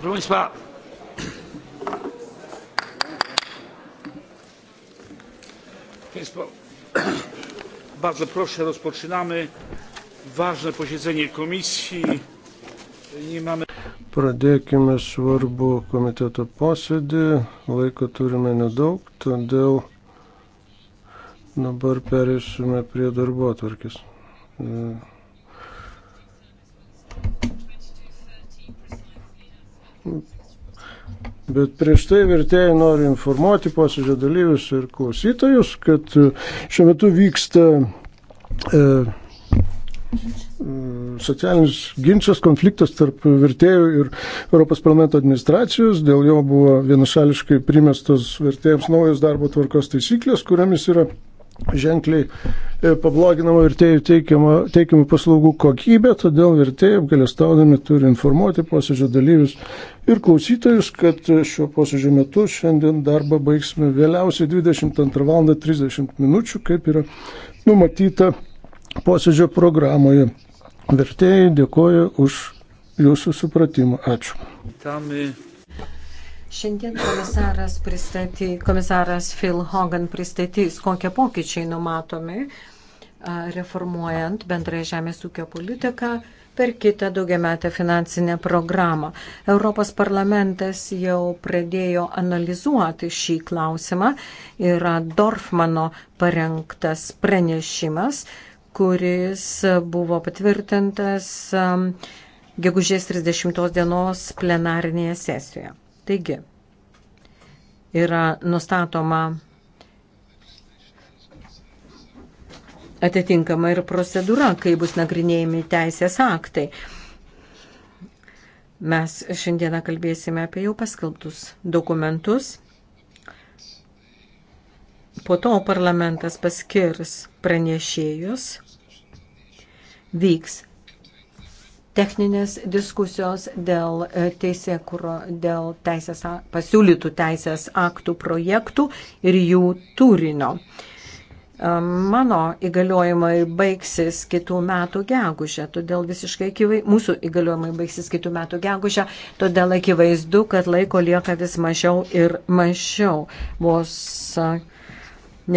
Proszę Państwa, bardzo proszę, rozpoczynamy ważne posiedzenie komisji. Nie mamy... Pradėkime svarbu komiteto posėdį. Laiko turime nedaug, todėl dabar perėsime prie darbo atvarkės. E, Bet prieš tai vertėjai noriu informuoti posėdžio dalyvius ir klausytojus, kad e, šiuo metu vyksta e, socialinis ginčas, konfliktas tarp vertėjų ir Europos parlamento administracijos. Dėl jo buvo vienašališkai primestos vertėjams naujos darbo tvarkos taisyklės, kuriamis yra ženkliai e, pabloginama vertėjų teikiamų paslaugų kokybė, todėl vertėjai apgalėstaudami turi informuoti posėdžio dalyvius ir klausytojus, kad šio posėdžio metu šiandien darbą baigsime vėliausiai 22 val. 30 minučių, kaip yra numatyta posėdžio programoje. Vertėjai dėkoju už jūsų supratimą. Ačiū. Tami. Šiandien komisaras, pristaty, komisaras Phil Hogan pristatys, kokie pokyčiai numatomi reformuojant bendrąją žemės ūkio politiką per kitą daugiametę finansinę programą. Europos parlamentas jau pradėjo analizuoti šį klausimą. Yra Dorfmano parengtas pranešimas, kuris buvo patvirtintas gegužės 30 dienos plenarinėje sesijoje. Taigi, yra nustatoma atitinkama ir procedūra, kai bus nagrinėjami teisės aktai. Mes šiandieną kalbėsime apie jau paskelbtus dokumentus. Po to parlamentas paskirs pranešėjus, vyks techninės diskusijos dėl, e, teisė, kuro, dėl teisės, pasiūlytų teisės aktų projektų ir jų turinio. E, mano įgaliojimai baigsis kitų metų gegužę, todėl visiškai akivaizdu, mūsų įgaliojimai baigsis kitų metų gegužę, todėl akivaizdu, kad laiko lieka vis mažiau ir mažiau. Vos e,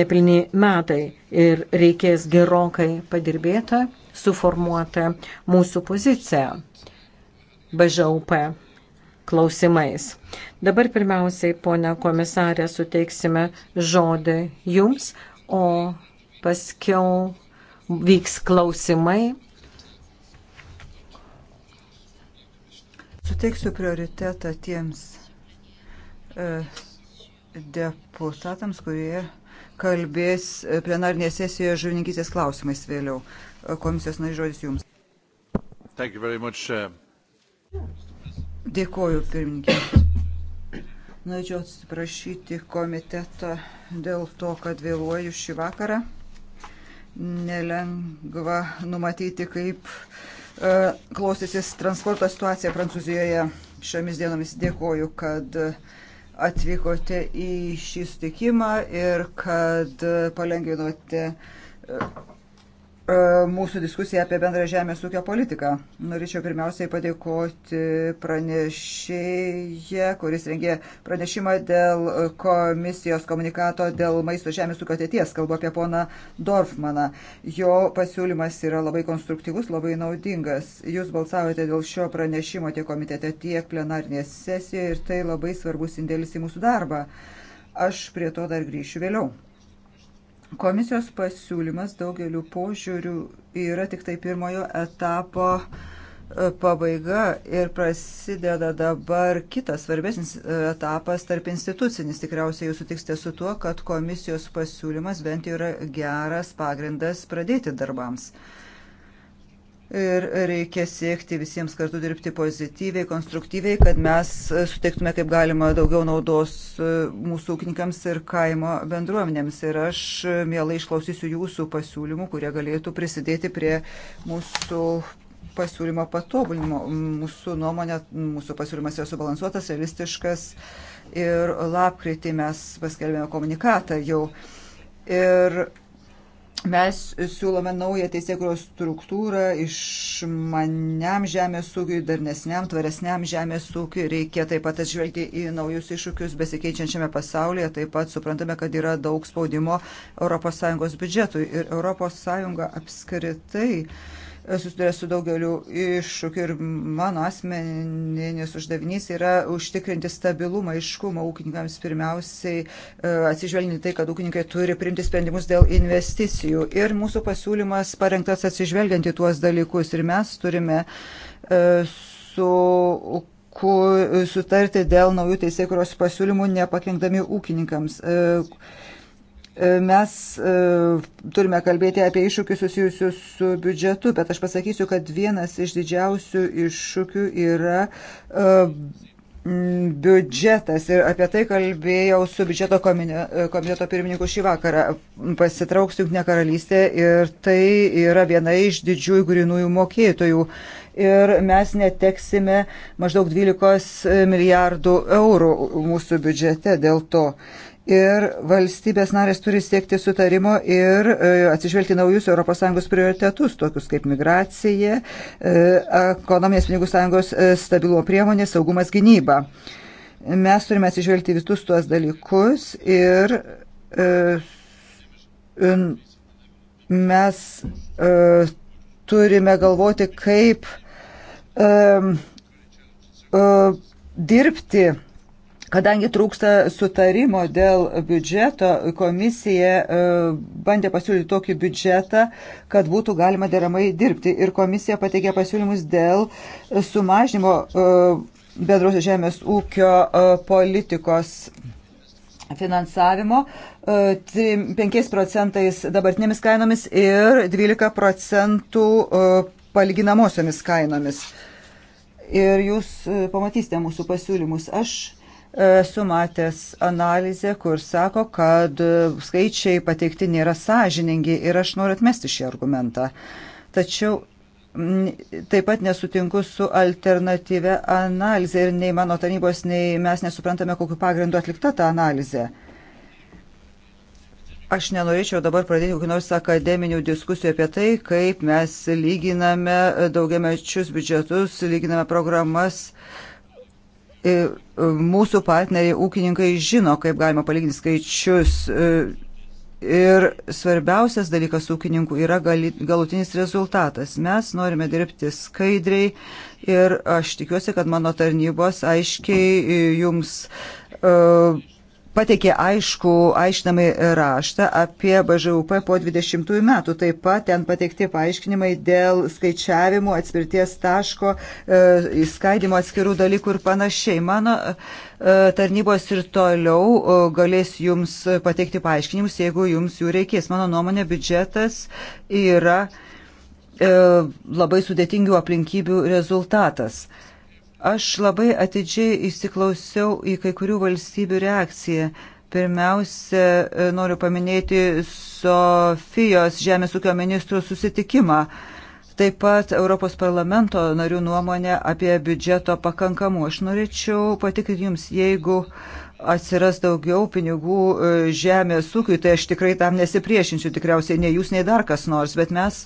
nepilni metai ir reikės gerokai padirbėti suformuota mūsų pozicija BŽUP klausimais. Dabar pirmiausiai, ponia komisarė, suteiksime žodį jums, o paskiau vyks klausimai. Suteiksiu prioritetą tiems e, deputatams, kurie kalbės e, plenarnėje sesijoje žuvininkystės klausimais vėliau. Komisijos narys žodis jums. Much, uh... Dėkoju, pirmininkė. Norėčiau atsiprašyti komiteto dėl to, kad vėluoju šį vakarą. Nelengva numatyti, kaip e, klostysis transporto situacija Prancūzijoje šiomis dienomis. Dėkoju, kad atvykote į šį sutikimą ir kad palengvinote e, E, mūsų diskusiją apie bendrą žemės ūkio politiką. Norėčiau pirmiausiai padėkoti pranešėje, kuris rengė pranešimą dėl komisijos komunikato dėl maisto žemės ūkio ateities. Kalbu apie poną Dorfmaną. Jo pasiūlymas yra labai konstruktyvus, labai naudingas. Jūs balsavote dėl šio pranešimo tiek komitete, tiek plenarnėje sesijoje ir tai labai svarbus indėlis į mūsų darbą. Aš prie to dar grįšiu vėliau. Komisijos pasiūlymas daugeliu požiūrių yra tik tai pirmojo etapo e, pabaiga ir prasideda dabar kitas svarbesnis e, etapas tarp institucinis. Tikriausiai jūs sutiksite su tuo, kad komisijos pasiūlymas bent jau yra geras pagrindas pradėti darbams ir reikia siekti visiems kartu dirbti pozityviai, konstruktyviai, kad mes e, suteiktume kaip galima daugiau naudos e, mūsų ūkininkams ir kaimo bendruomenėms. Ir aš e, mielai išklausysiu jūsų pasiūlymų, kurie galėtų prisidėti prie mūsų pasiūlymo patobulinimo. Mūsų nuomonė, mūsų pasiūlymas yra subalansuotas, realistiškas ir lapkritį mes paskelbėme komunikatą jau. Ir Mes siūlome naują teisėkuros struktūrą išmaniam žemės ūkiui, darnesniam, tvaresniam žemės ūkiui. Reikia taip pat atžvelgti į naujus iššūkius besikeičiančiame pasaulyje. Taip pat suprantame, kad yra daug spaudimo ES biudžetui ir ES apskritai susiduria su daugeliu iššūkių ir mano asmeninis uždavinys yra užtikrinti stabilumą, iškumą ūkininkams pirmiausiai e, atsižvelginti tai, kad ūkininkai turi priimti sprendimus dėl investicijų. Ir mūsų pasiūlymas parengtas atsižvelgianti tuos dalykus ir mes turime e, su sutarti dėl naujų teisėkuros pasiūlymų nepakengdami ūkininkams. E, E, mes e, turime kalbėti apie iššūkius susijusius su biudžetu, bet aš pasakysiu, kad vienas iš didžiausių iššūkių yra e, biudžetas ir apie tai kalbėjau su biudžeto komiteto pirmininku šį vakarą. Pasitrauks Junktinė karalystė ir tai yra viena iš didžiųjų grinųjų mokėtojų. Ir mes neteksime maždaug 12 milijardų eurų mūsų biudžete dėl to ir valstybės narės turi siekti sutarimo ir e, atsižvelgti naujus ES prioritetus, tokius kaip migracija, e, ekonominės pinigų sąjungos e, stabilumo priemonė, saugumas gynyba. Mes turime atsižvelgti visus tuos dalykus ir mes turime galvoti, kaip dirbti Kadangi trūksta sutarimo dėl biudžeto, komisija e, bandė pasiūlyti tokį biudžetą, kad būtų galima deramai dirbti. Ir komisija pateikė pasiūlymus dėl sumažinimo e, bendrosios žemės ūkio e, politikos finansavimo 5 procentais dabartinėmis kainomis ir 12 procentų palyginamosiomis kainomis. Ir jūs pamatysite mūsų pasiūlymus. Aš Esu matęs analizę, kur sako, kad e, skaičiai pateikti nėra sąžiningi ir aš noriu atmesti šį argumentą. Tačiau taip pat nesutinku su alternatyvia analizė ir nei mano tarnybos, nei mes nesuprantame, kokiu pagrindu atlikta ta analizė. Aš nenorėčiau dabar pradėti kokių nors akademinių diskusijų apie tai, kaip mes lyginame daugiamečius biudžetus, lyginame programas. Uh, E, e, mūsų partneriai ūkininkai žino, kaip galima palyginti skaičius. E, ir svarbiausias dalykas ūkininkų yra galutinis rezultatas. Mes norime dirbti skaidriai ir aš tikiuosi, kad mano tarnybos aiškiai jums uh, pateikė aišku aiškinamai raštą apie BŽUP po 20 metų. Taip pat ten pateikti paaiškinimai dėl skaičiavimų, atspirties taško, e, įskaidimo atskirų dalykų ir panašiai. Mano e, tarnybos ir toliau e, galės jums pateikti paaiškinimus, jeigu jums jų reikės. Mano nuomonė, biudžetas yra labai sudėtingių aplinkybių rezultatas. Aš labai atidžiai įsiklausiau į kai kurių valstybių reakciją. Pirmiausia, e, noriu paminėti Sofijos žemės ūkio ministrų susitikimą. Taip pat Europos parlamento narių nuomonė apie biudžeto pakankamų. Aš norėčiau patikrinti jums, jeigu atsiras daugiau pinigų e, žemės ūkiui, tai aš tikrai tam nesipriešinsiu, tikriausiai ne jūs, nei dar kas nors, bet mes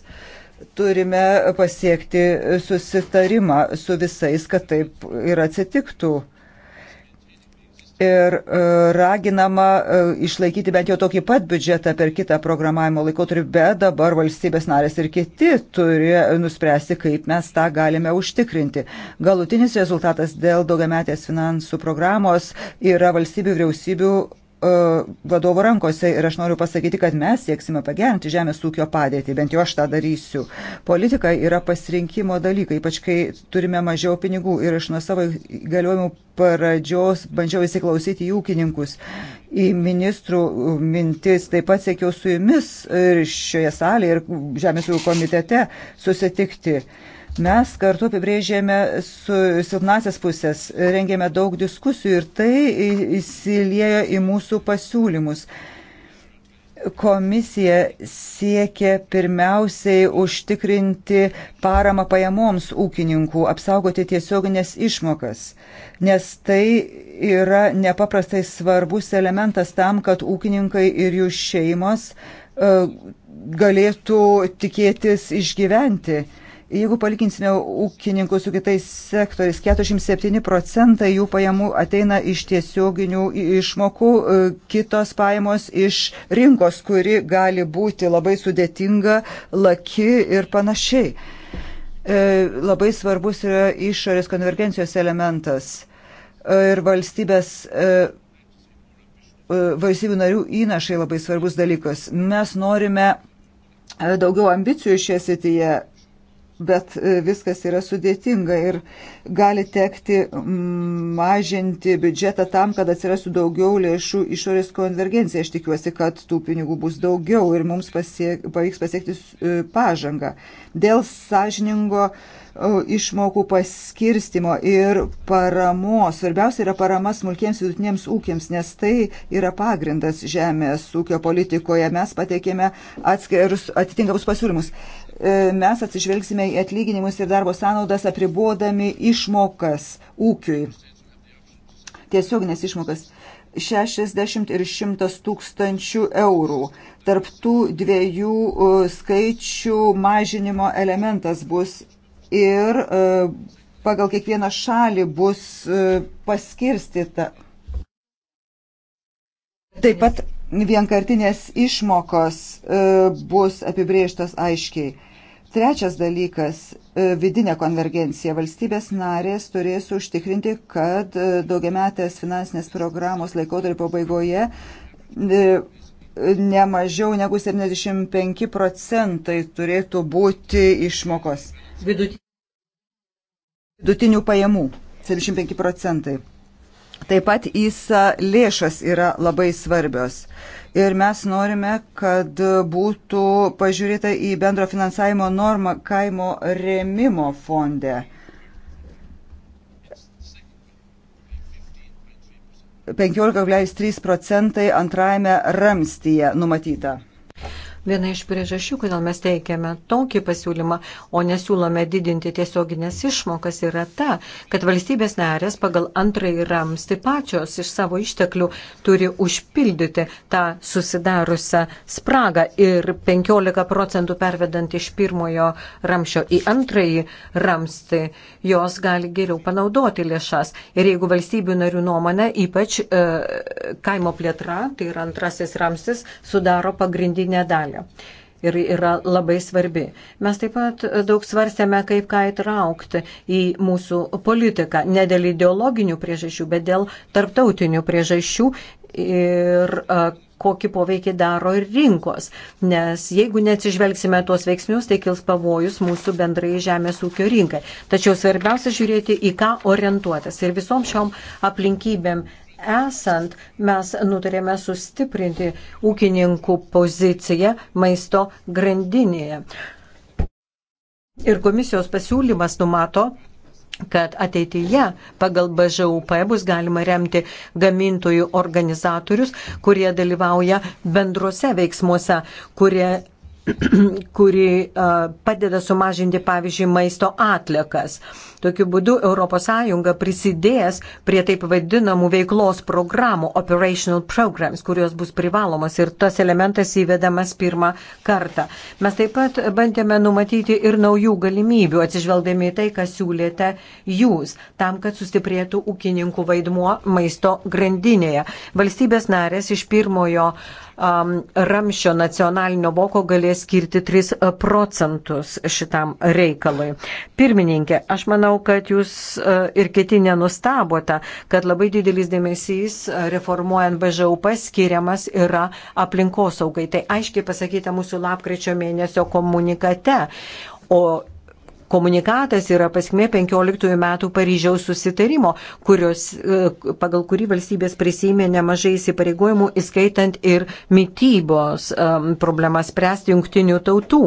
turime pasiekti susitarimą su visais, kad taip ir atsitiktų. Ir e, raginama e, išlaikyti bent jau tokį pat biudžetą per kitą programavimo laikotarpį, bet dabar valstybės narės ir kiti turi nuspręsti, kaip mes tą galime užtikrinti. Galutinis rezultatas dėl daugiametės finansų programos yra valstybių vyriausybių E, vadovo rankose ir aš noriu pasakyti, kad mes sieksime pagerinti žemės ūkio padėtį, bent jau aš tą darysiu. Politika yra pasirinkimo dalykai, ypač kai turime mažiau pinigų ir aš nuo savo galiojimų pradžios bandžiau įsiklausyti į ūkininkus, į ministrų mintis, taip pat siekiau su jumis ir e, šioje salėje ir žemės ūkio komitete susitikti. Uh, Mes kartu apibrėžėme silpnasias pusės, rengėme daug diskusijų ir tai įsiliejo į mūsų pasiūlymus komisija siekia pirmiausiai užtikrinti paramą pajamoms ūkininkų, apsaugoti tiesioginės išmokas, nes tai yra nepaprastai svarbus elementas tam, kad ūkininkai ir jų šeimos e, galėtų tikėtis išgyventi. Jeigu palyginsime ūkininkus su kitais sektoriais, 47 procentai jų pajamų ateina iš tiesioginių išmokų, e, kitos pajamos iš rinkos, kuri gali būti labai sudėtinga, laki ir panašiai. E, labai svarbus yra išorės konvergencijos elementas e, ir valstybės valstybių narių įnašai labai svarbus dalykas. Mes norime daugiau ambicijų šioje srityje bet e, viskas yra sudėtinga ir gali tekti mm, mažinti biudžetą tam, kad atsirastų daugiau lėšų išorės konvergencija. Aš tikiuosi, kad tų pinigų bus daugiau ir mums pasiek, pavyks pasiekti e, pažangą. Dėl sąžiningo e, išmokų paskirstimo ir paramos. Svarbiausia yra parama smulkiems vidutiniams ūkiams, nes tai yra pagrindas žemės ūkio politikoje. Mes pateikėme atskirus atitinkamus pasiūlymus. E, mes atsižvelgsime į atlyginimus ir darbo sąnaudas apribuodami išmokas ūkiui. Tiesioginės išmokas 60 ir 100 tūkstančių eurų. Tarptų dviejų e, skaičių mažinimo elementas bus ir e, pagal kiekvieną šalį bus paskirstita. Taip pat vienkartinės išmokos e, bus apibrėžtos aiškiai. Trečias dalykas e, - vidinė konvergencija. Valstybės narės turės užtikrinti, kad e, daugiametės finansinės programos laikotarpio pabaigoje ne mažiau negu 75 procentai turėtų būti išmokos. Vidutinių pajamų 75 procentai. Taip pat įsa lėšas yra labai svarbios. Ir mes norime, kad būtų pažiūrėta į bendro finansavimo normą kaimo rėmimo fonde. 15,3 procentai antrajame ramstyje numatyta viena iš priežasčių, kodėl mes teikiame tokį pasiūlymą, o nesiūlome didinti tiesioginės išmokas, yra ta, kad valstybės narės pagal antrąjį ramsti pačios iš savo išteklių turi užpildyti tą susidariusią spragą ir 15 procentų pervedant iš pirmojo ramščio į antrąjį ramsti, jos gali geriau panaudoti lėšas. Ir jeigu valstybių narių nuomonė, ypač e, kaimo plėtra, tai yra antrasis ramstis, sudaro pagrindinę dalį. Europoje ir yra labai svarbi. Mes taip pat e, daug svarstėme, kaip ką įtraukti į mūsų politiką, ne dėl ideologinių priežasčių, bet dėl tarptautinių priežasčių ir e, kokį poveikį daro ir rinkos. Nes jeigu neatsižvelgsime tuos veiksnius, tai kils pavojus mūsų bendrai žemės ūkio rinkai. Tačiau svarbiausia žiūrėti, į ką orientuotas. Ir visom šiom aplinkybėm esant, mes nutarėme sustiprinti ūkininkų poziciją maisto grandinėje. Ir komisijos pasiūlymas numato kad ateityje pagal BŽUP bus galima remti gamintojų organizatorius, kurie dalyvauja bendrose veiksmuose, kurie kuri padeda sumažinti, pavyzdžiui, maisto atliekas. Tokiu būdu ES prisidės prie taip vadinamų veiklos programų, operational programs, kurios bus privalomos ir tas elementas įvedamas pirmą kartą. Mes taip pat bandėme numatyti ir naujų galimybių, atsižvelgdami į tai, ką siūlėte jūs, tam, kad sustiprėtų ūkininkų vaidmuo maisto grandinėje. Valstybės narės iš pirmojo uh, um, ramšio nacionalinio voko galės skirti 3 e, procentus šitam reikalui. Pirmininkė, aš manau, kad jūs uh, ir kiti nenustabote, kad labai didelis dėmesys e, reformuojant BŽUP skiriamas yra aplinkosaugai. Tai aiškiai pasakyta mūsų lapkričio mėnesio komunikate. O komunikatas yra paskmė 15 metų Paryžiaus susitarimo, kurios, e, pagal kurį valstybės prisėmė nemažai įsipareigojimų, įskaitant ir mytybos problemas spręsti jungtinių tautų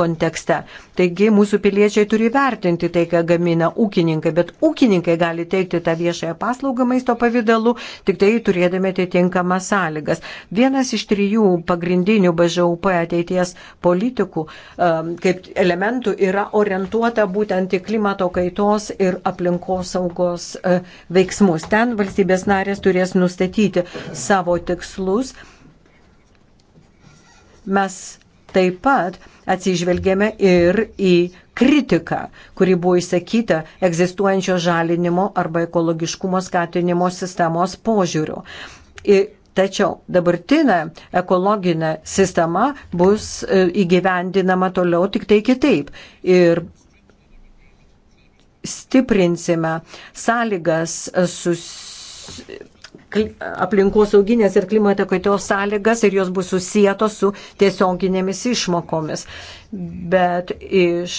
kontekste. Taigi mūsų piliečiai turi vertinti tai, ką gamina ūkininkai, bet ūkininkai gali teikti tą viešąją paslaugą maisto pavydalu, tik tai turėdami atitinkamas sąlygas. Vienas iš trijų pagrindinių BŽUP ateities politikų um, kaip elementų yra orientuota būtent į klimato kaitos ir aplinkos saugos e, veiksmus. Ten valstybės narės turės nustatyti savo tikslus. Mes Taip pat atsižvelgėme ir į kritiką, kuri buvo įsakyta egzistuojančio žalinimo arba ekologiškumo skatinimo sistemos požiūrių. Ir Tačiau dabartinė ekologinė sistema bus e, įgyvendinama toliau tik tai kitaip. Ir stiprinsime sąlygas sus aplinkosauginės ir klimato kaitos sąlygas ir jos bus susijętos su tiesioginėmis išmokomis. Bet iš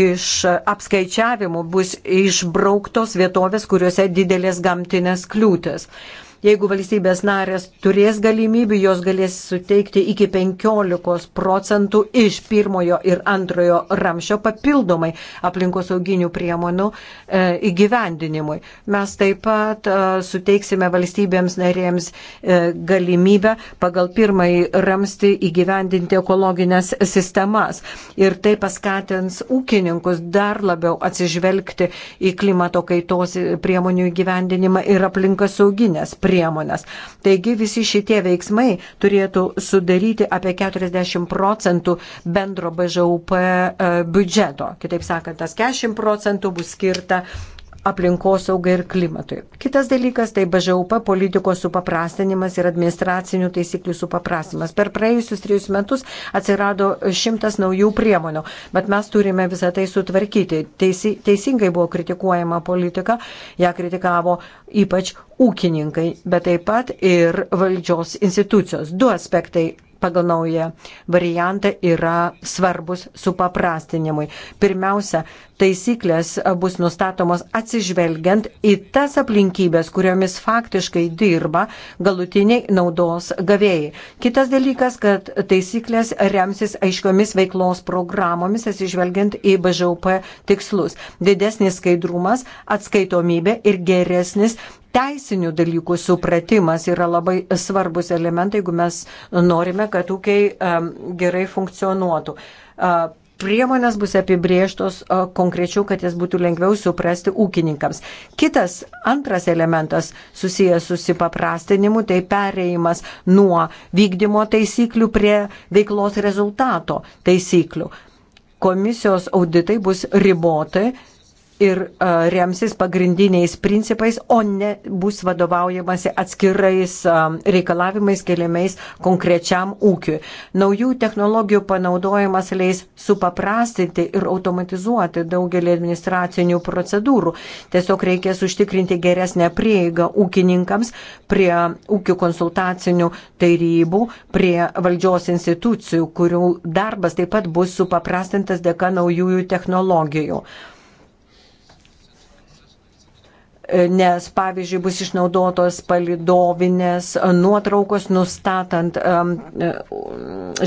iš apskaičiavimų bus išbrauktos vietovės, kuriuose didelės gamtinės kliūtis. Jeigu valstybės narės turės galimybių, jos galės suteikti iki 15 procentų iš pirmojo ir antrojo ramšio papildomai aplinkosauginių priemonių e, įgyvendinimui. Mes taip pat e, suteiksime valstybėms narėms e, galimybę pagal pirmąjį ramstį įgyvendinti ekologinės sistemas. Ir tai paskatins ūkininkus dar labiau atsižvelgti į klimato kaitos priemonių įgyvendinimą ir aplinkosauginės priemonės. Taigi visi šitie veiksmai turėtų sudaryti apie 40 procentų bendro BŽUP e, biudžeto. Kitaip sakant, tas 40 procentų bus skirta aplinkosaugai ir klimatui. Kitas dalykas tai BŽUP politikos supaprastinimas ir administracinių taisyklių supaprastinimas. Per praėjusius trijus metus atsirado šimtas naujų priemonių, bet mes turime visą tai sutvarkyti. Teisi, teisingai buvo kritikuojama politika, ją kritikavo ypač ūkininkai, bet taip pat ir valdžios institucijos. Du aspektai pagal naują variantą yra svarbus supaprastinimui. Pirmiausia, taisyklės bus nustatomos atsižvelgiant į tas aplinkybės, kuriomis faktiškai dirba galutiniai naudos gavėjai. Kitas dalykas, kad taisyklės remsis aiškiomis veiklos programomis atsižvelgiant į BŽUP tikslus. Didesnis skaidrumas, atskaitomybė ir geresnis teisinių dalykų supratimas yra labai svarbus elementai, jeigu mes norime, kad ūkiai gerai funkcionuotų. Priemonės bus apibrieštos konkrečiau, kad jas būtų lengviau suprasti ūkininkams. Kitas antras elementas susijęs su supaprastinimu, tai pereimas nuo vykdymo taisyklių prie veiklos rezultato taisyklių. Komisijos auditai bus ribotai ir remsis pagrindiniais principais, o ne bus vadovaujamasi atskirais reikalavimais keliamais konkrečiam ūkiui. Naujų technologijų panaudojimas leis supaprastinti ir automatizuoti daugelį administracinių procedūrų. Tiesiog reikės užtikrinti geresnę prieigą ūkininkams prie ūkių konsultacinių tarybų, prie valdžios institucijų, kurių darbas taip pat bus supaprastintas dėka naujųjų technologijų nes pavyzdžiui bus išnaudotos palidovinės nuotraukos nustatant e,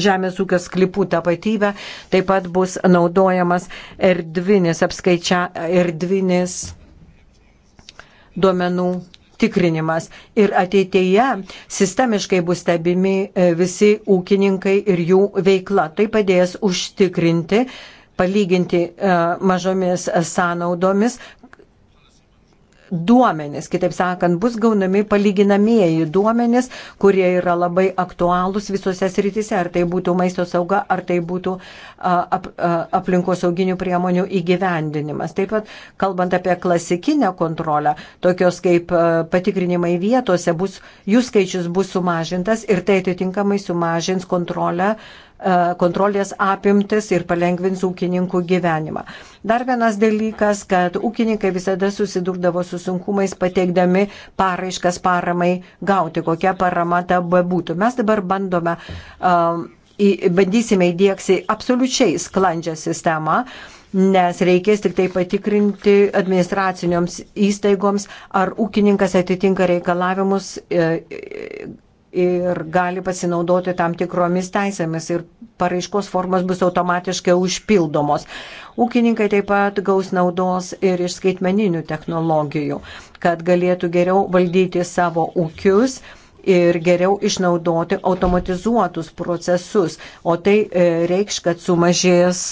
žemės ūkio sklipų tapatybę, taip pat bus naudojamas erdvinis apskaičia, erdvinis duomenų tikrinimas. Ir ateityje sistemiškai bus stebimi e, visi ūkininkai ir jų veikla. Tai padės užtikrinti palyginti e, mažomis sąnaudomis, duomenis. Kitaip sakant, bus gaunami palyginamieji duomenis, kurie yra labai aktualūs visose srityse, ar tai būtų maisto sauga, ar tai būtų ap, aplinkosauginių priemonių įgyvendinimas. Taip pat, kalbant apie klasikinę kontrolę, tokios kaip patikrinimai vietose, bus, jų skaičius bus sumažintas ir tai atitinkamai sumažins kontrolę uh, E, kontrolės apimtis ir palengvins ūkininkų gyvenimą. Dar vienas dalykas, kad ūkininkai visada susidurdavo su sunkumais pateikdami paraiškas paramai gauti, kokia parama ta bebūtų. Mes dabar bandome. Um, į, bandysime įdėksi absoliučiai sklandžią sistemą, nes reikės tik tai patikrinti administracinioms įstaigoms, ar ūkininkas atitinka reikalavimus e, ir gali pasinaudoti tam tikromis teisėmis ir paraiškos formos bus automatiškai užpildomos. Ūkininkai taip pat gaus naudos ir iš skaitmeninių technologijų, kad galėtų geriau valdyti savo ūkius ir geriau išnaudoti automatizuotus procesus. O tai e, reikš, kad sumažės,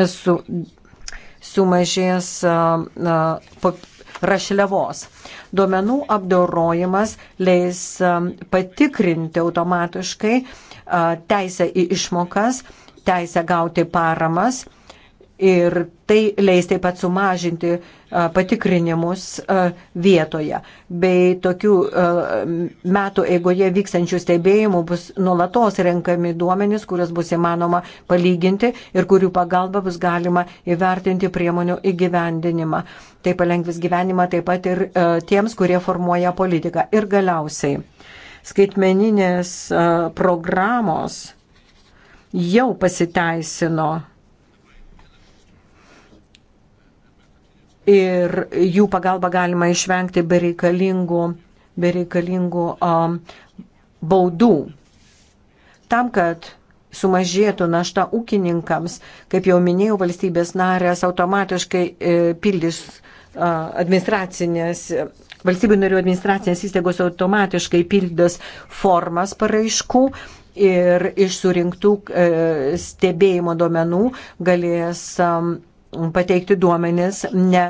e, su, sumažės uh, rašliavos. Duomenų apdorojimas leis um, patikrinti automatiškai uh, teisę į išmokas, teisę gauti paramas ir tai leis taip pat sumažinti patikrinimus vietoje. Bei tokių metų eigoje vykstančių stebėjimų bus nulatos renkami duomenys, kuriuos bus įmanoma palyginti ir kurių pagalba bus galima įvertinti priemonių įgyvendinimą. Tai palengvis gyvenimą taip pat ir tiems, kurie formuoja politiką. Ir galiausiai skaitmeninės programos jau pasiteisino ir jų pagalba galima išvengti bereikalingų, bereikalingų um, baudų. Tam, kad sumažėtų našta ūkininkams, kaip jau minėjau, valstybės narės automatiškai e, pildys administracinės, valstybių narių administracinės įstaigos automatiškai pildys formas paraiškų ir iš surinktų e, stebėjimo duomenų galės pateikti duomenis ne e,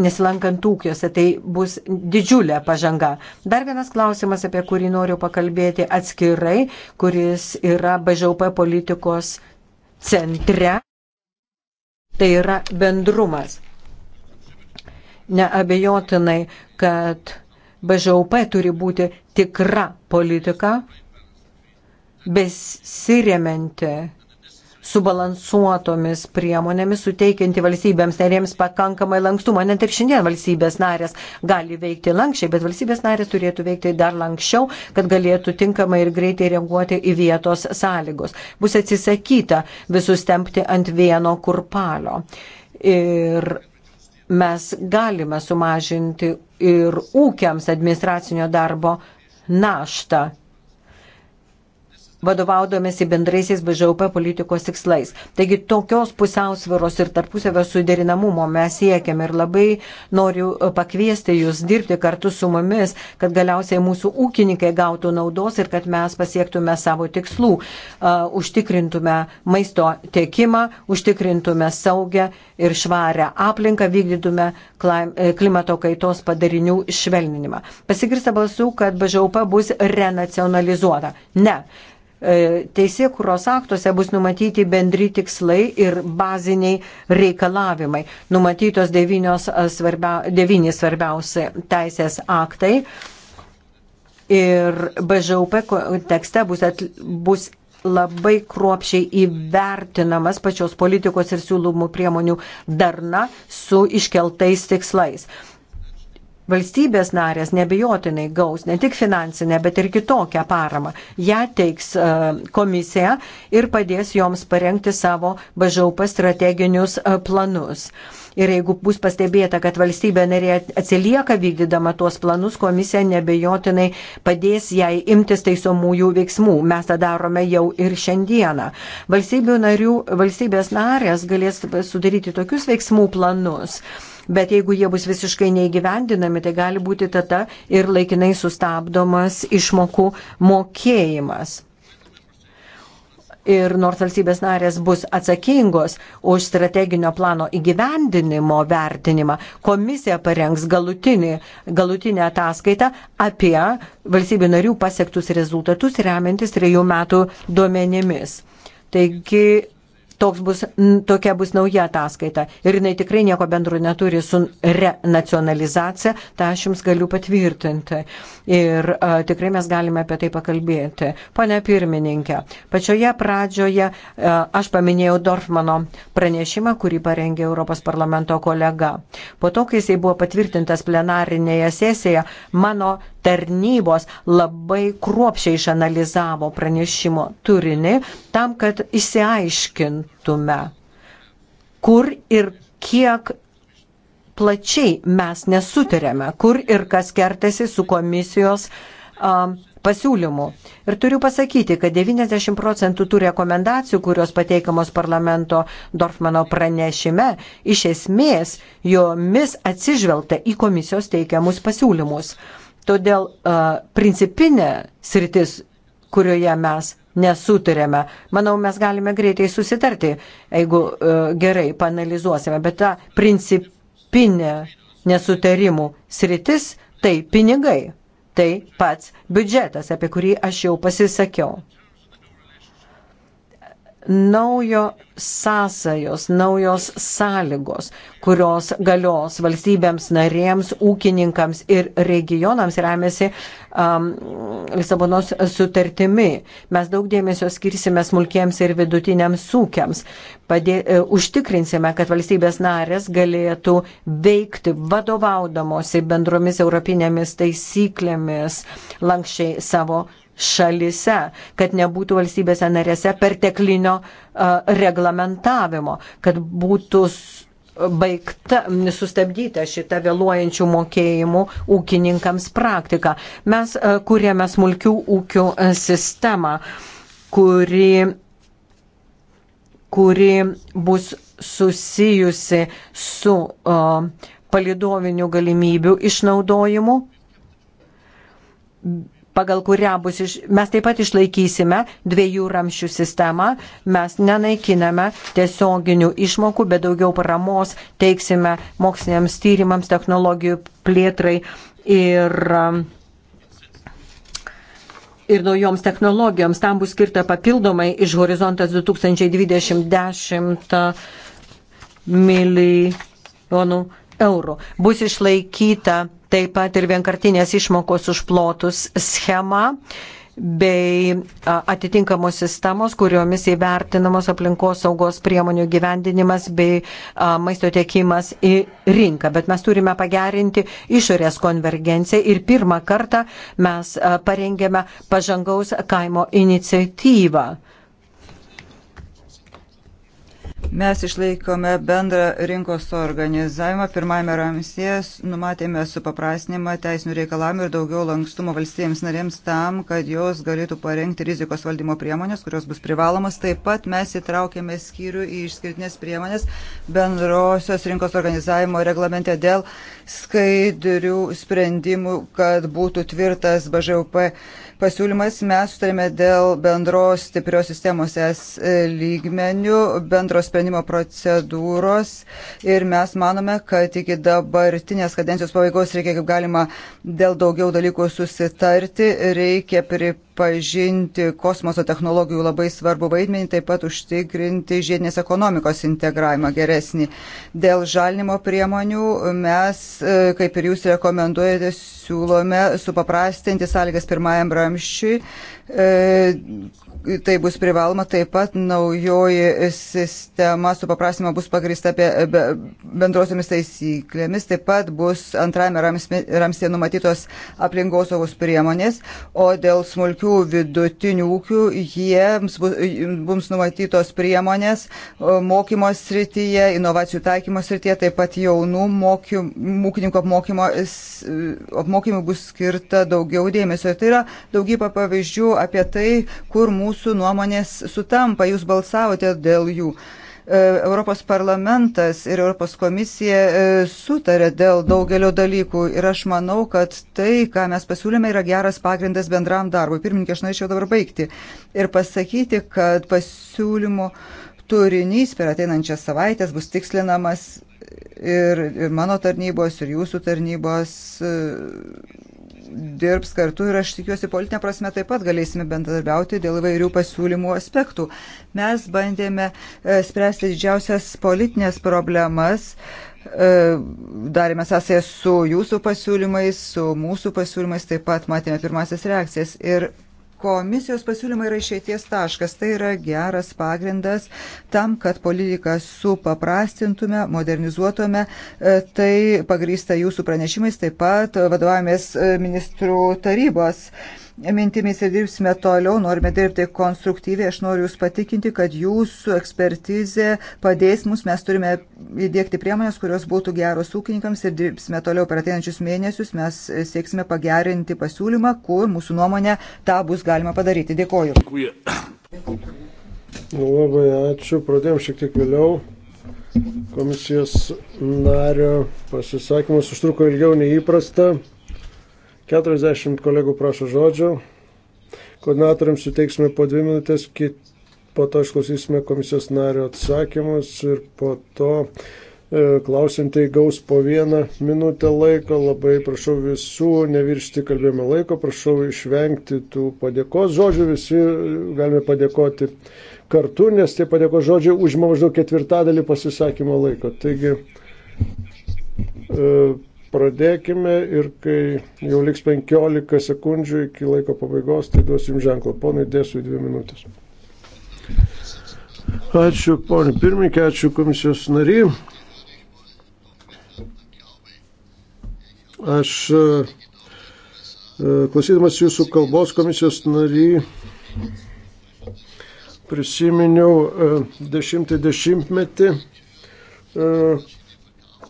nesilankant ūkiuose, tai bus didžiulė pažanga. Dar vienas klausimas, apie kurį noriu pakalbėti atskirai, kuris yra BŽP politikos centre, tai yra bendrumas. Neabejotinai, kad BŽP turi būti tikra politika, besiriaminti subalansuotomis priemonėmis, suteikianti valstybėms narėms pakankamai lankstumą. Net ir šiandien valstybės narės gali veikti lankščiai, bet valstybės narės turėtų veikti dar lankščiau, kad galėtų tinkamai ir greitai reaguoti į vietos sąlygos. Bus atsisakyta visus tempti ant vieno kurpalio. Ir mes galime sumažinti ir ūkiams administracinio darbo naštą vadovaudomėsi bendraisiais BŽUP politikos tikslais. Taigi tokios pusiausviros ir tarpusavio suderinamumo mes siekiam ir labai noriu e, pakviesti jūs dirbti kartu su mumis, kad galiausiai mūsų ūkininkai gautų naudos ir kad mes pasiektume savo tikslų, uh, užtikrintume maisto tiekimą, užtikrintume saugę ir švarę aplinką, vykdytume e, klimato kaitos padarinių švelninimą. Pasigirsta balsų, kad BŽUP bus renacionalizuota. Ne E, teisėkuros aktuose bus numatyti bendri tikslai ir baziniai reikalavimai. Numatytos e, svarbia, devyni svarbiausi teisės aktai. Ir BŽUP tekste bus, at, bus labai kruopšiai įvertinamas pačios politikos ir siūlomų priemonių darna su iškeltais tikslais. Valstybės narės nebejotinai gaus ne tik finansinę, bet ir kitokią paramą. Ja teiks e, komisija ir padės joms parengti savo bažaupą strateginius e, planus. Ir jeigu bus pastebėta, kad valstybė narė atsilieka vykdydama tuos planus, komisija nebejotinai padės jai imtis taisomųjų veiksmų. Mes tą darome jau ir šiandieną. Valstybių narių, valstybės narės galės sudaryti tokius veiksmų planus, bet jeigu jie bus visiškai neįgyvendinami, tai gali būti tada ir laikinai sustabdomas išmokų mokėjimas. Ir nors valstybės narės bus atsakingos už strateginio plano įgyvendinimo vertinimą, komisija parengs galutinį, galutinę ataskaitą apie valstybių narių pasiektus rezultatus remiantis trejų metų duomenimis. Taigi toks bus, tokia bus nauja ataskaita. Ir jinai tikrai nieko bendro neturi su renacionalizacija, tą aš jums galiu patvirtinti. Ir a, tikrai mes galime apie tai pakalbėti. Pane pirmininkė, pačioje pradžioje a, aš paminėjau Dorfmano pranešimą, kurį parengė Europos parlamento kolega. Po to, kai jisai buvo patvirtintas plenarinėje sesijoje, mano tarnybos labai kruopšiai išanalizavo pranešimo turinį tam, kad įsiaiškintume, kur ir kiek plačiai mes nesutarėme, kur ir kas kertasi su komisijos um, pasiūlymų. Ir turiu pasakyti, kad 90 procentų tų rekomendacijų, kurios pateikamos parlamento Dorfmano pranešime, iš esmės jomis atsižvelgta į komisijos teikiamus pasiūlymus. Todėl a, principinė sritis, kurioje mes nesutarėme, manau, mes galime greitai susitarti, jeigu a, gerai panalizuosime, bet ta principinė nesutarimų sritis tai pinigai, tai pats biudžetas, apie kurį aš jau pasisakiau naujo sąsajos, naujos sąlygos, kurios galios valstybėms narėms, ūkininkams ir regionams remiasi um, Lisabonos sutartimi. Mes daug dėmesio skirsime smulkiems ir vidutiniams ūkiams. Padė, e, užtikrinsime, kad valstybės narės galėtų veikti vadovaudamosi bendromis europinėmis taisyklėmis lankščiai savo šalise, kad nebūtų valstybėse narėse perteklinio reglamentavimo, kad būtų baigta, sustabdyta šita vėluojančių mokėjimų ūkininkams praktika. Mes kūrėme smulkių ūkių sistemą, kuri, kuri bus susijusi su palidovinių galimybių išnaudojimu pagal kurią bus iš, mes taip pat išlaikysime dviejų ramščių sistemą, mes nenaikiname tiesioginių išmokų, bet daugiau paramos teiksime moksliniams tyrimams, technologijų plėtrai ir um, ir naujoms technologijoms. Tam bus skirta papildomai iš horizontas 2020 milijonų eurų. Bus išlaikyta taip pat ir vienkartinės išmokos už plotus schema bei atitinkamos sistemos, kuriomis įvertinamos aplinkos saugos priemonių gyvendinimas bei maisto tiekimas į rinką. Bet mes turime pagerinti išorės konvergenciją ir pirmą kartą mes parengėme pažangaus kaimo iniciatyvą Mes išlaikome bendrą rinkos organizavimą. Pirmajame ramsės numatėme supaprastinimą teisinių reikalavimų ir daugiau lankstumo valstybėms narėms tam, kad jos galėtų parengti rizikos valdymo priemonės, kurios bus privalomas. Taip pat mes įtraukėme skyrių į išskirtinės priemonės bendrosios rinkos organizavimo reglamente dėl skaidrių sprendimų, kad būtų tvirtas BŽUP pasiūlymas. Mes sutarėme dėl bendros stiprios sistemos es lygmenių, bendros sprendimo procedūros ir mes manome, kad iki dabartinės kadencijos pabaigos reikia kaip galima dėl daugiau dalykų susitarti, reikia pripažinti kosmoso technologijų labai svarbu vaidmenį, taip pat užtikrinti žiedinės ekonomikos integravimą geresnį. Dėl žalinimo priemonių mes, e, kaip ir jūs rekomenduojate, siūlome supaprastinti sąlygas pirmajam brangiam ramščiui e, tai bus privaloma, taip pat naujoji sistema su paprastima bus pagrįsta apie bendrosiomis taisyklėmis, taip pat bus antrajame ramstėje numatytos aplinkosaugos priemonės, o dėl smulkių vidutinių ūkių jiems bus, bus numatytos priemonės mokymo srityje, inovacijų taikymo srityje, taip pat jaunų ūkininkų apmokymo, apmokymų bus skirta daugiau dėmesio. Tai yra daugybė pavyzdžių apie tai, kur mūsų mūsų nuomonės sutampa, jūs balsavote dėl jų. E, Europos parlamentas ir Europos komisija e, sutarė dėl daugelio dalykų ir aš manau, kad tai, ką mes pasiūlėme, yra geras pagrindas bendram darbui. Pirmininkė, aš norėčiau dabar baigti ir pasakyti, kad pasiūlymo turinys per ateinančias savaitės bus tikslinamas ir, ir mano tarnybos, ir jūsų tarnybos e, dirbs kartu ir aš tikiuosi politinė prasme taip pat galėsime bendradarbiauti dėl įvairių pasiūlymų aspektų. Mes bandėme e, spręsti didžiausias politinės problemas e, darėme sąsąją su jūsų pasiūlymais, su mūsų pasiūlymais, taip pat matėme pirmasis reakcijas. Ir Komisijos pasiūlymai yra išeities taškas, tai yra geras pagrindas tam, kad politiką supaprastintume, modernizuotume, e, tai pagrįsta jūsų pranešimais, taip pat vadovavomės e, ministrų tarybos mintimis ir dirbsime toliau, norime dirbti konstruktyviai. Aš noriu Jūs patikinti, kad Jūsų ekspertizė padės mums, mes turime įdėkti priemonės, kurios būtų geros ūkininkams ir dirbsime toliau per ateinančius mėnesius. Mes sieksime pagerinti pasiūlymą, kur mūsų nuomonė tą bus galima padaryti. Dėkoju. Labai ačiū, pradėjom šiek tiek vėliau komisijos nario pasisakymas užtruko ilgiau nei įprasta. 40 kolegų prašo žodžio. Koordinatoriams suteiksime po dvi minutės, kit, po to išklausysime komisijos nario atsakymus ir po to e, klausintai gaus po vieną minutę laiko. Labai prašau visų neviršti kalbėjimo laiko, prašau išvengti tų padėkos žodžių, visi galime padėkoti kartu, nes tie padėkos žodžiai užima maždaug ketvirtadalį pasisakymo laiko. Taigi, e, pradėkime ir kai jau liks 15 sekundžių iki laiko pabaigos, tai duosiu jums ženklą. Ponai, dėsiu 2 minutės. Ačiū, ponė pirmininkė, ačiū komisijos nary. Aš e, e, klausydamas jūsų kalbos komisijos nary prisiminiau e, dešimtį dešimtmetį,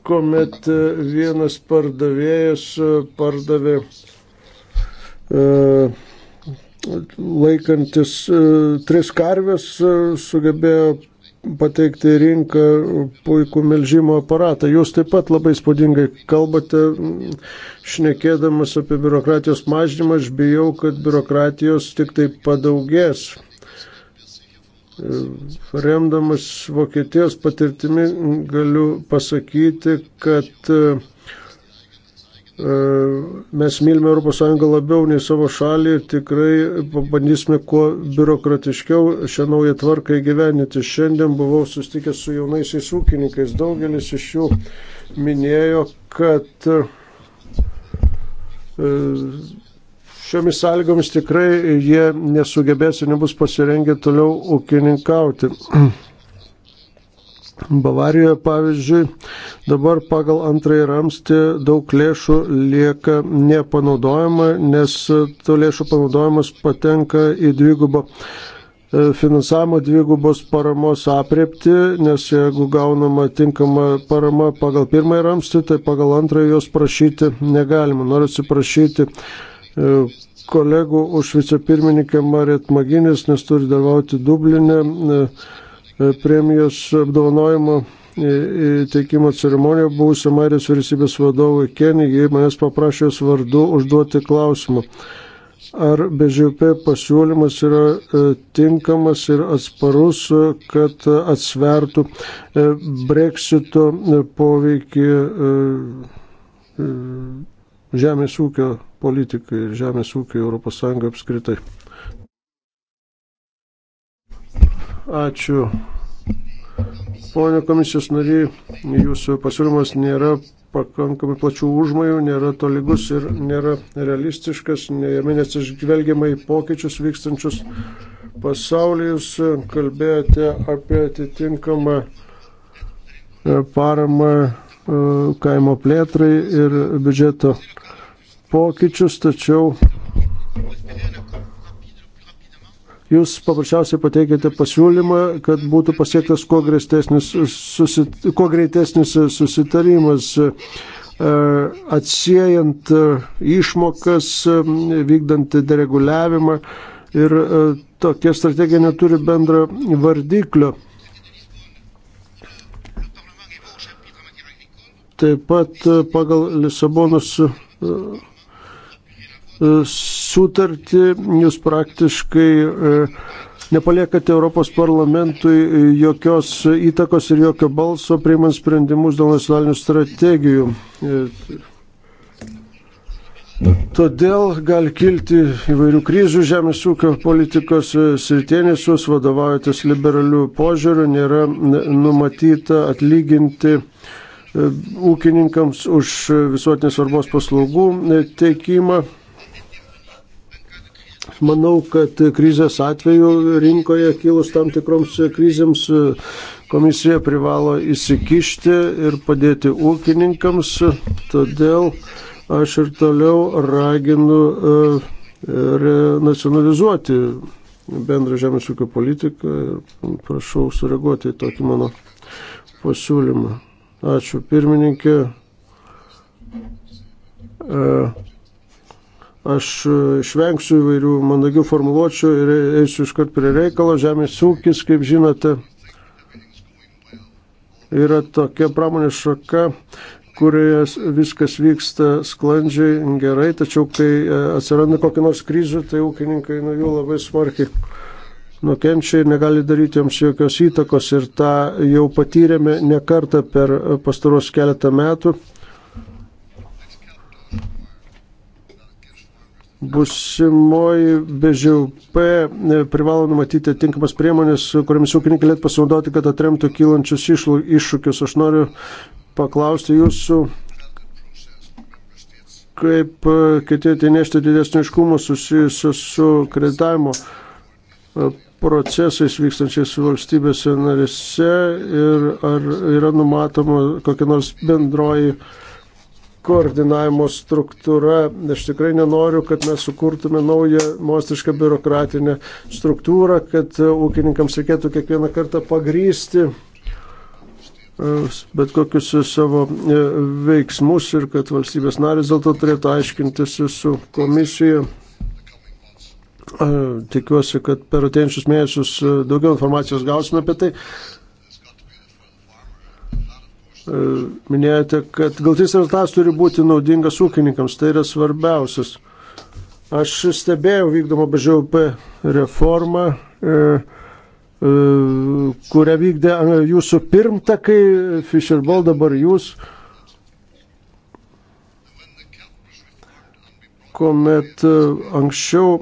kuomet e, vienas pardavėjas e, pardavė e, laikantis tris karves, sugebėjo pateikti rinką puikų melžimo aparatą. Jūs taip pat labai spūdingai kalbate, šnekėdamas apie biurokratijos mažinimą, aš bijau, kad biurokratijos tik tai padaugės Remdamas Vokietijos patirtimi galiu pasakyti, kad e, e, mes mylime ES labiau nei savo šalį ir tikrai pabandysime kuo biurokratiškiau šią naują tvarką įgyveninti. Šiandien buvau sustikęs su jaunaisiais ūkininkais. Daugelis iš jų minėjo, kad e, šiomis sąlygomis tikrai jie nesugebės ir nebus pasirengę toliau ūkininkauti. Bavarijoje, pavyzdžiui, dabar pagal antrąjį ramstį daug lėšų lieka nepanaudojama, nes to lėšų panaudojimas patenka į dvigubą e, finansavimo dvigubos paramos apriepti, nes jeigu gaunama tinkama parama pagal pirmąjį ramstį, tai pagal antrąjį jos prašyti negalima. Noriu atsiprašyti E, kolegų už vicepirmininkę Marit Maginis, nes turi dalyvauti Dublinė e, e, premijos apdovanojimo teikimo ceremonijoje buvusią Marijos vyriausybės vadovą Kenį, jie manęs paprašė jos vardu užduoti klausimą. Ar BŽP pasiūlymas yra tinkamas ir atsparus, kad atsvertų breksito poveikį žemės ūkio politikai ir žemės ūkiai ES apskritai. Ačiū. Pone komisijos nariai, jūsų pasiūlymas nėra pakankamai plačių užmojų, nėra tolygus ir nėra realistiškas, jame nesižvelgiama į pokyčius vykstančius pasaulyje. Jūs kalbėjote apie atitinkamą e, paramą e, kaimo plėtrai ir biudžeto pokyčius, tačiau jūs paprasčiausiai pateikėte pasiūlymą, kad būtų pasiektas kuo, susit, kuo greitesnis susitarimas, e, atsiejant e, išmokas, e, vykdant dereguliavimą ir tokia strategija neturi bendro vardiklio. Taip pat pagal Lisabonos E, sutartį, jūs praktiškai e, nepaliekate Europos parlamentui jokios įtakos ir jokio balso priimant sprendimus dėl nacionalinių strategijų. E, todėl gali kilti įvairių kryžių žemės ūkio politikos srityje, nes jūs vadovaujatės liberalių požiūrių, nėra numatyta atlyginti ūkininkams už visuotinės svarbos paslaugų teikimą. Manau, kad krizės atveju rinkoje kilus tam tikroms krizėms e, komisija privalo įsikišti ir padėti ūkininkams. Todėl aš ir toliau raginu e, nacionalizuoti bendrą žemės ūkio politiką ir prašau sureaguoti į tokį mano pasiūlymą. Ačiū pirmininkė. Uh Aš e, išvengsiu įvairių mandagių formuluočių ir eisiu iškart prie reikalo. Žemės ūkis, kaip žinote, yra tokia pramonės šaka, kurioje viskas vyksta sklandžiai, gerai, tačiau kai e, atsiranda kokia nors krizė, tai ūkininkai nuo jų labai smarkiai nukenčia ir negali daryti joms jokios įtakos ir tą jau patyrėme ne kartą per e, pastaros keletą metų. Busimoji BŽUP e, privalo numatyti tinkamas priemonės, kuriamis ūkininkai galėtų pasinaudoti, kad atremtų kylančius iššūkius. Aš noriu paklausti jūsų, kaip e, ketėti nešti didesnį iškumą susijusius su kreditavimo e, procesais vykstančiais valstybėse narėse ir ar yra numatoma kokia nors bendroji uh, koordinavimo struktūra. Aš tikrai nenoriu, kad mes sukurtume naują mostišką biurokratinę struktūrą, kad e, ūkininkams reikėtų kiekvieną kartą pagrysti e, bet kokius savo e, veiksmus ir kad valstybės narės dėl to turėtų aiškintis su komisija. Tikiuosi, kad per atėjančius mėnesius daugiau informacijos gausime apie tai. E, minėjote, kad galtinis rezultatas turi būti naudingas ūkininkams, tai yra svarbiausias. Aš stebėjau vykdomą BŽUP reformą, e, e, kurią vykdė jūsų pirmtakai, Fischer Ball dabar jūs. E, kuomet e, anksčiau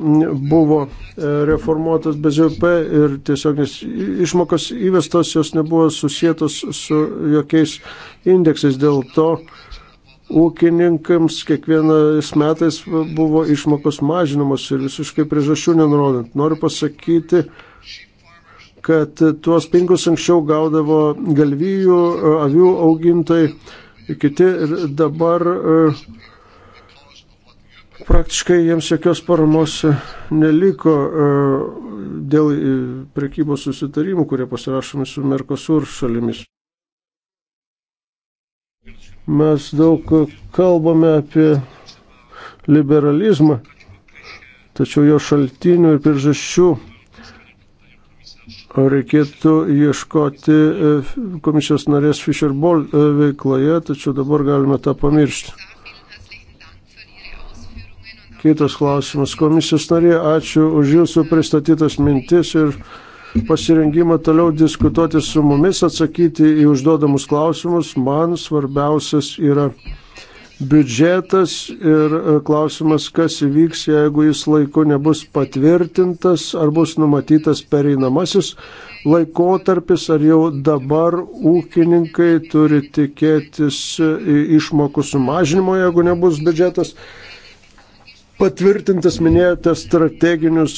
buvo e, reformuotas BZP ir tiesiog nes išmokos įvestos jos nebuvo susijėtos su jokiais indeksais. Dėl to ūkininkams kiekvienais metais buvo išmokos mažinamos ir visiškai priežasčių nenurodant. Noriu pasakyti, kad tuos pinigus anksčiau gaudavo galvijų, avių augintojai, kiti ir dabar uh, praktiškai jiems jokios paramos e, neliko e, dėl e, prekybos susitarimų, kurie pasirašomi su Merkosur šalimis. Mes daug kalbame apie liberalizmą, tačiau jo šaltinių ir priežasčių reikėtų ieškoti komisijos narės Fischer Ball veikloje, tačiau dabar galime tą pamiršti. Kitas klausimas. Komisijos narė, ačiū už jūsų pristatytas mintis ir pasirengimą toliau diskutuoti su mumis, atsakyti į užduodamus klausimus. Man svarbiausias yra biudžetas ir e, klausimas, kas įvyks, jeigu jis laiku nebus patvirtintas, ar bus numatytas pereinamasis laikotarpis, ar jau dabar ūkininkai turi tikėtis e, išmokų sumažinimo, jeigu nebus biudžetas patvirtintas, minėjote, strateginius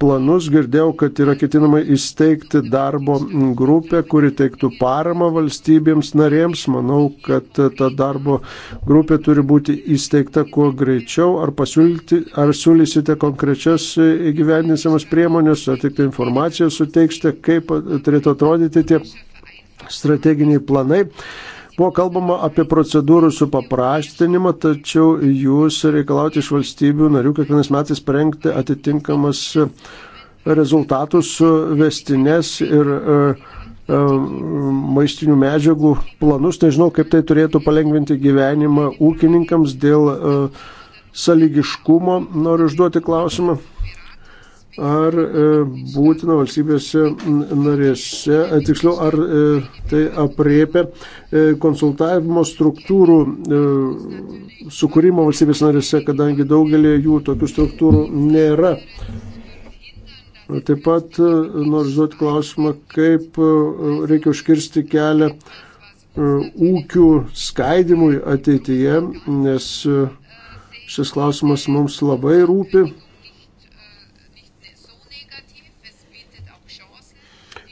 planus. Girdėjau, kad yra ketinama įsteigti darbo grupę, kuri teiktų paramą valstybėms narėms. Manau, kad ta darbo grupė turi būti įsteigta kuo greičiau. Ar, pasiūlyti, ar siūlysite konkrečias įgyvendinsiamas priemonės, ar tik tai informaciją suteiksite, kaip turėtų atrodyti tie strateginiai planai. Buvo kalbama apie procedūrų supaprastinimą, tačiau jūs reikalauti iš valstybių narių kiekvienais metais parengti atitinkamas rezultatus vestinės ir e, e, maistinių medžiagų planus. Nežinau, kaip tai turėtų palengvinti gyvenimą ūkininkams dėl e, saligiškumo. Noriu užduoti klausimą ar e, būtina valstybėse narėse, e, tiksliau, ar e, tai apriepia konsultavimo struktūrų sukūrimo valstybės narėse, kadangi daugelį jų tokių struktūrų nėra. Taip pat noriu žduoti klausimą, kaip reikia užkirsti kelią ūkių skaidimui ateityje, nes šis klausimas mums labai rūpi.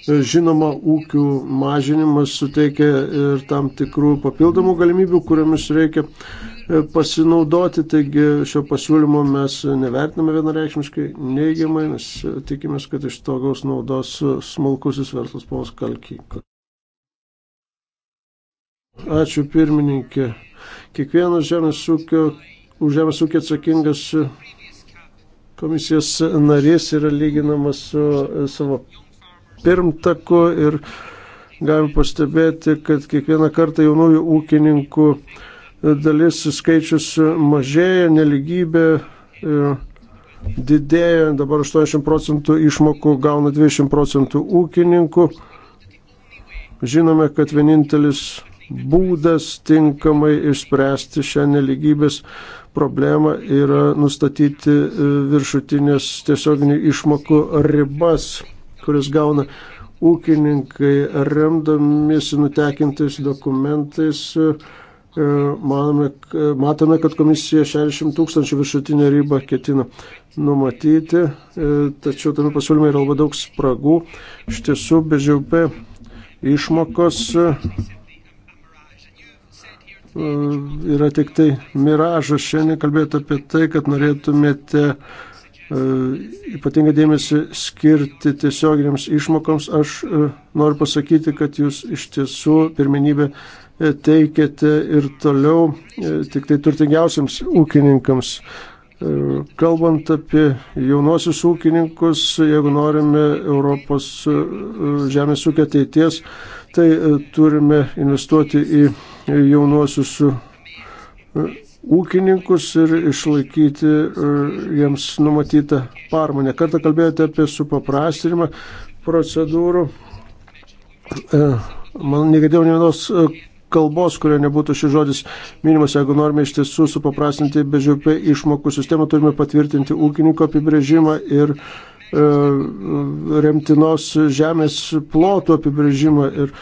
Žinoma, ūkių mažinimas suteikia ir tam tikrų papildomų galimybių, kuriomis reikia e, pasinaudoti. Taigi šio pasiūlymo mes nevertiname vienareikšmiškai neigiamai, nes tikimės, kad iš to gaus naudos smulkusis verslas pos kalkyko. Ačiū pirmininkė. Kiekvienas žemės ūkio, už žemės ūkio atsakingas komisijos narys yra lyginamas su e, savo pirmtaku ir galime pastebėti, kad kiekvieną kartą jaunųjų ūkininkų dalis skaičius mažėja, neligybė e, didėja, dabar 80 procentų išmokų gauna 20 procentų ūkininkų. Žinome, kad vienintelis būdas tinkamai išspręsti šią neligybės problemą yra nustatyti e, viršutinės tiesioginių išmokų ribas kuris gauna ūkininkai, remdamiesi nutekintais dokumentais. E, manome, e, matome, kad komisija 60 tūkstančių viršutinę ribą ketina numatyti, e, tačiau tame pasiūlyme yra labai daug spragų. Iš tiesų, BŽP išmokos yra tik tai miražas. Šiandien kalbėjote apie tai, kad norėtumėte E, ypatingą dėmesį skirti tiesioginiams išmokoms. Aš e, noriu pasakyti, kad jūs iš tiesų pirmenybę e, teikėte ir toliau tik tai turtingiausiams ūkininkams. Kalbant apie jaunosius ūkininkus, jeigu norime Europos žemės ūkio ateities, tai turime investuoti į jaunuosius ūkininkus ir išlaikyti e, jiems numatytą parmą. Nekartą kalbėjote apie supaprastinimą procedūrų. E, man negirdėjau ne vienos e, kalbos, kurioje nebūtų šis žodis minimas. Jeigu norime iš tiesų supaprastinti bežiupę išmokų sistemą, turime patvirtinti ūkininko apibrėžimą ir e, remtinos žemės plotų apibrėžimą. Ir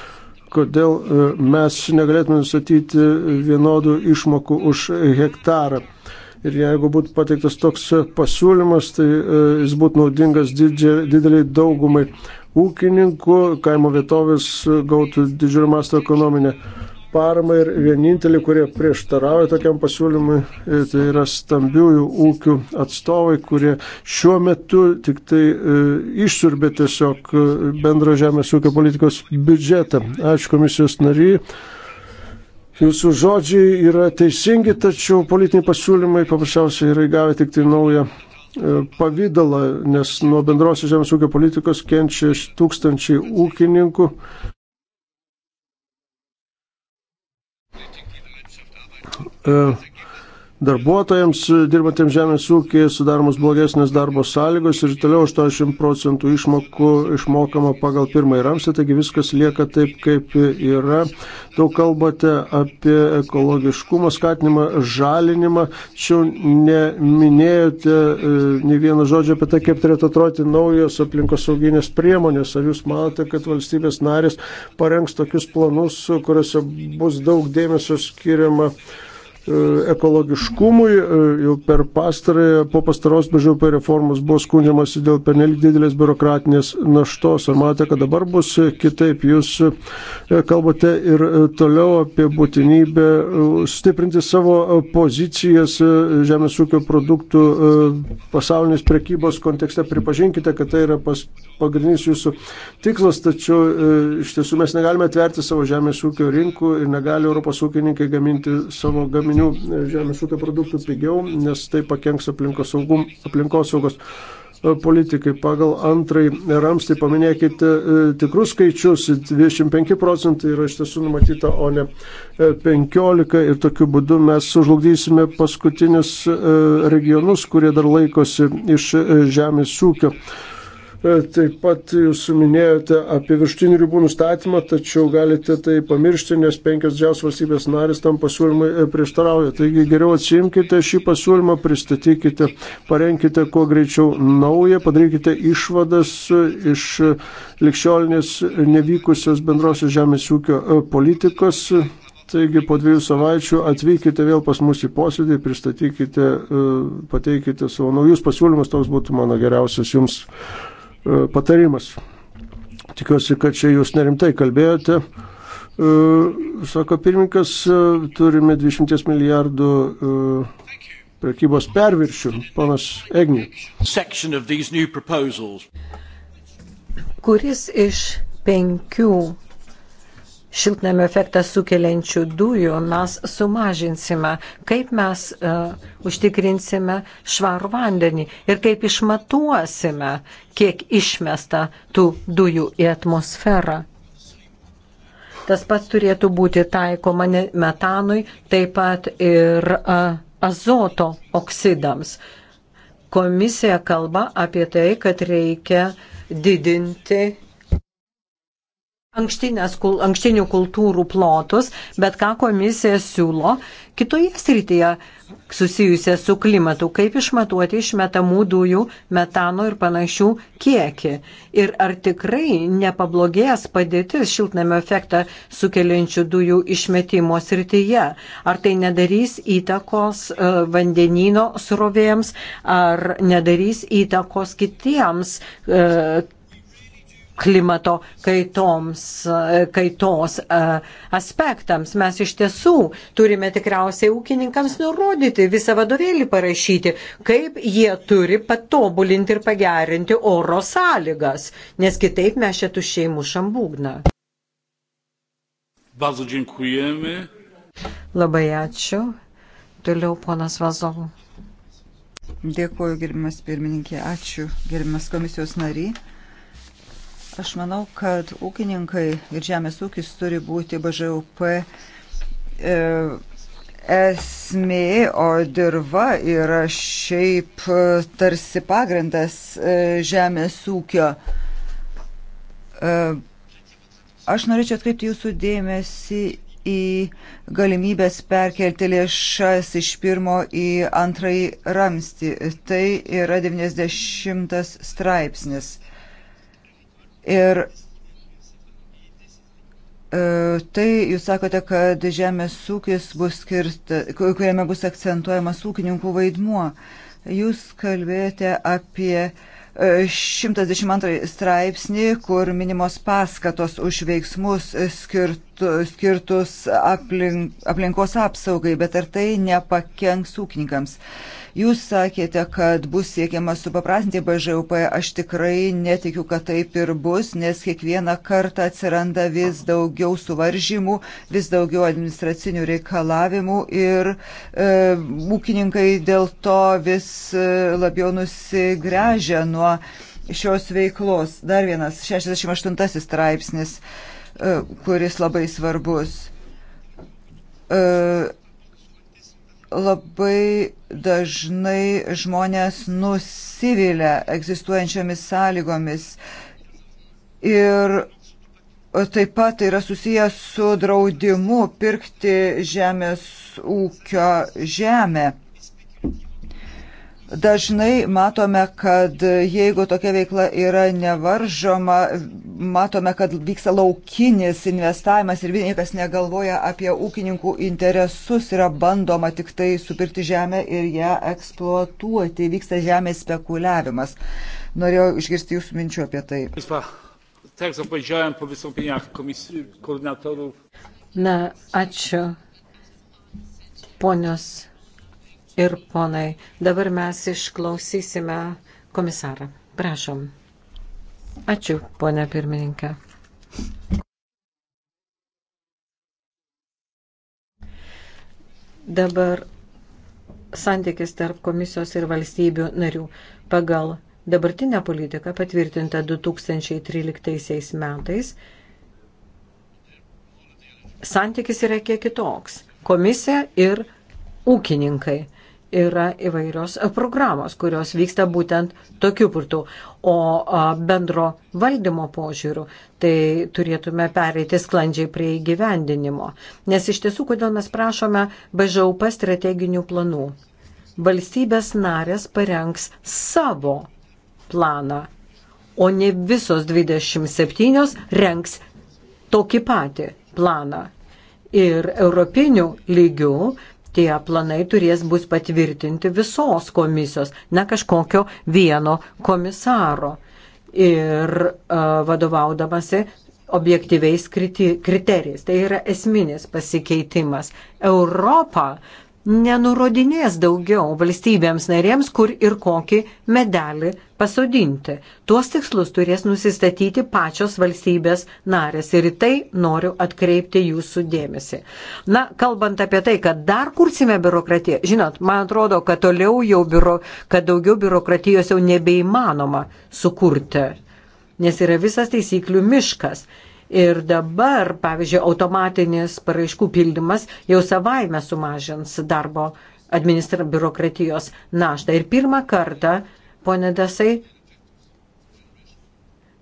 kodėl e, mes negalėtume nustatyti vienodų išmokų už hektarą. Ir jeigu būtų pateiktas toks pasiūlymas, tai e, jis būtų naudingas dideliai daugumai ūkininkų, kaimo vietovės gautų didžiulį masto ekonominę paramą ir vienintelį, kurie prieštarauja tokiam pasiūlymui, e, tai yra stambiųjų ūkių atstovai, kurie šiuo metu tik tai e, išsiurbė tiesiog e, bendro žemės ūkio politikos biudžetą. Ačiū komisijos nariai. Jūsų žodžiai yra teisingi, tačiau politiniai pasiūlymai paprasčiausiai yra įgavę tik tai naują pavydalą, nes nuo bendrosios žemės ūkio politikos kenčia tūkstančiai ūkininkų. E, darbuotojams dirbantiems žemės ūkį sudaromos blogesnės darbo sąlygos ir toliau 80 procentų išmokų išmokama pagal pirmąjį ramstį, taigi viskas lieka taip, kaip yra. Daug kalbate apie ekologiškumą, skatinimą, žalinimą, tačiau neminėjote ne vieno žodžio apie tai, kaip turėtų atrodyti naujos aplinkosauginės priemonės. Ar jūs manote, kad valstybės narės parengs tokius planus, kuriuose bus daug dėmesio skiriama? E, ekologiškumui. E, jau per pastarąją, po pastaros mažiau per reformos buvo skundžiamasi dėl pernelik didelės biurokratinės naštos. Ar matote, kad dabar bus kitaip? Jūs e, kalbate ir toliau apie būtinybę stiprinti savo pozicijas žemės ūkio produktų pasaulinės prekybos kontekste. Pripažinkite, kad tai yra pas, pagrindinis jūsų tikslas, tačiau iš tiesų mes negalime atverti savo žemės ūkio rinkų ir negali Europos ūkininkai gaminti savo gaminti gaminių e, žemės ūkio produktų pigiau, nes tai pakenks aplinkos, saugum, aplinkos saugos e, politikai. Pagal antrąjį ramstį paminėkite e, tikrus skaičius, 25 procentai yra iš tiesų numatyta, o ne 15 ir tokiu būdu mes sužlugdysime paskutinius regionus, kurie dar laikosi iš žemės ūkio E, taip pat jūs minėjote apie virštinių ribų nustatymą, tačiau galite tai pamiršti, nes penkios didžiausios valstybės narys tam pasiūlymai e, prieštarauja. Taigi geriau atsimkite šį pasiūlymą, pristatykite, parenkite kuo greičiau naują, padarykite išvadas e, iš likščiolinės nevykusios bendrosios žemės ūkio politikos. Taigi po dviejų savaičių atvykite vėl pas mus į posėdį, pristatykite, pateikite savo naujus pasiūlymus, toks būtų mano geriausias jums E, patarimas. Tikiuosi, kad čia jūs nerimtai kalbėjote. E, sako pirmininkas, e, turime 20 milijardų prekybos perviršių, ponas Egni. Kuris iš penkių šiltnamio efektą sukeliančių dujų mes sumažinsime, kaip mes uh, užtikrinsime švarų vandenį ir kaip išmatuosime, kiek išmesta tų dujų į atmosferą. Tas pats turėtų būti taikoma metanui, taip pat ir uh, azoto oksidams. Komisija kalba apie tai, kad reikia didinti kul, ankštinių kultūrų plotus, bet ką komisija siūlo kitoje srityje susijusia su klimatu, kaip išmatuoti išmetamų dujų, metano ir panašių kiekį. Ir ar tikrai nepablogės padėtis šiltnamio efektą sukeliančių dujų išmetimo srityje? Ar tai nedarys įtakos e, vandenino surovėjams, ar nedarys įtakos kitiems e, klimato kaitoms, kaitos e, aspektams. Mes iš tiesų turime tikriausiai ūkininkams nurodyti, visą vadovėlį parašyti, kaip jie turi patobulinti ir pagerinti oro sąlygas, nes kitaip mes čia tuščiai mušam būgną. Labai ačiū. Toliau ponas Vazov. Dėkuoju, gerbimas pirmininkė. Ačiū, gerbimas komisijos nariai. Aš manau, kad ūkininkai ir žemės ūkis turi būti BŽUP e, esmė, o dirba yra šiaip tarsi pagrindas e, žemės ūkio. E, aš norėčiau atkreipti jūsų dėmesį į galimybės perkelti lėšas iš pirmo į antrąjį ramstį. Tai yra 90 straipsnis. Ir e, tai jūs sakote, kad žemės ūkis bus skirta, kuriame bus akcentuojamas ūkininkų vaidmuo. Jūs kalbėjote apie 112 e, straipsnį, kur minimos paskatos už veiksmus skirtu, skirtus aplink, aplinkos apsaugai, bet ar tai nepakenks ūkininkams? Uh, Jūs sakėte, kad bus siekiama supaprastinti BŽUP. Aš tikrai netikiu, kad taip ir bus, nes kiekvieną kartą atsiranda vis daugiau suvaržymų, vis daugiau administracinių reikalavimų ir e, ūkininkai dėl to vis e, labiau nusigręžia nuo šios veiklos. Dar vienas 68 straipsnis, e, kuris labai svarbus. E, Labai dažnai žmonės nusivilia egzistuojančiomis sąlygomis ir taip pat tai yra susijęs su draudimu pirkti žemės ūkio žemę. Dažnai matome, kad jeigu tokia veikla yra nevaržoma, matome, kad vyksta laukinis investavimas ir niekas negalvoja apie ūkininkų interesus, yra bandoma tik tai supirkti žemę ir ją eksploatuoti, vyksta žemės spekuliavimas. Norėjau išgirsti jūsų minčių apie tai. Na, ačiū, ponios ir ponai, dabar mes išklausysime komisarą. Prašom. Ačiū, ponia pirmininkė. Dabar santykis tarp komisijos ir valstybių narių pagal dabartinę politiką patvirtintą 2013 metais santykis yra kiek kitoks. Komisija ir ūkininkai yra įvairios e, programos, kurios vyksta būtent tokiu burtu. O bendro valdymo požiūriu, tai turėtume pereiti sklandžiai prie įgyvendinimo. Nes iš tiesų, kodėl mes prašome BŽUP strateginių planų? Valstybės narės parengs savo planą, o ne visos 27 renks tokį patį planą. Ir europinių lygių tie planai turės bus patvirtinti visos komisijos, ne kažkokio vieno komisaro. Ir uh, vadovaudamasi objektyviais kriterijais. Tai yra esminis pasikeitimas. Europa nenurodinės daugiau valstybėms narėms, kur ir kokį medelį pasodinti. Tuos tikslus turės nusistatyti pačios valstybės narės ir į tai noriu atkreipti jūsų dėmesį. Na, kalbant apie tai, kad dar kursime biurokratiją, žinot, man atrodo, kad, jau biuro, kad daugiau biurokratijos jau nebeįmanoma sukurti, nes yra visas taisyklių miškas. Ir dabar, pavyzdžiui, automatinis paraiškų pildymas jau savaime sumažins darbo administra biurokratijos naštą. Ir pirmą kartą, ponė Dasai,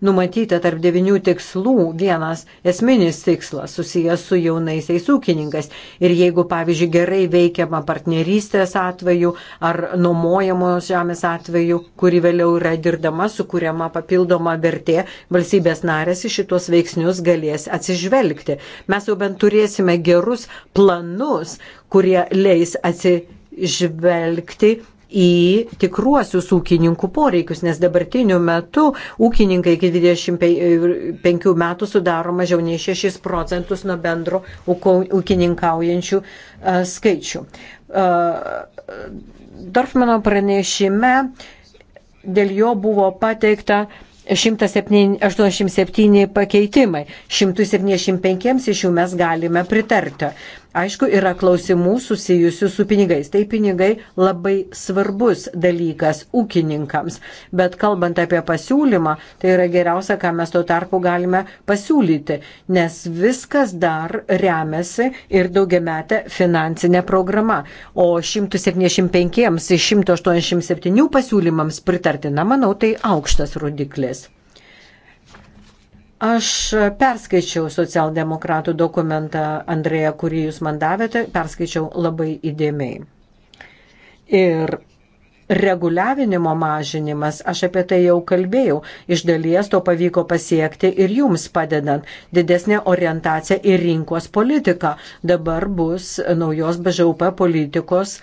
numatyta tarp devinių tikslų vienas esminis tikslas susijęs su jaunaisiais ūkininkas. Ir jeigu, pavyzdžiui, gerai veikiama partnerystės atveju ar nuomojamos žemės atveju, kuri vėliau yra dirbdama, sukūriama papildoma vertė, valstybės narės į šitos veiksnius galės atsižvelgti. Mes jau bent turėsime gerus planus, kurie leis atsižvelgti į tikruosius ūkininkų poreikius, nes dabartiniu metu ūkininkai iki 25 metų sudaro mažiau nei 6 procentus nuo bendro ūkininkaujančių skaičių. Dorfmano pranešime dėl jo buvo pateikta 187 pakeitimai. 175 iš jų mes galime pritarti. Aišku, yra klausimų susijusių su pinigais. Tai pinigai labai svarbus dalykas ūkininkams. Bet kalbant apie pasiūlymą, tai yra geriausia, ką mes tuo tarpu galime pasiūlyti, nes viskas dar remiasi ir daugiametė finansinė programa. O 175 iš 187 pasiūlymams pritartina, manau, tai aukštas rodiklis. Aš perskaičiau socialdemokratų dokumentą Andrėja, kurį jūs man davėte, perskaičiau labai įdėmiai. Ir reguliavinimo mažinimas, aš apie tai jau kalbėjau, iš dalies to pavyko pasiekti ir jums padedant. Didesnė orientacija į rinkos politiką dabar bus naujos BŽUP politikos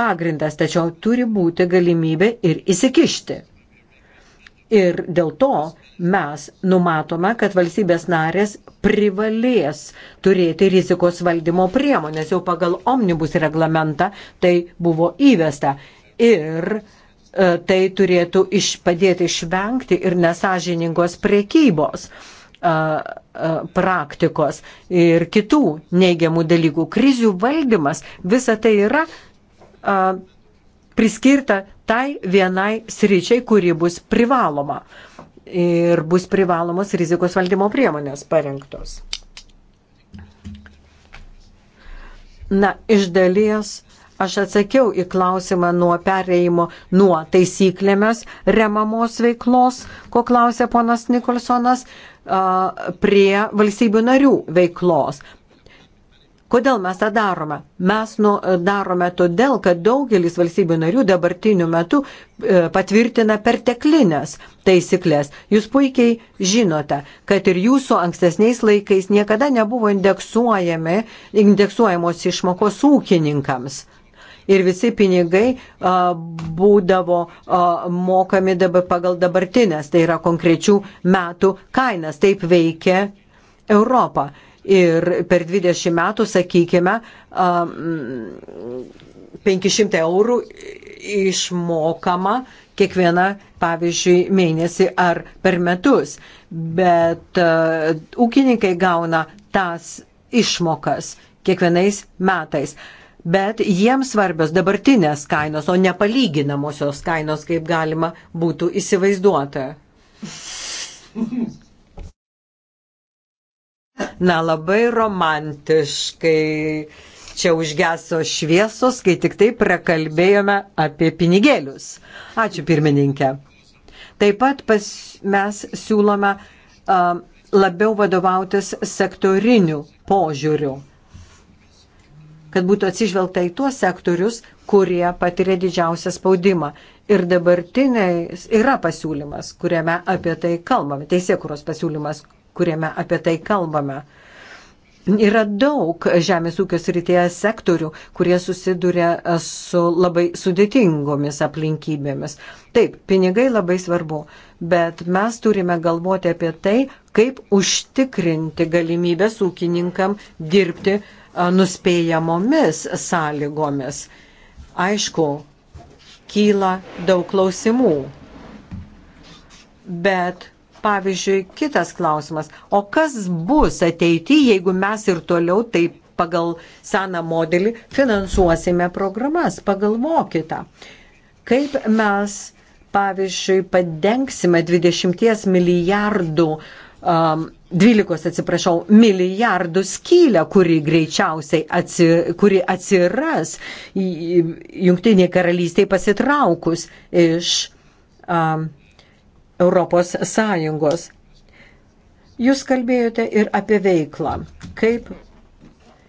pagrindas, tačiau turi būti galimybė ir įsikišti. Ir dėl to mes numatome, kad valstybės narės privalės turėti rizikos valdymo priemonės. Jau pagal omnibus reglamentą tai buvo įvesta. Ir e, tai turėtų iš, padėti išvengti ir nesažiningos priekybos e, e, praktikos ir kitų neigiamų dalykų. Krizių valdymas, visa tai yra priskirta tai vienai sričiai, kuri bus privaloma. Uh, ir bus privalomos rizikos valdymo priemonės parengtos. Na, iš dalies aš atsakiau į klausimą nuo pereimo nuo taisyklėmis remamos veiklos, ko klausė ponas Nikolsonas, prie valstybių narių veiklos. Kodėl mes tą darome? Mes nu, e, darome todėl, kad daugelis valstybių narių dabartiniu metu e, patvirtina perteklinės taisyklės. Jūs puikiai žinote, kad ir jūsų ankstesniais laikais niekada nebuvo indeksuojamos išmokos ūkininkams. Ir visi pinigai a, būdavo a, mokami dabar pagal dabartinės, tai yra konkrečių metų kainas. Taip veikia Europą ir per 20 metų, sakykime, 500 eurų išmokama kiekvieną, pavyzdžiui, mėnesį ar per metus. Bet uh, ūkininkai gauna tas išmokas kiekvienais metais. Bet jiems svarbios dabartinės kainos, o nepalyginamosios kainos, kaip galima būtų įsivaizduoti. Na, labai romantiškai čia užgeso šviesos, kai tik tai prakalbėjome apie pinigėlius. Ačiū pirmininkė. Taip pat pas, mes siūlome uh, labiau vadovautis sektoriniu požiūriu, kad būtų atsižvelgta į tuos sektorius, kurie patiria didžiausią spaudimą. Ir dabartiniai yra pasiūlymas, kuriame apie tai kalbame, teisėkuros pasiūlymas, kuriame apie tai kalbame. Yra daug žemės ūkio srityje sektorių, kurie susiduria e, su labai sudėtingomis aplinkybėmis. Taip, pinigai labai svarbu, bet mes turime galvoti apie tai, kaip užtikrinti galimybės ūkininkam dirbti e, nuspėjamomis sąlygomis. Aišku, kyla daug klausimų, bet pavyzdžiui, kitas klausimas, o kas bus ateityje, jeigu mes ir toliau taip pagal seną modelį finansuosime programas, pagalvokite, kaip mes, pavyzdžiui, padengsime 20 milijardų um, 12, atsiprašau, milijardų skylę, kuri greičiausiai atsi, kuri atsiras jungtiniai karalystiai pasitraukus iš um, Europos Sąjungos. Jūs kalbėjote ir apie veiklą, kaip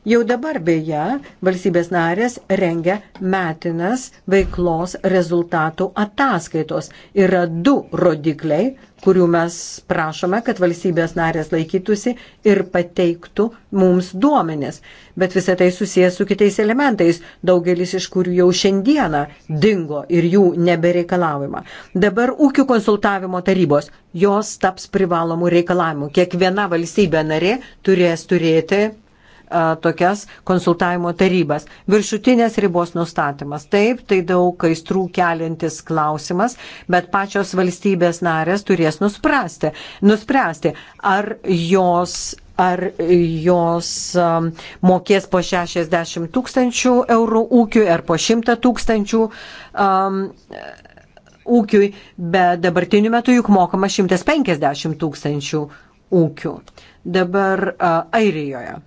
Jau dabar beje valstybės narės rengia metinas veiklos rezultatų ataskaitos. Yra du rodikliai, kurių mes prašome, kad valstybės narės laikytųsi ir pateiktų mums duomenis. Bet visą tai susijęs su kitais elementais, daugelis iš kurių jau šiandieną dingo ir jų nebereikalavimą. Dabar ūkių konsultavimo tarybos, jos taps privalomų reikalavimų. Kiekviena valstybė narė turės turėti tokias konsultavimo tarybas. Viršutinės ribos nustatymas. Taip, tai daug kaistrų keliantis klausimas, bet pačios valstybės narės turės nuspręsti, nuspręsti ar jos ar jos mokės po 60 tūkstančių eurų ūkiui ar po 100 tūkstančių um, ūkiui, bet dabartiniu metu juk mokama 150 tūkstančių ūkių. Dabar uh, Airijoje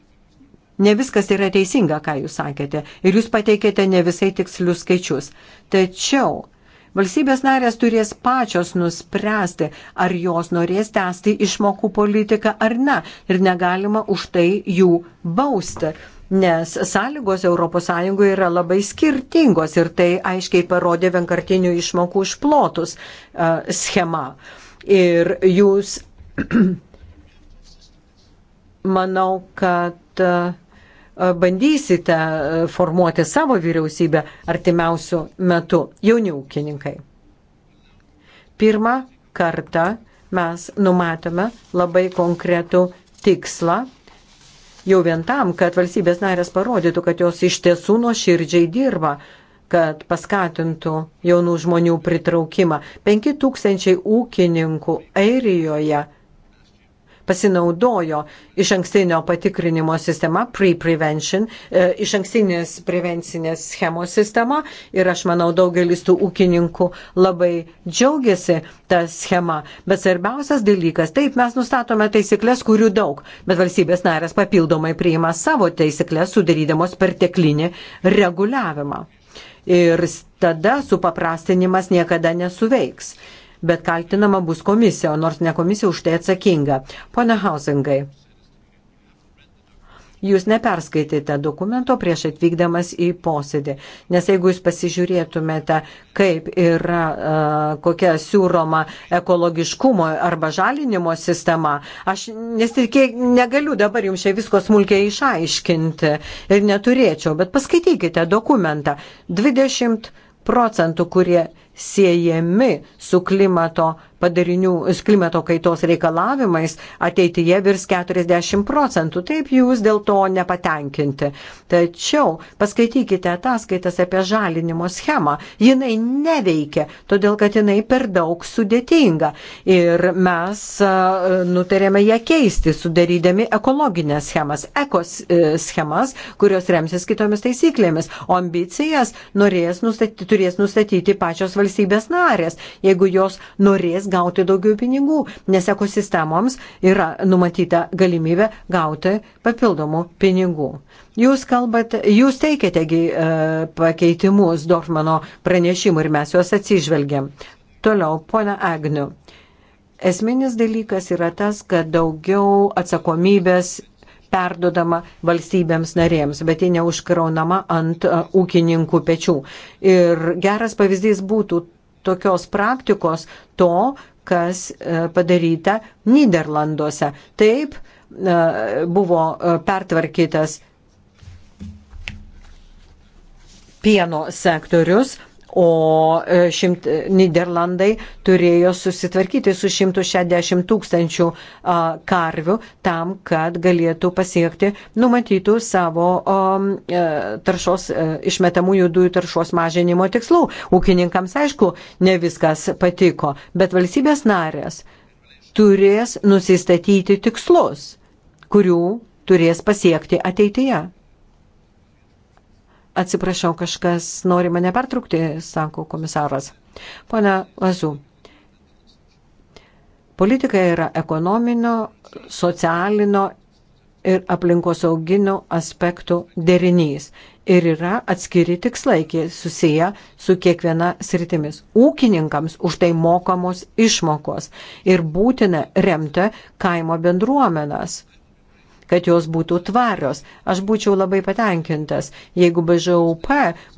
ne viskas yra teisinga, ką jūs sakėte, ir jūs pateikėte ne visai tikslius skaičius. Tačiau Valstybės narės turės pačios nuspręsti, ar jos norės tęsti išmokų politiką ar ne, ir negalima už tai jų bausti. Nes sąlygos ES yra labai skirtingos ir tai aiškiai parodė vienkartinių išmokų išplotus uh, schema. Ir jūs, manau, kad uh, bandysite formuoti savo vyriausybę artimiausių metų, jauni ūkininkai? Pirmą kartą mes numatome labai konkretų tikslą jau vien tam, kad valstybės narės parodytų, kad jos iš tiesų nuoširdžiai dirba kad paskatintų jaunų žmonių pritraukimą. 5000 ūkininkų Airijoje pasinaudojo iš ankstinio patikrinimo sistema, pre-prevention, e, iš ankstinės prevencinės schemos sistema ir aš manau daugelis tų ūkininkų labai džiaugiasi tą schemą. Bet svarbiausias dalykas, taip mes nustatome taisyklės, kurių daug, bet valstybės narės papildomai priima savo taisyklės, sudarydamos perteklinį reguliavimą. Ir tada supaprastinimas niekada nesuveiks bet kaltinama bus komisija, nors ne komisija už tai atsakinga. Pone Hausingai, jūs neperskaitėte dokumento prieš atvykdamas į posėdį, nes jeigu jūs pasižiūrėtumėte, kaip yra uh, kokia siūroma ekologiškumo arba žalinimo sistema, aš nesitikėk, negaliu dabar jums čia visko smulkiai išaiškinti ir neturėčiau, bet paskaitykite dokumentą. 20 procentų, kurie siejami su klimato padarinių, klimato kaitos reikalavimais ateityje virs 40 procentų. Taip jūs dėl to nepatenkinti. Tačiau paskaitykite ataskaitas apie žalinimo schemą. Jinai neveikia, todėl kad jinai per daug sudėtinga. Ir mes nutarėme ją keisti, sudarydami ekologinės schemas, ekos e, schemas, kurios remsis kitomis taisyklėmis. O ambicijas norės nustatyti, turės nustatyti pačios valstybės narės, jeigu jos norės gauti daugiau pinigų, nes ekosistemoms yra numatyta galimybė gauti papildomų pinigų. Jūs kalbate, jūs teikiategi e, pakeitimus Dorfmano pranešimų ir mes juos atsižvelgiam. Toliau, pona Agniu. Esminis dalykas yra tas, kad daugiau atsakomybės perdodama valstybėms narėms, bet ji neužkraunama ant uh, ūkininkų pečių. Ir geras pavyzdys būtų tokios praktikos to, kas e, padaryta Niderlanduose. Taip e, buvo e, pertvarkytas pieno sektorius, o e, šimt, e, Niderlandai turėjo susitvarkyti su 160 tūkstančių karvių tam, kad galėtų pasiekti numatytų savo e, taršos, išmetamųjų dujų taršos mažinimo tikslų. Ūkininkams, aišku, ne viskas patiko, bet valstybės narės turės nusistatyti tikslus, kurių turės pasiekti ateityje. Atsiprašau, kažkas nori mane pertraukti, sako komisaras. Pone Lazu, politika yra ekonominio, socialinio ir aplinkosauginių aspektų derinys. Ir yra atskiri tikslai susiję su kiekviena sritimis. Ūkininkams už tai mokamos išmokos ir būtina remti kaimo bendruomenas kad jos būtų tvarios. Aš būčiau labai patenkintas, jeigu BŽUP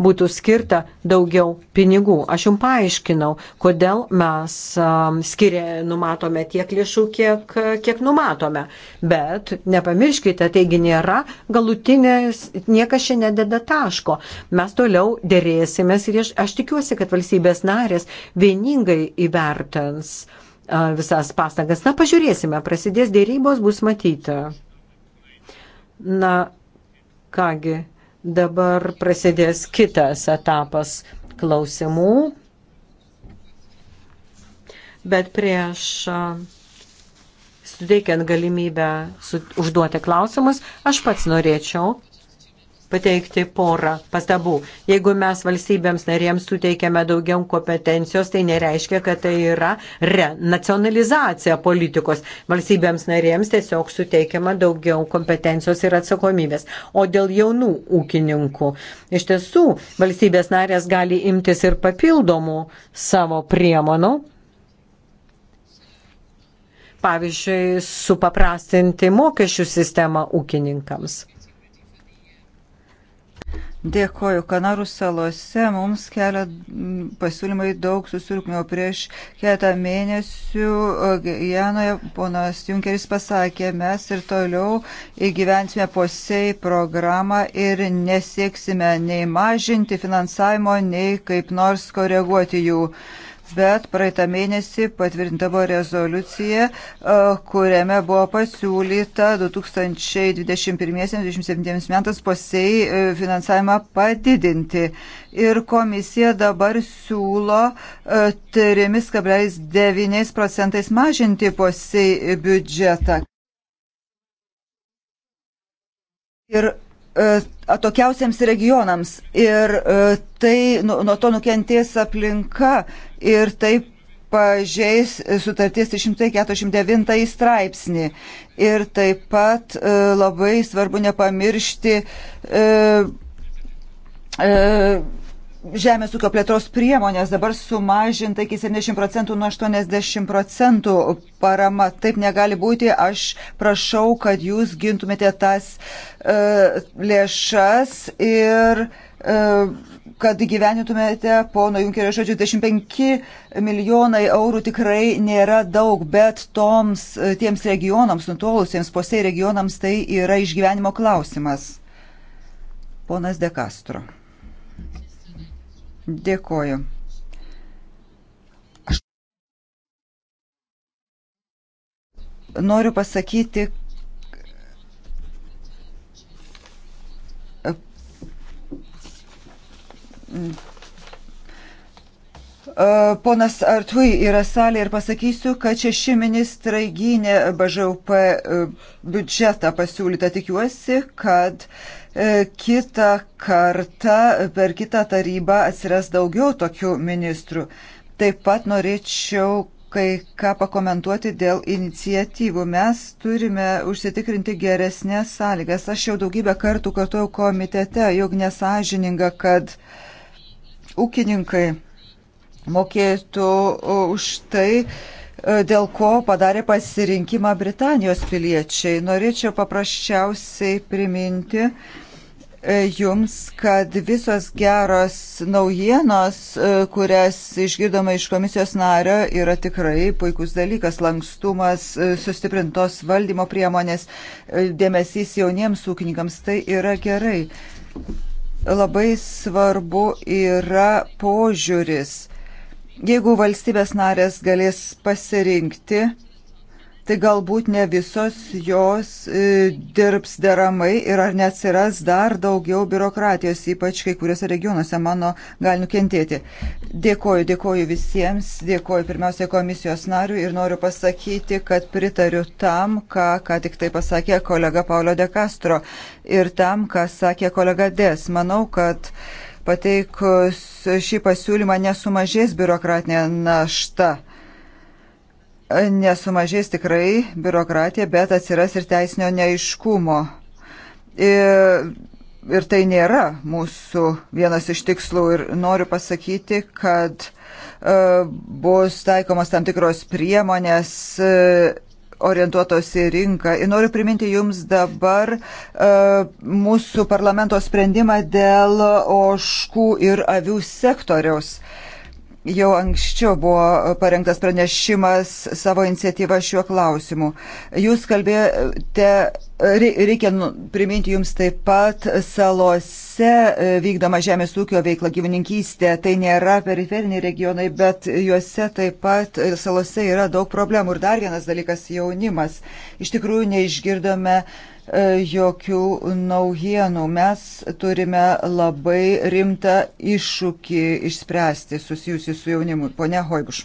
būtų skirta daugiau pinigų. Aš jums paaiškinau, kodėl mes um, skiria, numatome tiek lėšų, kiek, kiek numatome. Bet nepamirškite, taigi nėra galutinės, niekas čia nededa taško. Mes toliau dėrėsimės ir aš, aš tikiuosi, kad valstybės narės vieningai įvertins visas pastangas. Na, pažiūrėsime, prasidės dėrybos, bus matyti. Na kągi, dabar prasidės kitas etapas klausimų. Bet prieš suteikiant galimybę užduoti klausimus, aš pats norėčiau pateikti porą pastabų. Jeigu mes valstybėms narėms suteikiame daugiau kompetencijos, tai nereiškia, kad tai yra renacionalizacija politikos. Valstybėms narėms tiesiog suteikiama daugiau kompetencijos ir atsakomybės. O dėl jaunų ūkininkų, iš tiesų, valstybės narės gali imtis ir papildomų savo priemonų pavyzdžiui, supaprastinti mokesčių sistemą ūkininkams. Dėkoju. Kanarų salose mums kelia pasiūlymai daug susirūpinimo. Prieš keletą mėnesių Janoje ponas Junkeris pasakė, mes ir toliau įgyvensime posei programą ir nesieksime nei mažinti finansavimo, nei kaip nors koreguoti jų. Uh, bet praeitą mėnesį patvirtinta buvo rezoliucija, e, kuriame buvo pasiūlyta 2021-2027 metams posei e, finansavimą padidinti. Ir komisija dabar siūlo 3,9 e, procentais mažinti posei biudžetą. Ir E, atokiausiams regionams ir e, tai nu, nuo to nukentės aplinka ir taip pažeis sutarties 349 straipsnį. Ir taip pat e, labai svarbu nepamiršti žemės ūkio plėtros priemonės dabar sumažinta iki 70 procentų nuo 80 procentų parama. Taip negali būti. Aš prašau, kad jūs gintumėte tas e, lėšas ir e, kad gyvenintumėte pono Junkerio žodžių 25 milijonai eurų tikrai nėra daug, bet toms, e, tiems regionams, nutolusiems posei regionams tai yra išgyvenimo klausimas. Ponas De Castro. Dėkoju. Aš noriu pasakyti, e, Ponas Artui yra salė ir pasakysiu, kad šeši ministrai gynė BŽUP e, biudžetą pasiūlytą. Tikiuosi, kad uh, E, kitą kartą per kitą tarybą atsiras daugiau tokių ministrų. Taip pat norėčiau kai ką pakomentuoti dėl iniciatyvų. Mes turime užsitikrinti geresnės sąlygas. Aš jau daugybę kartų kartuoju komitete, jog nesažininga, kad ūkininkai mokėtų už tai, e, dėl ko padarė pasirinkimą Britanijos piliečiai. Norėčiau paprasčiausiai priminti, E, jums, kad visos geros naujienos, e, kurias išgirdome iš komisijos nario, yra tikrai puikus dalykas - lankstumas, e, sustiprintos valdymo priemonės, dėmesys jauniems ūkininkams. Tai yra gerai. Labai svarbu yra požiūris. Jeigu valstybės narės galės pasirinkti, tai galbūt ne visos jos e, dirbs deramai ir ar neatsiras dar daugiau biurokratijos, ypač kai kuriuose regionuose mano gali nukentėti. Dėkoju, dėkoju visiems, dėkoju pirmiausia komisijos nariui ir noriu pasakyti, kad pritariu tam, ką, ką tik tai pasakė kolega Paulio De Castro ir tam, ką sakė kolega Des. Manau, kad pateikus šį pasiūlymą nesumažės biurokratinė našta nesumažės tikrai biurokratija, bet atsiras ir teisinio neiškumo. Ir, ir tai nėra mūsų vienas iš tikslų. Ir noriu pasakyti, kad uh, bus taikomas tam tikros priemonės. Uh, orientuotos į rinką. Ir noriu priminti Jums dabar e, mūsų parlamento sprendimą dėl oškų ir avių sektoriaus. E, Jau anksčiau buvo parengtas pranešimas savo iniciatyvą šiuo klausimu. Jūs kalbėjote, reikia nu, priminti jums taip pat salose e, vykdoma žemės ūkio veikla gyvininkystė. Tai nėra periferiniai regionai, bet juose taip pat e, salose yra daug problemų. Ir dar vienas dalykas - jaunimas. Iš tikrųjų neišgirdome uh, jokių naujienų. Mes turime labai rimtą iššūkį išspręsti susijusi su jaunimu. Pone Hoibuš.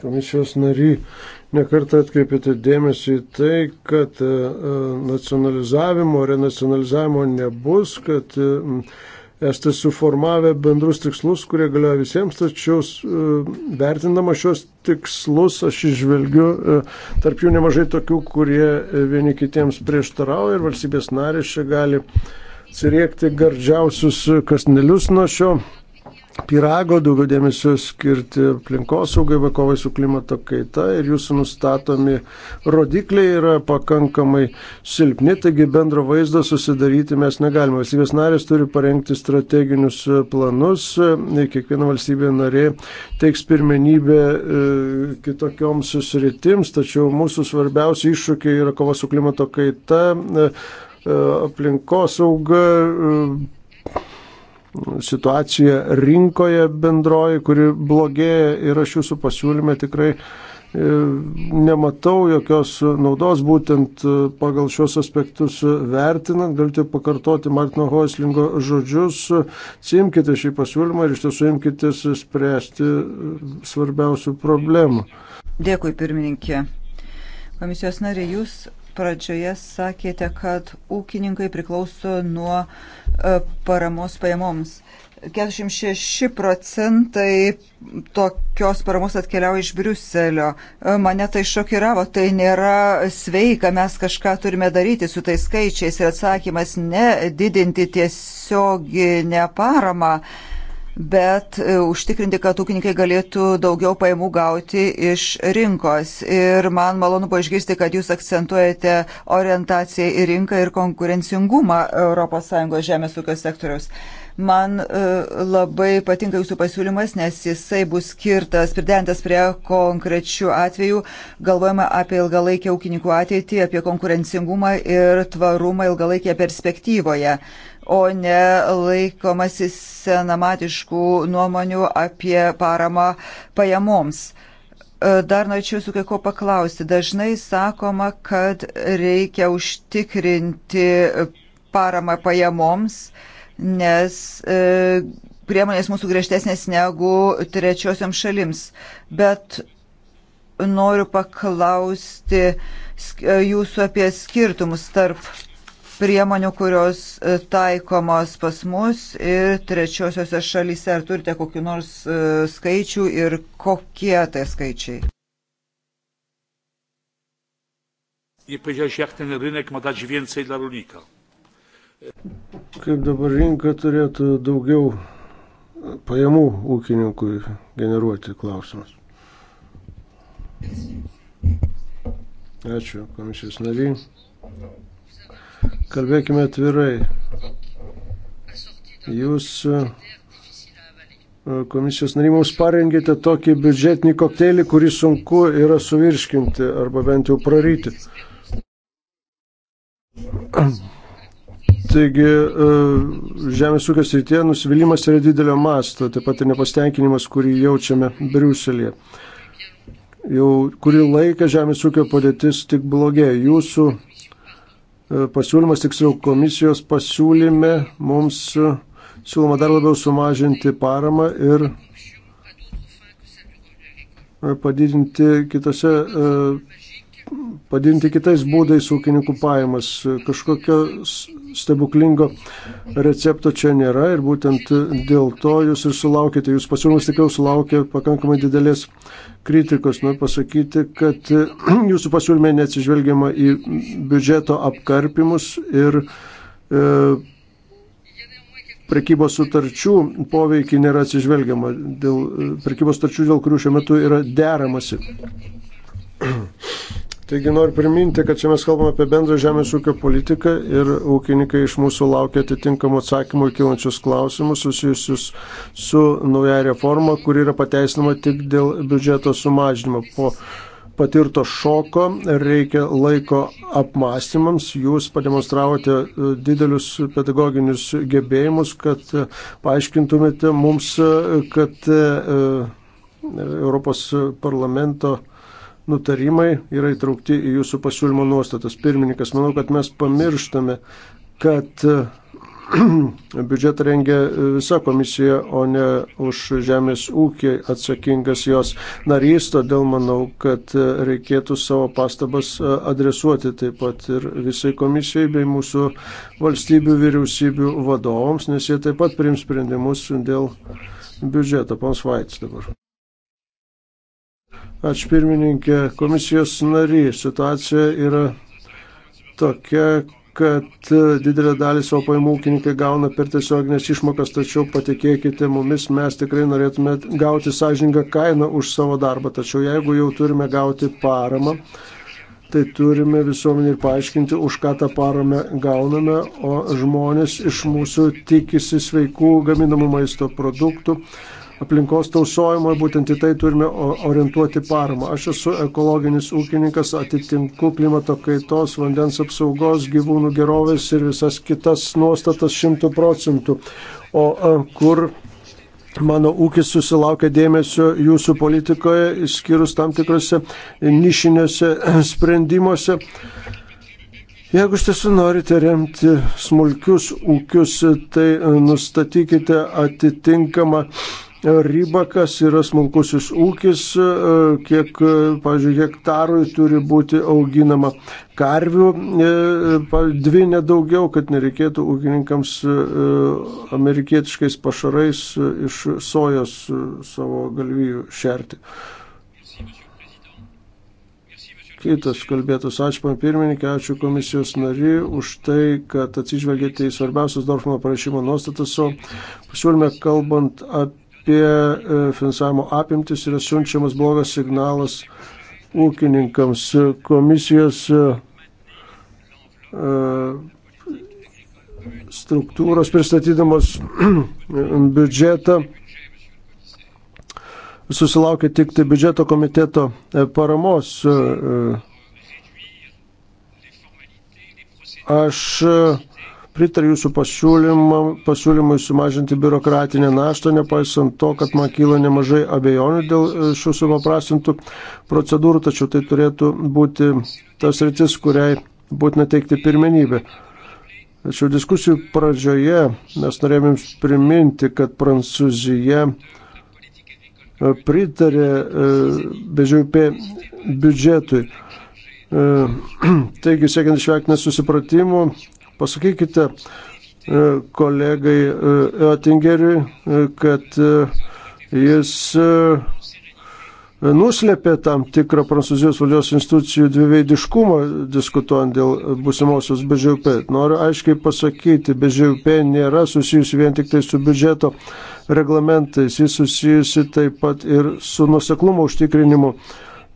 Komisijos nariai, nekartą atkreipėte dėmesį į tai, kad e, nacionalizavimo, renacionalizavimo nebus, kad uh, esate suformavę bendrus tikslus, kurie galioja visiems, tačiau e, vertindama šios tikslus aš išvelgiu e, tarp jų nemažai tokių, kurie e, vieni kitiems prieštarauja ir valstybės narės čia gali atsiriekti gardžiausius kasnelius nuo šio pirago, daugiau dėmesio skirti aplinkosaugai, vakovai su klimato kaita ir jūsų nustatomi rodikliai yra pakankamai silpni, taigi bendro vaizdo susidaryti mes negalime. Valstybės narės turi parengti strateginius planus, kiekviena valstybė narė teiks pirmenybę e, kitokioms susiritims, tačiau mūsų svarbiausi iššūkiai yra kova su klimato kaita e, e, aplinkosauga, situacija rinkoje bendroji, kuri blogėja ir aš jūsų pasiūlyme tikrai e, nematau jokios naudos būtent e, pagal šios aspektus vertinant. Galite pakartoti Martino Hoislingo žodžius, simkite šį pasiūlymą ir iš tiesų imkite spręsti e, svarbiausių problemų. Dėkui, pirmininkė. Komisijos nariai, jūs pradžioje sakėte, kad ūkininkai priklauso nuo e, paramos pajamoms. 46 procentai tokios paramos atkeliauja iš Briuselio. E, mane tai šokiravo, tai nėra sveika, mes kažką turime daryti su tais skaičiais ir atsakymas ne didinti tiesioginę paramą. Uh, bet e, užtikrinti, kad ūkininkai galėtų daugiau pajamų gauti iš rinkos. Ir man malonu buvo išgirsti, kad jūs akcentuojate orientaciją į rinką ir konkurencingumą ES žemės ūkio sektoriaus. Man e, labai patinka jūsų pasiūlymas, nes jisai bus skirtas, pridentas prie konkrečių atvejų. Galvojame apie ilgalaikę ūkininkų ateitį, apie konkurencingumą ir tvarumą ilgalaikėje perspektyvoje. Uh, o ne laikomasi senamatiškų nuomonių apie paramą pajamoms. E, dar norėčiau su kai ko paklausti. Dažnai sakoma, kad reikia užtikrinti paramą pajamoms, nes e, priemonės mūsų griežtesnės negu trečiosiam šalims. Bet noriu paklausti jūsų apie skirtumus tarp priemonių, kurios e, taikomos pas mus ir trečiosiose šalyse. Ar turite kokiu nors e, skaičių ir kokie tai skaičiai? Nie powiedziałeś, jak ten rynek ma dać więcej dla rolnika. Kaip dabar rinka turėtų daugiau pajamų ūkininkui generuoti klausimas. Ačiū komisijos nariai. Kalbėkime atvirai. Jūs e, komisijos narimams parengėte tokį biudžetinį kokteilį, kurį sunku yra suvirškinti arba bent jau praryti. Taigi, e, žemės ūkio srityje nusivylimas yra didelio masto, taip pat ir nepastenkinimas, kurį jaučiame Briuselėje. Jau kurį laiką žemės ūkio padėtis tik blogėja. Jūsų pasiūlymas, tiksliau komisijos pasiūlyme, mums e, siūloma dar labiau sumažinti paramą ir e, padidinti kitose e, padidinti kitais būdais ūkininkų pajamas. Kažkokios stebuklingo recepto čia nėra ir būtent dėl to jūs ir sulaukite, jūs pasiūlymas tikrai sulaukė pakankamai didelės kritikos. Noriu pasakyti, kad jūsų pasiūlymė neatsižvelgiama į biudžeto apkarpimus ir e, prekybos sutarčių poveikį nėra atsižvelgiama, dėl e, prekybos sutarčių, dėl kurių šiuo metu yra deramasi. Taigi noriu priminti, kad čia mes kalbame apie bendrą žemės ūkio politiką ir ūkininkai iš mūsų laukia atitinkamų atsakymų į kilančius klausimus susijusius su nauja reforma, kuri yra pateisinama tik dėl biudžeto sumažinimo. Po patirto šoko reikia laiko apmąstymams. Jūs pademonstravote e, didelius pedagoginius gebėjimus, kad e, paaiškintumėte mums, e, kad Europos parlamento nutarimai yra įtraukti į jūsų pasiūlymo nuostatas. Pirmininkas, manau, kad mes pamirštame, kad biudžetą rengia visa komisija, o ne už žemės ūkį atsakingas jos narys, todėl manau, kad reikėtų savo pastabas e, adresuoti taip pat ir visai komisijai bei mūsų valstybių vyriausybių vadovams, nes jie taip pat priims sprendimus dėl biudžeto. Pons Vaits dabar. Ačiū pirmininkė, komisijos nariai. Situacija yra tokia, kad didelę dalį savo pajamų ūkininkai gauna per tiesioginės išmokas, tačiau patikėkite mumis, mes tikrai norėtume gauti sąžiningą kainą už savo darbą, tačiau jeigu jau turime gauti paramą, tai turime visuomenį ir paaiškinti, už ką tą paramą gauname, o žmonės iš mūsų tikisi sveikų gaminamų maisto produktų, aplinkos tausojimo, būtent į tai turime orientuoti paramą. Aš esu ekologinis ūkininkas, atitinku klimato kaitos, vandens apsaugos, gyvūnų gerovės ir visas kitas nuostatas šimtų procentų. O kur mano ūkis susilaukia dėmesio jūsų politikoje, išskyrus tam tikrose nišinėse sprendimuose. Jeigu iš tiesų norite remti smulkius ūkius, tai e, nustatykite atitinkamą uh, Rybakas yra smulkusis ūkis, e, kiek, e, pavyzdžiui, hektarui turi būti auginama karvių, e, dvi nedaugiau, kad nereikėtų ūkininkams amerikietiškais pašarais iš sojos savo galvijų šerti. Kitas kalbėtus, ačiū pan pirmininkė, ačiū komisijos nari už tai, kad atsižvelgėte į svarbiausias Dorfmano parašymo nuostatas, o pasiūlyme kalbant apie apie e, finansavimo apimtis yra siunčiamas blogas signalas ūkininkams. Komisijos e, struktūros pristatydamos biudžetą susilaukė tik tai biudžeto komiteto e, paramos. Aš pritariu jūsų pasiūlymui sumažinti biurokratinę naštą, nepaisant to, kad man kyla nemažai abejonių dėl e, šių supaprastintų procedūrų, tačiau tai turėtų būti tas rytis, kuriai būtina teikti pirmenybę. Tačiau diskusijų pradžioje mes norėjom jums priminti, kad Prancūzija e, pritarė e, bežiaupė biudžetui. Taigi, siekiant išvengti nesusipratimų, Pasakykite e, kolegai e, Oettingeriui, e, kad jis nuslėpė tam tikrą prancūzijos valdžios institucijų dviveidiškumą diskutuojant dėl busimosios BŽP. Noriu aiškiai pasakyti, BŽP nėra susijusi vien tik tai su biudžeto reglamentais, jis susijusi taip pat ir su nuseklumo užtikrinimu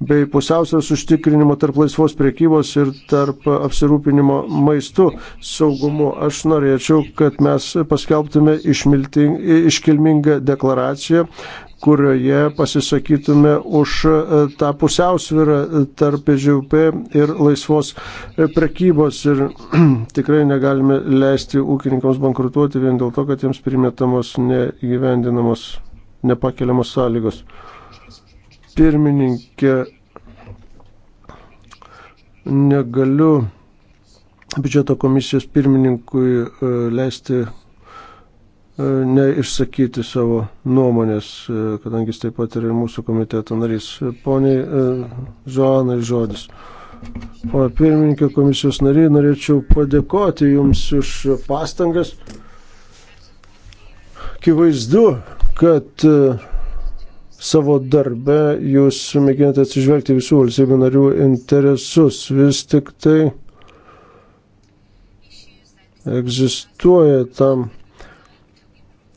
bei pusiausvės užtikrinimo tarp laisvos priekybos ir tarp apsirūpinimo maistu saugumu. Aš norėčiau, kad mes paskelbtume iškilmingą deklaraciją, kurioje pasisakytume už e, tą pusiausvyrą tarp ŽUP ir laisvos e, prekybos. Ir tikrai negalime leisti ūkininkams bankrutuoti vien dėl to, kad jiems primetamos negyvendinamos, nepakeliamos sąlygos pirmininkė, negaliu biudžeto komisijos pirmininkui e, leisti e, neišsakyti savo nuomonės, e, kadangi jis taip pat yra ir mūsų komiteto narys. Poniai Zoanai žodis. Pone pirmininkė, komisijos nariai, norėčiau padėkoti Jums už pastangas. Kivaizdu, kad uh, savo darbę jūs mėginate atsižvelgti visų valstybių narių interesus. Vis tik tai egzistuoja tam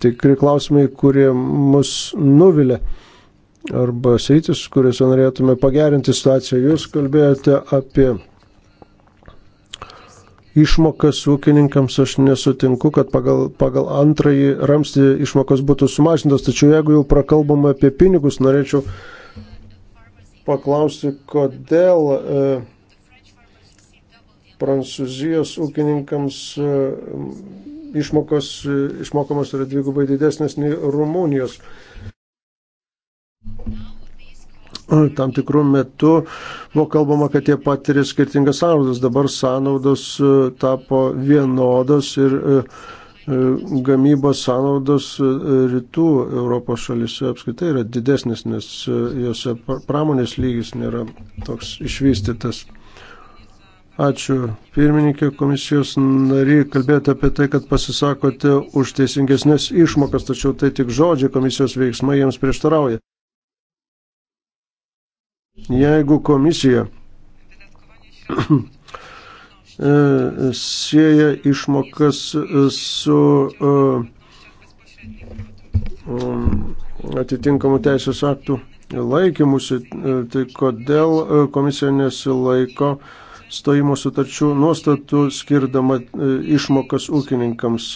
tikri klausimai, kurie mus nuvilia arba sritis, kuriuose norėtume pagerinti situaciją. Jūs kalbėjote apie išmokas ūkininkams, aš nesutinku, kad pagal, pagal antrąjį ramstį išmokos būtų sumažintos, tačiau jeigu jau prakalbame apie pinigus, norėčiau paklausti, kodėl e, prancūzijos ūkininkams e, išmokos, e, išmokamos yra dvigubai didesnės nei Rumunijos tam tikrų metų buvo kalbama, kad jie patiria skirtingas sąnaudas, dabar sąnaudos e, tapo vienodos ir e, e, gamybos sąnaudos rytų Europos šalise apskritai yra didesnis, nes jose pramonės lygis nėra toks išvystytas. Ačiū pirmininkė komisijos nariai, kalbėjote apie tai, kad pasisakote už teisingesnės išmokas, tačiau tai tik žodžiai komisijos veiksmai jiems prieštarauja. Jeigu komisija e, sieja išmokas su e, um, atitinkamų teisės aktų laikymusi, e, tai kodėl komisija nesilaiko stojimo sutarčių nuostatų skirdama išmokas ūkininkams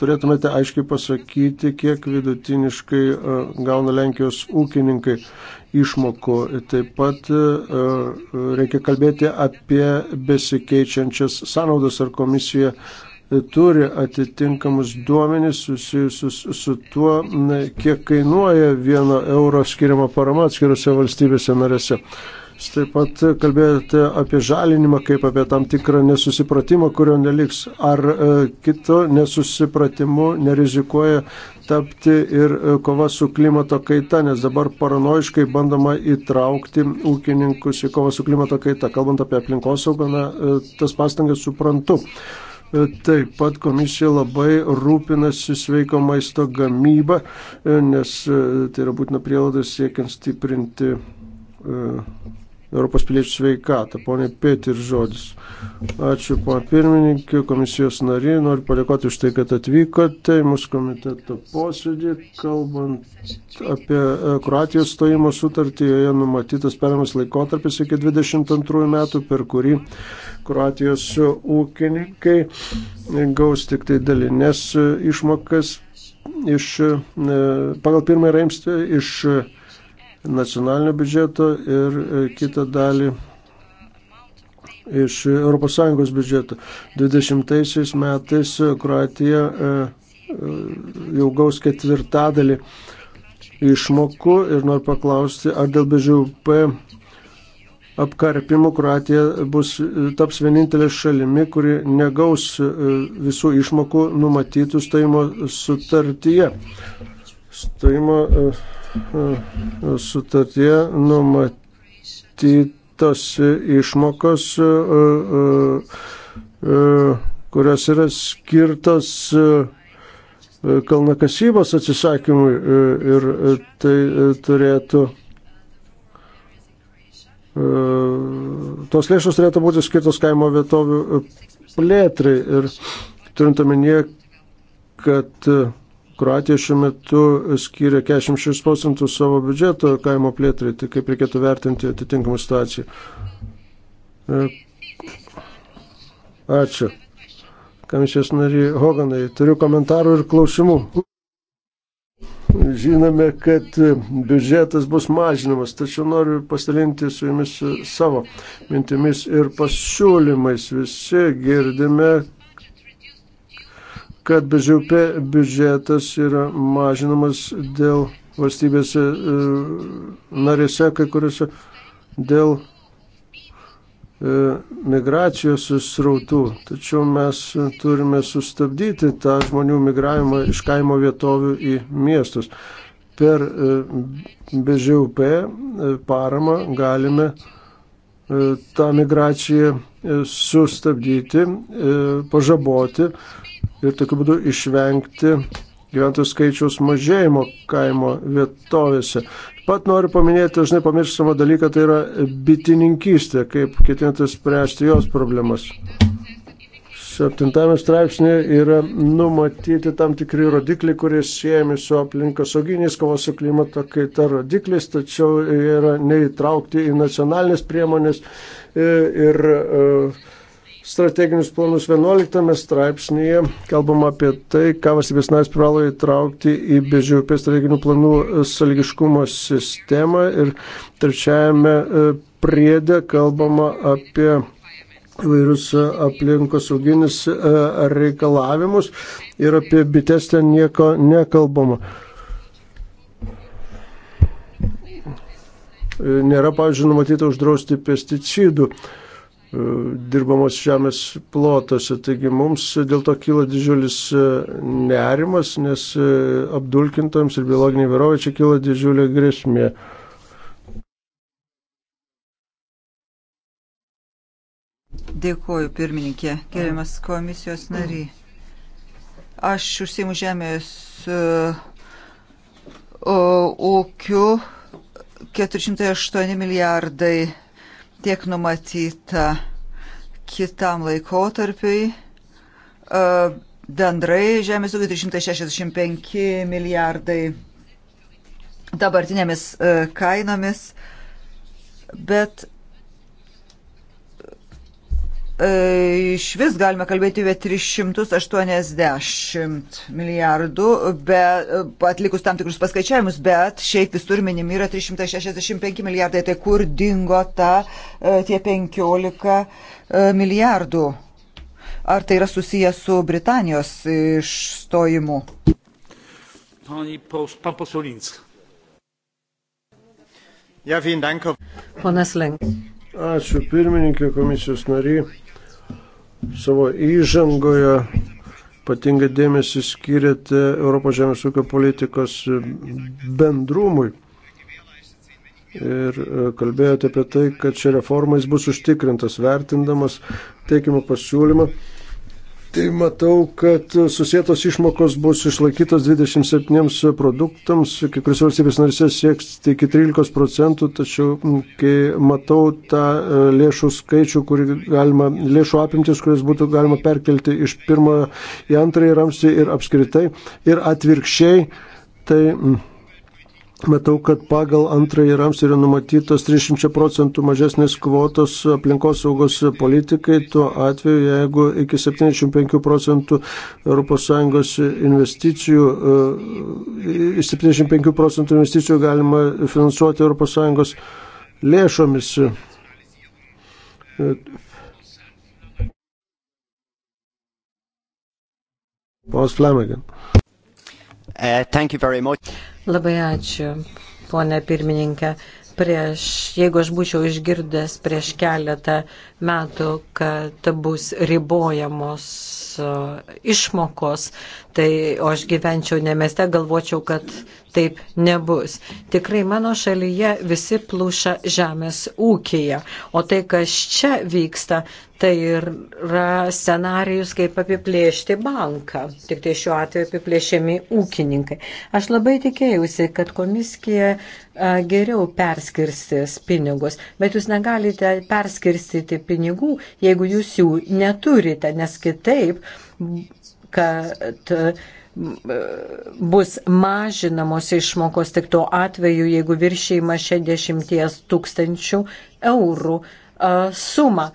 turėtumėte aiškiai pasakyti, kiek vidutiniškai e, gauna Lenkijos ūkininkai išmokų. Taip pat e, e, reikia kalbėti apie besikeičiančias sąnaudas ar komisiją turi atitinkamus duomenys susijusius su tuo, kiek kainuoja vieno euro skiriama parama atskirose valstybėse narėse. Jūs taip pat kalbėjote apie žalinimą kaip apie tam tikrą nesusipratimą, kurio neliks. Ar e, kito nesusipratimu nerizikuoja tapti ir e, kova su klimato kaita, nes dabar paranoiškai bandoma įtraukti ūkininkus į kovą su klimato kaita. Kalbant apie aplinkosaugą, na, e, tas pastangas suprantu. Taip pat komisija labai rūpinasi sveiko maisto gamybą, nes tai yra būtina prielaidas siekiant stiprinti Europos piliečių sveikatą. Pone Pėti ir žodis. Ačiū, pone pirmininkė, komisijos nariai. Noriu padėkoti už tai, kad atvykote į mūsų komiteto posėdį. Kalbant apie e, Kroatijos stojimo sutartį, joje numatytas perimas laikotarpis iki 22 metų, per kurį Kroatijos ūkininkai gaus tik tai dalinės e, išmokas iš, e, pagal pirmąjį raimstį iš nacionalinio biudžeto ir e, kitą dalį iš ES biudžeto. 20 metais Kroatija e, e, jau gaus ketvirtadalį išmokų ir noriu paklausti, ar dėl BŽUP apkarpimų Kroatija bus, taps vienintelė šalimi, kuri negaus visų išmokų numatytų stojimo sutartyje. Stojimo uh, E, sutartie numatytos išmokos, e, e, kurios yra skirtos kalnakasybos atsisakymui ir tai turėtų tos lėšos turėtų būti skirtos kaimo vietovių plėtrai ir turint omenyje, kad Kroatija šiuo metu skiria 46 procentų savo biudžeto kaimo plėtrai, tai kaip reikėtų vertinti atitinkamą situaciją. E, ačiū. Komisijos nariai Hoganai, turiu komentarų ir klausimų. Žinome, kad biudžetas bus mažinamas, tačiau noriu pasidalinti su jumis savo mintimis ir pasiūlymais. Visi girdime, kad bežiaupė biudžetas yra mažinamas dėl valstybėse narėse, kai kuriuose dėl e, migracijos srautų. Tačiau mes turime sustabdyti tą žmonių migravimą iš kaimo vietovių į miestus. Per e, BŽUP e, paramą galime tą migraciją sustabdyti, pažaboti ir tokiu būdu išvengti gyventojų skaičiaus mažėjimo kaimo vietovėse. Pat noriu paminėti dažnai pamirštamą dalyką, tai yra bitininkystė, kaip ketinate spręsti jos problemas. Septintame straipsnėje yra numatyti tam tikri rodikliai, kurie siejami su aplinkosauginiais kovos su klimato kaita rodikliais, tačiau jie yra neįtraukti į nacionalinės priemonės e, ir, ir e, strateginius planus 11 straipsnėje kalbama apie tai, ką valstybės narės privalo įtraukti į BŽP strateginių planų e, salgiškumo sistemą ir trečiajame e, priedė kalbama apie įvairius e, aplinkos sauginis reikalavimus ir apie bites ten nieko nekalbama. Nėra, pavyzdžiui, numatyta uždrausti pesticidų. Uh, E, dirbamos žemės plotose. Taigi mums dėl to kyla didžiulis e, nerimas, nes e, apdulkintams ir biologiniai vyrovai čia kyla didžiulė grėsmė. Dėkuoju, pirmininkė, gerimas komisijos nariai. Aš užsimu žemės ūkiu 408 milijardai tiek numatyta kitam laikotarpiui. E, bendrai žemės ūkio 365 milijardai dabartinėmis e, kainomis, bet iš vis galime kalbėti apie 380 milijardų, be, atlikus tam tikrus paskaičiavimus, bet šiaip visur minimi yra 365 milijardai, tai kur dingo ta, e, tie 15 e, milijardų? Ar tai yra susijęs su Britanijos išstojimu? Ponas Lenk. Ačiū pirmininkė komisijos nariai savo įžangoje patinga dėmesį skiriate Europos žemės ūkio politikos bendrumui. Ir e, kalbėjote apie tai, kad čia reformais bus užtikrintas vertindamas teikimo pasiūlymą. Tai matau, kad susietos išmokos bus išlaikytos 27 produktams, kai kuriuose valstybės narise sieks iki 13 procentų, tačiau kai matau tą e, lėšų skaičių, galima, lėšų apimtis, kuris būtų galima perkelti iš pirmojo į antrąjį ramstį ir apskritai, ir atvirkščiai, tai Matau, kad pagal antrąjį ramsį yra numatytos 300 procentų mažesnės kvotos aplinkosaugos politikai, tuo atveju, jeigu iki 75 procentų ES investicijų, 75 e, procentų investicijų galima finansuoti ES lėšomis. E, Ponas Flanagan. Uh, thank you very much. Labai ačiū, ponė pirmininkė. Prieš, jeigu aš būčiau išgirdęs prieš keletą metų, kad bus ribojamos uh, išmokos, tai o aš gyvenčiau ne mieste, galvočiau, kad taip nebus. Tikrai mano šalyje visi plūša žemės ūkija, o tai, kas čia vyksta, tai yra scenarijus, kaip apiplėšti banką. Tik tai šiuo atveju apiplėšiami ūkininkai. Aš labai tikėjausi, kad komisija geriau perskirstis pinigus, bet jūs negalite perskirstyti pinigų, jeigu jūs jų neturite, nes kitaip kad e, bus mažinamos išmokos tik tuo atveju, jeigu viršėjama 60 tūkstančių eurų e, sumą.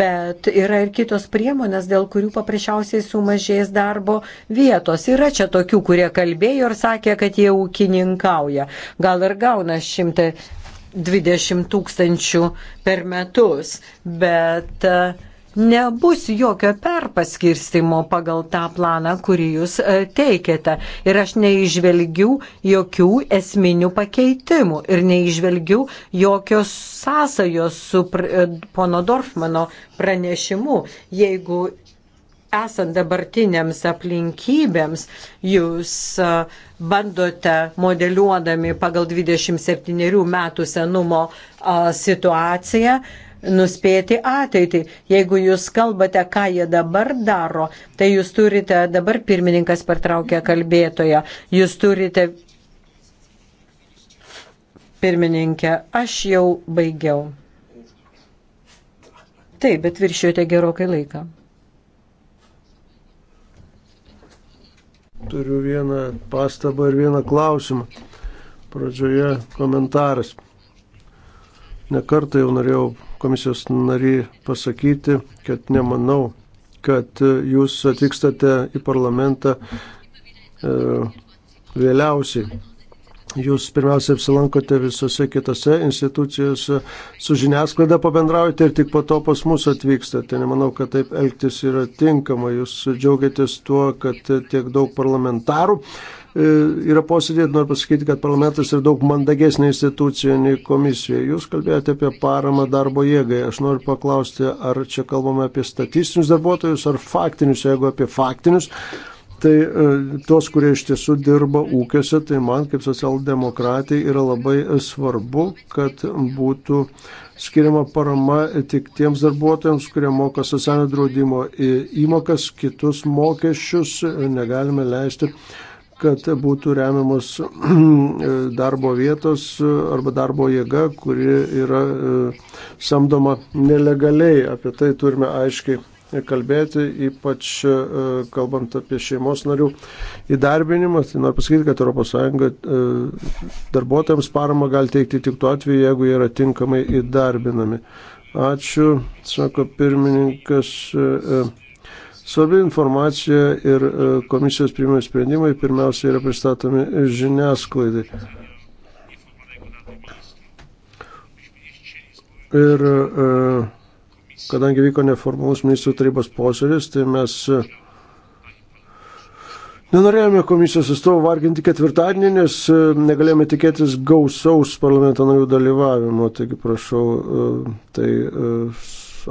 Bet yra ir kitos priemonės, dėl kurių paprasčiausiai sumažės darbo vietos. Yra čia tokių, kurie kalbėjo ir sakė, kad jie ūkininkauja. Gal ir gauna 120 tūkstančių per metus, bet uh, nebus jokio perpaskirstimo pagal tą planą, kurį jūs e, teikiate. Ir aš neižvelgiu jokių esminių pakeitimų ir neižvelgiu jokios sąsajos su e, pono Dorfmano pranešimu. Jeigu esant dabartiniams aplinkybėms, jūs e, bandote modeliuodami pagal 27 metų senumo situaciją nuspėti ateitį. Jeigu jūs kalbate, ką jie dabar daro, tai jūs turite, dabar pirmininkas pertraukia kalbėtoją, jūs turite. Pirmininkė, aš jau baigiau. Taip, bet viršijote gerokai laiką. Turiu vieną pastabą ir vieną klausimą. Pradžioje komentaras. Nekartą jau norėjau komisijos nariai pasakyti, kad nemanau, kad jūs atvykstate į parlamentą e, vėliausiai. Jūs pirmiausia apsilankote visose kitose institucijose, su žiniasklaida pabendraujate ir tik po to pas mus atvykstate. Nemanau, kad taip elgtis yra tinkama. Jūs džiaugiatės tuo, kad tiek daug parlamentarų E, yra posėdėje, noriu pasakyti, kad parlamentas yra daug mandagesnė institucija nei komisija. Jūs kalbėjote apie paramą darbo jėgai. Aš noriu paklausti, ar čia kalbame apie statistinius darbuotojus ar faktinius, jeigu apie faktinius. Tai e, tos, kurie iš tiesų dirba ūkiuose, tai man kaip socialdemokratai yra labai svarbu, kad būtų skiriama parama tik tiems darbuotojams, kurie moka socialinio draudimo įmokas, kitus mokesčius. Negalime leisti kad būtų remiamos darbo vietos arba darbo jėga, kuri yra e, samdoma nelegaliai. Apie tai turime aiškiai kalbėti, ypač e, kalbant apie šeimos narių įdarbinimą. Tai noriu pasakyti, kad ES e, darbuotojams parama gali teikti tik tuo atveju, jeigu jie yra tinkamai įdarbinami. Ačiū, sako pirmininkas. E, Svarbi informacija ir e, komisijos priimami sprendimai pirmiausia yra pristatomi žiniasklaidai. Ir e, kadangi vyko neformalus ministrų tarybos posėdis, tai mes e, Nenorėjome komisijos atstovų varginti ketvirtadienį, nes negalėjome tikėtis gausaus parlamento narių dalyvavimo, taigi prašau tai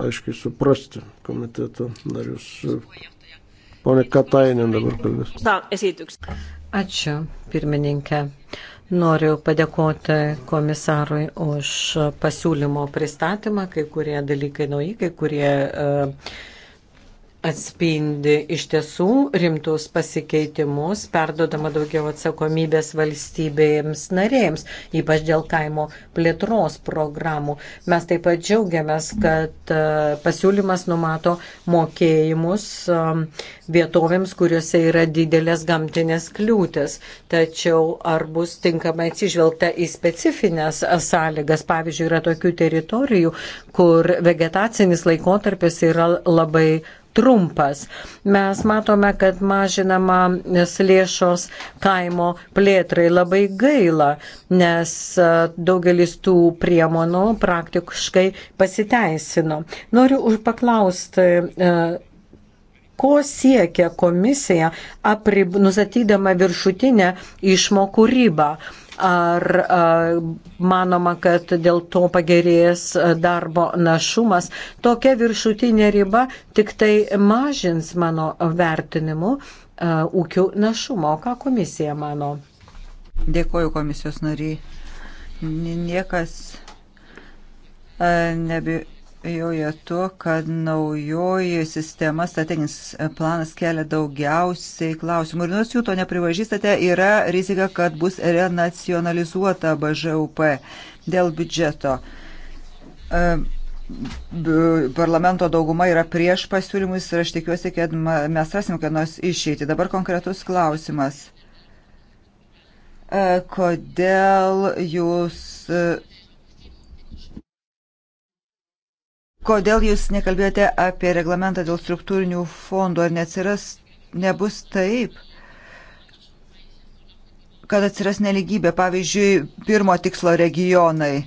aiškiai suprasti komiteto narius. Pone Katainė dabar kalbės. Ačiū, pirmininkė. Noriu padėkoti komisarui už pasiūlymo pristatymą, kai kurie dalykai nauji, kai kurie uh, atspindi iš tiesų rimtus pasikeitimus, perdodama daugiau atsakomybės valstybėms narėjams, ypač dėl kaimo plėtros programų. Mes taip pat džiaugiamės, kad e, pasiūlymas numato mokėjimus e, vietovėms, kuriuose yra didelės gamtinės kliūtis. Tačiau ar bus tinkamai atsižvelgta į specifines sąlygas? Pavyzdžiui, yra tokių teritorijų, kur vegetacinis laikotarpis yra labai trumpas. Mes matome, kad mažinamas lėšos kaimo plėtrai labai gaila, nes e, daugelis tų priemonų praktiškai pasiteisino. Noriu užpaklausti e, ko siekia komisija, aprib, nusatydama viršutinę išmokų ribą. Ar a, manoma, kad dėl to pagerės darbo našumas? Tokia viršutinė riba tik tai mažins mano vertinimu a, ūkių našumą. O ką komisija mano? Dėkoju komisijos nariai. Niekas nebi, joje tuo, kad naujoji sistema, strateginis planas kelia daugiausiai klausimų. Ir nors jų to neprivažįstate, yra rizika, kad bus renacionalizuota BŽUP dėl biudžeto. E, parlamento dauguma yra prieš pasiūlymus ir aš tikiuosi, kad mes rasim, kad nors išeiti. Dabar konkretus klausimas. E, kodėl jūs Kodėl jūs nekalbėjote apie reglamentą dėl struktūrinių fondų? Ar neatsiras, nebus taip, kad atsiras neligybė, pavyzdžiui, pirmo tikslo regionai?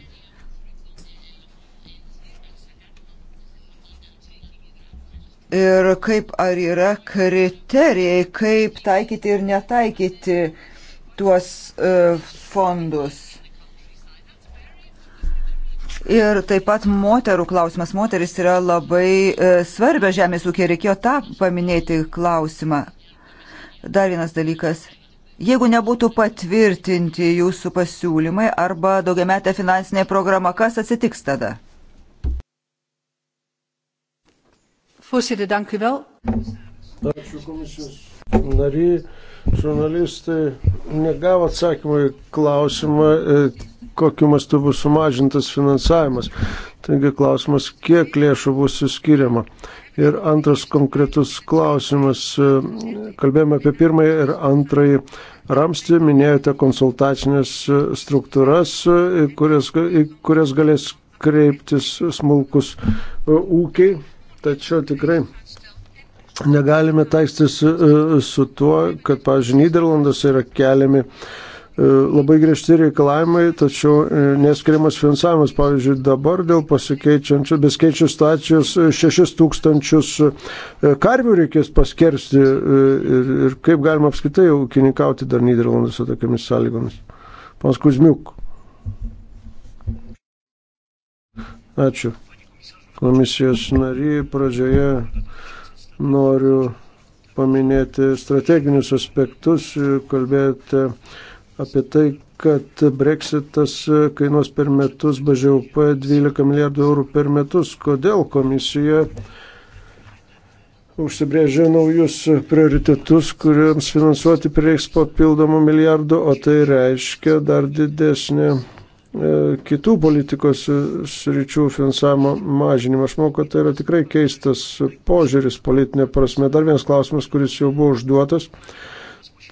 Ir kaip ar yra kriterijai, kaip taikyti ir netaikyti tuos uh, fondus? Ir taip pat moterų klausimas. Moteris yra labai e, svarbia žemės ūkė, reikėjo tą paminėti klausimą. Dar vienas dalykas. Jeigu nebūtų patvirtinti jūsų pasiūlymai arba daugiametė finansinė programa, kas atsitiks tada? Voorzitter, dank u wel. Ačiū komisijos nariai, žurnalistai negavo atsakymą į klausimą. E, kokiu mastu bus sumažintas finansavimas. Taigi klausimas, kiek lėšų bus suskiriama. Ir antras konkretus klausimas. Kalbėjome apie pirmąjį ir antrąjį ramstį, minėjote konsultacinės struktūras, į kurias, į kurias galės kreiptis smulkus ūkiai. Tačiau tikrai negalime taistis e, su tuo, kad, pavyzdžiui, Niderlanduose yra keliami uh, E, labai griežti reikalavimai, tačiau e, neskiriamas finansavimas. Pavyzdžiui, dabar dėl pasikeičiančių, beskaičių stacijos 6 e, tūkstančius karvių reikės paskersti ir, ir kaip galima apskritai ūkininkauti dar Niderlanduose tokiamis sąlygomis. Pans Kuzmiuk. Ačiū. Komisijos nariai pradžioje noriu paminėti strateginius aspektus, kalbėjote apie tai, kad breksitas kainuos per metus BŽUP 12 milijardų eurų per metus. Kodėl komisija užsibrėžė naujus prioritetus, kuriems finansuoti prireiks papildomų milijardų, o tai reiškia dar didesnį e, kitų politikos sričių finansavimo mažinimą. Aš manau, kad tai yra tikrai keistas požiūris politinė prasme. Dar vienas klausimas, kuris jau buvo užduotas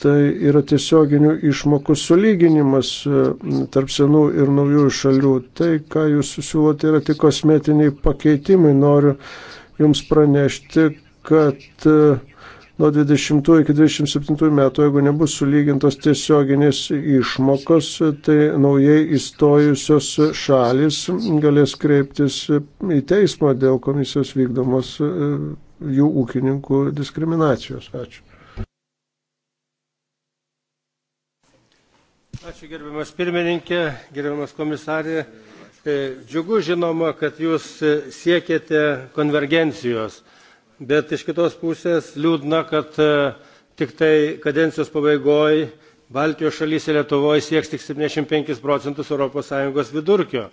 tai yra tiesioginių išmokų sulyginimas e, tarp senų ir naujų šalių. Tai, ką jūs siūlote, yra tik kosmetiniai pakeitimai. Noriu jums pranešti, kad e, nuo 20 iki 27 metų, jeigu nebus sulygintos tiesioginės išmokos, tai naujai įstojusios šalis galės kreiptis į teismą dėl komisijos vykdomos e, jų ūkininkų diskriminacijos. Ačiū. Ačiū gerbiamas pirmininkė, gerbiamas komisarė. E, džiugu žinoma, kad jūs e, siekėte konvergencijos, bet iš kitos pusės liūdna, kad e, tik tai kadencijos pabaigoje Baltijos šalyse Lietuvoje sieks tik 75 procentus ES vidurkio,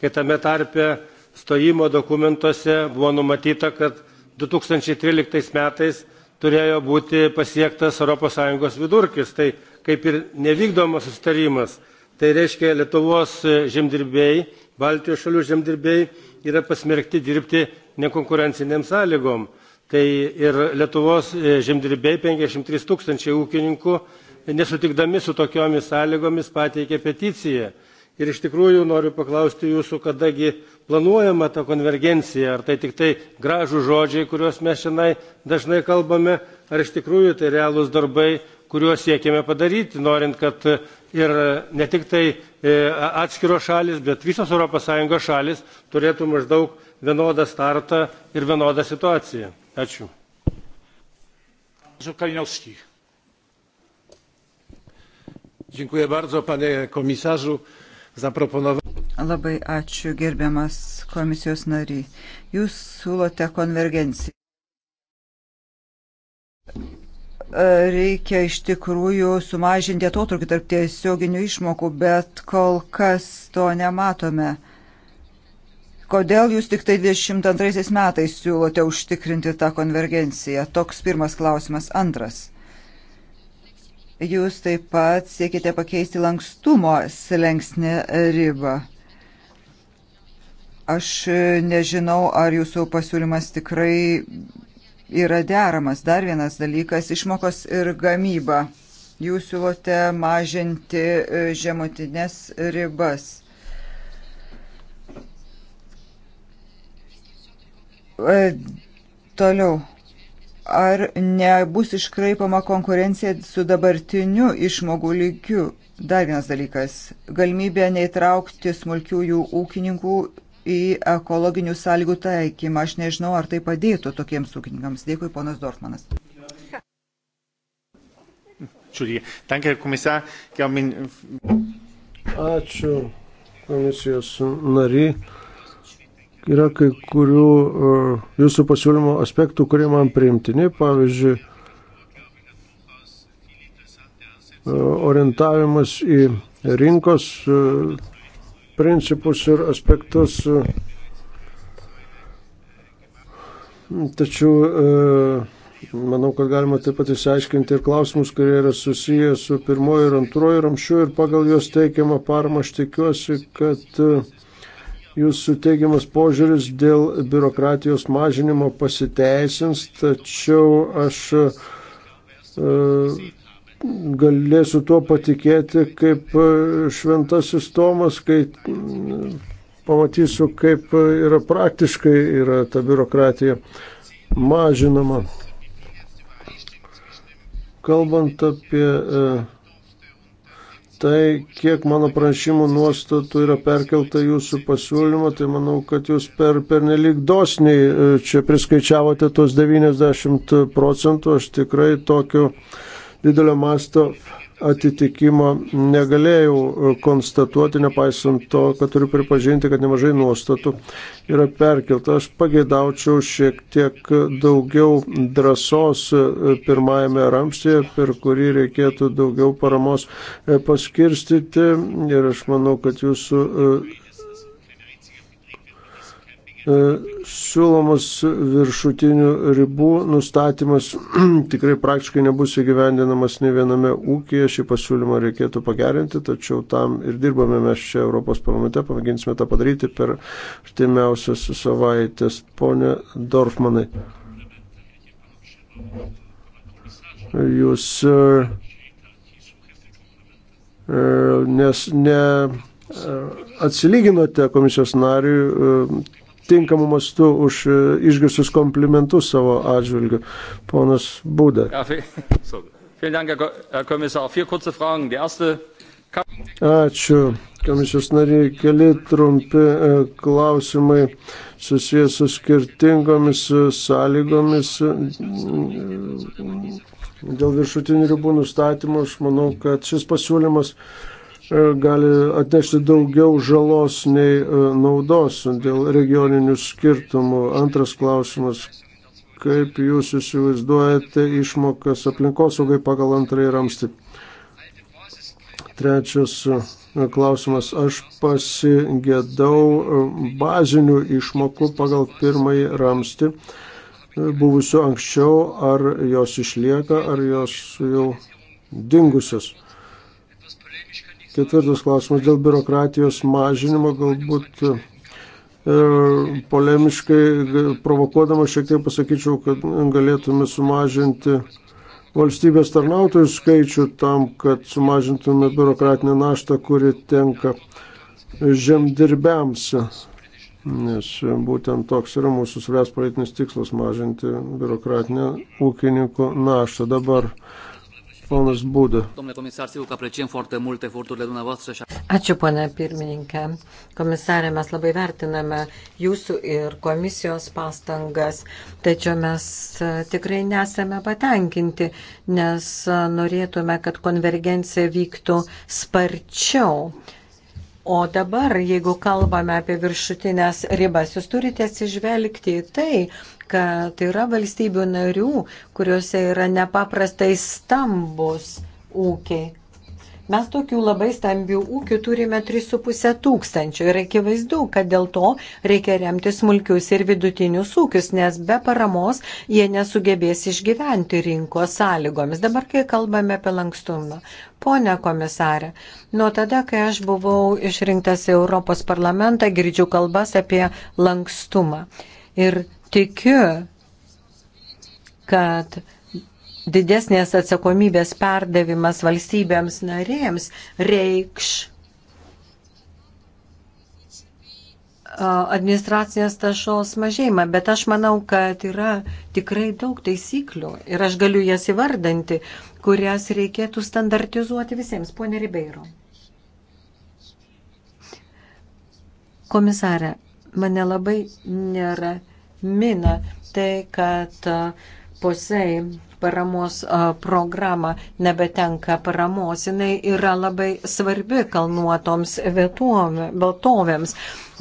kai tame tarpe stojimo dokumentuose buvo numatyta, kad 2013 metais turėjo būti pasiektas ES vidurkis. Tai kaip ir nevykdomas susitarimas tai reiškia lietuvos e, žemdirbiai baltijos šalių žemdirbiai yra pasmerkti dirbti nekonkurencinėm sąlygom tai ir lietuvos e, žemdirbiai penkiasdešimt trys tūkstančiai ūkininkų nesutikdami su tokiomis sąlygomis pateikė peticiją ir iš tikrųjų noriu paklausti jūsų kada gi planuojama ta konvergencija ar tai tik tai gražūs žodžiai kuriuos mes čionai dažnai kalbame ar iš tikrųjų tai realūs darbai kuriuos siekiame padaryti norint kad e, ir ne tik tai e, atskiros šalys bet visos europos sąjungos šalys turėtų maždaug vienodą startą ir vienodą situaciją. ačiū. Dziękuję bardzo panie komisarzu za proponowanie. Labai ačiū gerbiamas komisijos nariai. Jūs siūlote konvergenciją. E, reikia iš tikrųjų sumažinti atotrukį tarp tiesioginių išmokų, bet kol kas to nematome. Kodėl jūs tik tai 22 metais siūlote užtikrinti tą konvergenciją? Toks pirmas klausimas. Antras. Jūs taip pat siekite pakeisti lankstumo slengsnę ribą. Aš nežinau, ar jūsų pasiūlymas tikrai yra deramas. Dar vienas dalykas - išmokos ir gamyba. Jūs siūlote mažinti e, žemutinės ribas. E, toliau ar nebus iškraipama konkurencija su dabartiniu išmogų lygiu. Dar vienas dalykas - galimybė neįtraukti smulkiųjų ūkininkų į ekologinių sąlygų taikymą. Aš nežinau, ar tai padėtų tokiems ūkininkams. Dėkui, ponas Dorfmanas. Ačiū komisijos nariai. Yra kai kurių uh, jūsų pasiūlymo aspektų, kurie man priimtini. Pavyzdžiui, uh, orientavimas į rinkos uh, principus ir aspektus. Tačiau e, manau, kad galima taip pat įsiaiškinti ir klausimus, kurie yra susiję su pirmoju ir antroju ramšiu ir pagal juos teikiamą paramą aš tikiuosi, kad e, jūsų teigiamas požiūris dėl biurokratijos mažinimo pasiteisins, tačiau aš e, galėsiu tuo patikėti, kaip e, šventasis Tomas, kai e, pamatysiu, kaip e, yra praktiškai yra ta biurokratija mažinama. Kalbant apie tai, kiek mano prašymų nuostatų yra perkelta jūsų pasiūlymo, tai manau, kad jūs per, per nelik dosniai čia priskaičiavote tos 90 procentų, aš tikrai tokiu uh, didelio masto atitikimo negalėjau konstatuoti, nepaisant to, kad turiu pripažinti, kad nemažai nuostatų yra perkelta. Aš pageidaučiau šiek tiek daugiau drąsos pirmajame ramstėje, per kurį reikėtų daugiau paramos paskirstyti ir aš manau, kad jūsų E, siūlomas viršutinių ribų nustatymas tikrai praktiškai nebus įgyvendinamas ne viename ūkėje. Šį pasiūlymą reikėtų pagerinti, tačiau tam ir dirbame mes čia Europos parlamente, pamėginsime tą padaryti per artimiausias savaitės. Pone Dorfmanai, jūs e, e, nes ne atsilyginote komisijos nariui tinkamu mastu už e, išgirsus komplimentus savo atžvilgiu. Ponas Būda. Ačiū, komisijos nariai. Keli trumpi e, klausimai susijęs su skirtingomis e, sąlygomis dėl viršutinių ribų nustatymo. Aš manau, kad šis pasiūlymas E, gali atnešti daugiau žalos nei e, naudos dėl regioninių skirtumų. Antras klausimas. Kaip jūs įsivaizduojate išmokas aplinkosaugai pagal antrąjį ramstį? Trečias e, klausimas. Aš pasigėdau bazinių išmokų pagal pirmąjį ramstį buvusių anksčiau, ar jos išlieka, ar jos jau dingusios. Ketvirtas klausimas dėl biurokratijos mažinimo galbūt e, polemiškai e, provokuodama šiek tiek pasakyčiau, kad galėtume sumažinti valstybės tarnautojų skaičių tam, kad sumažintume biurokratinę naštą, kuri tenka žemdirbiams. Nes būtent toks yra mūsų svės politinis tikslas - mažinti biurokratinę ūkininko naštą. Dabar uh, Ponas Būda. Ačiū, ponė pirmininkė. Komisarė, mes labai vertiname jūsų ir komisijos pastangas, tačiau mes e, tikrai nesame patenkinti, nes e, norėtume, kad konvergencija vyktų sparčiau. O dabar, jeigu kalbame apie viršutinės ribas, jūs turite atsižvelgti į tai, kad tai yra valstybių narių, kuriuose yra nepaprastai stambus ūkiai. Mes tokių labai stambių ūkių turime 3,5 tūkstančių ir akivaizdu, kad dėl to reikia remti smulkius ir vidutinius ūkius, nes be paramos jie nesugebės išgyventi rinkos sąlygomis. Dabar, kai kalbame apie lankstumą, Pone komisarė, nuo tada, kai aš buvau išrinktas į Europos parlamentą, girdžiu kalbas apie lankstumą. Ir tikiu, kad didesnės atsakomybės perdavimas valstybėms narėms reikš administracinės tašos mažėjimą, bet aš manau, kad yra tikrai daug taisyklių ir aš galiu jas įvardinti, kurias reikėtų standartizuoti visiems. Pone Ribeiro. Komisarė, mane labai nėra mina tai, kad posei paramos programa nebetenka paramos. Jis yra labai svarbi kalnuotoms vietovėms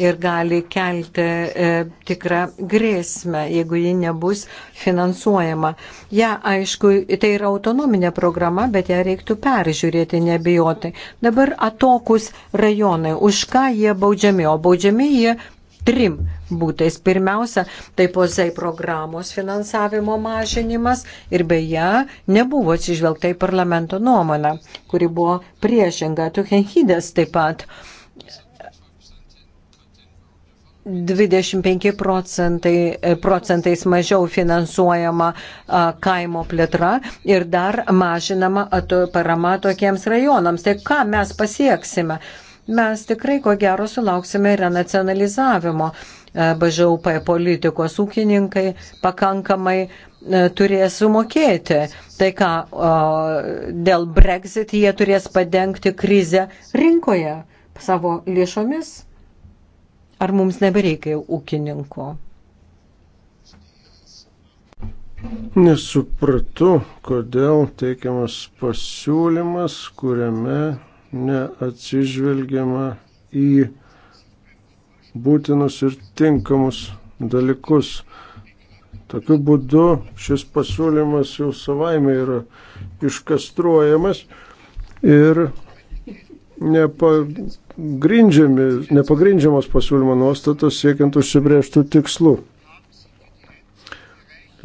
ir gali kelti e, tikrą grėsmę, jeigu ji nebus finansuojama. Ja, aišku, tai yra autonominė programa, bet ją reiktų peržiūrėti, nebijoti. Dabar atokus rajonai, už ką jie baudžiami, o baudžiami jie trim būtais. Pirmiausia, tai pozai programos finansavimo mažinimas ir beje nebuvo atsižvelgta į parlamento nuomonę, kuri buvo priešinga. Tuchenhydės taip pat 25 procentai, procentais mažiau finansuojama a, kaimo plėtra ir dar mažinama at, parama tokiems rajonams. Tai ką mes pasieksime? mes tikrai ko gero sulauksime renacionalizavimo e, BŽUP politikos ūkininkai pakankamai e, turės sumokėti. Tai ką dėl Brexit jie turės padengti krizę rinkoje savo lėšomis? Ar mums nebereikia ūkininko? Nesupratau, kodėl teikiamas pasiūlymas, kuriame neatsižvelgiama į būtinus ir tinkamus dalykus. Tokiu būdu šis pasiūlymas jau savaime yra iškastruojamas ir nepagrindžiamos pasiūlymo nuostatos siekiant užsibrėžtų tikslų.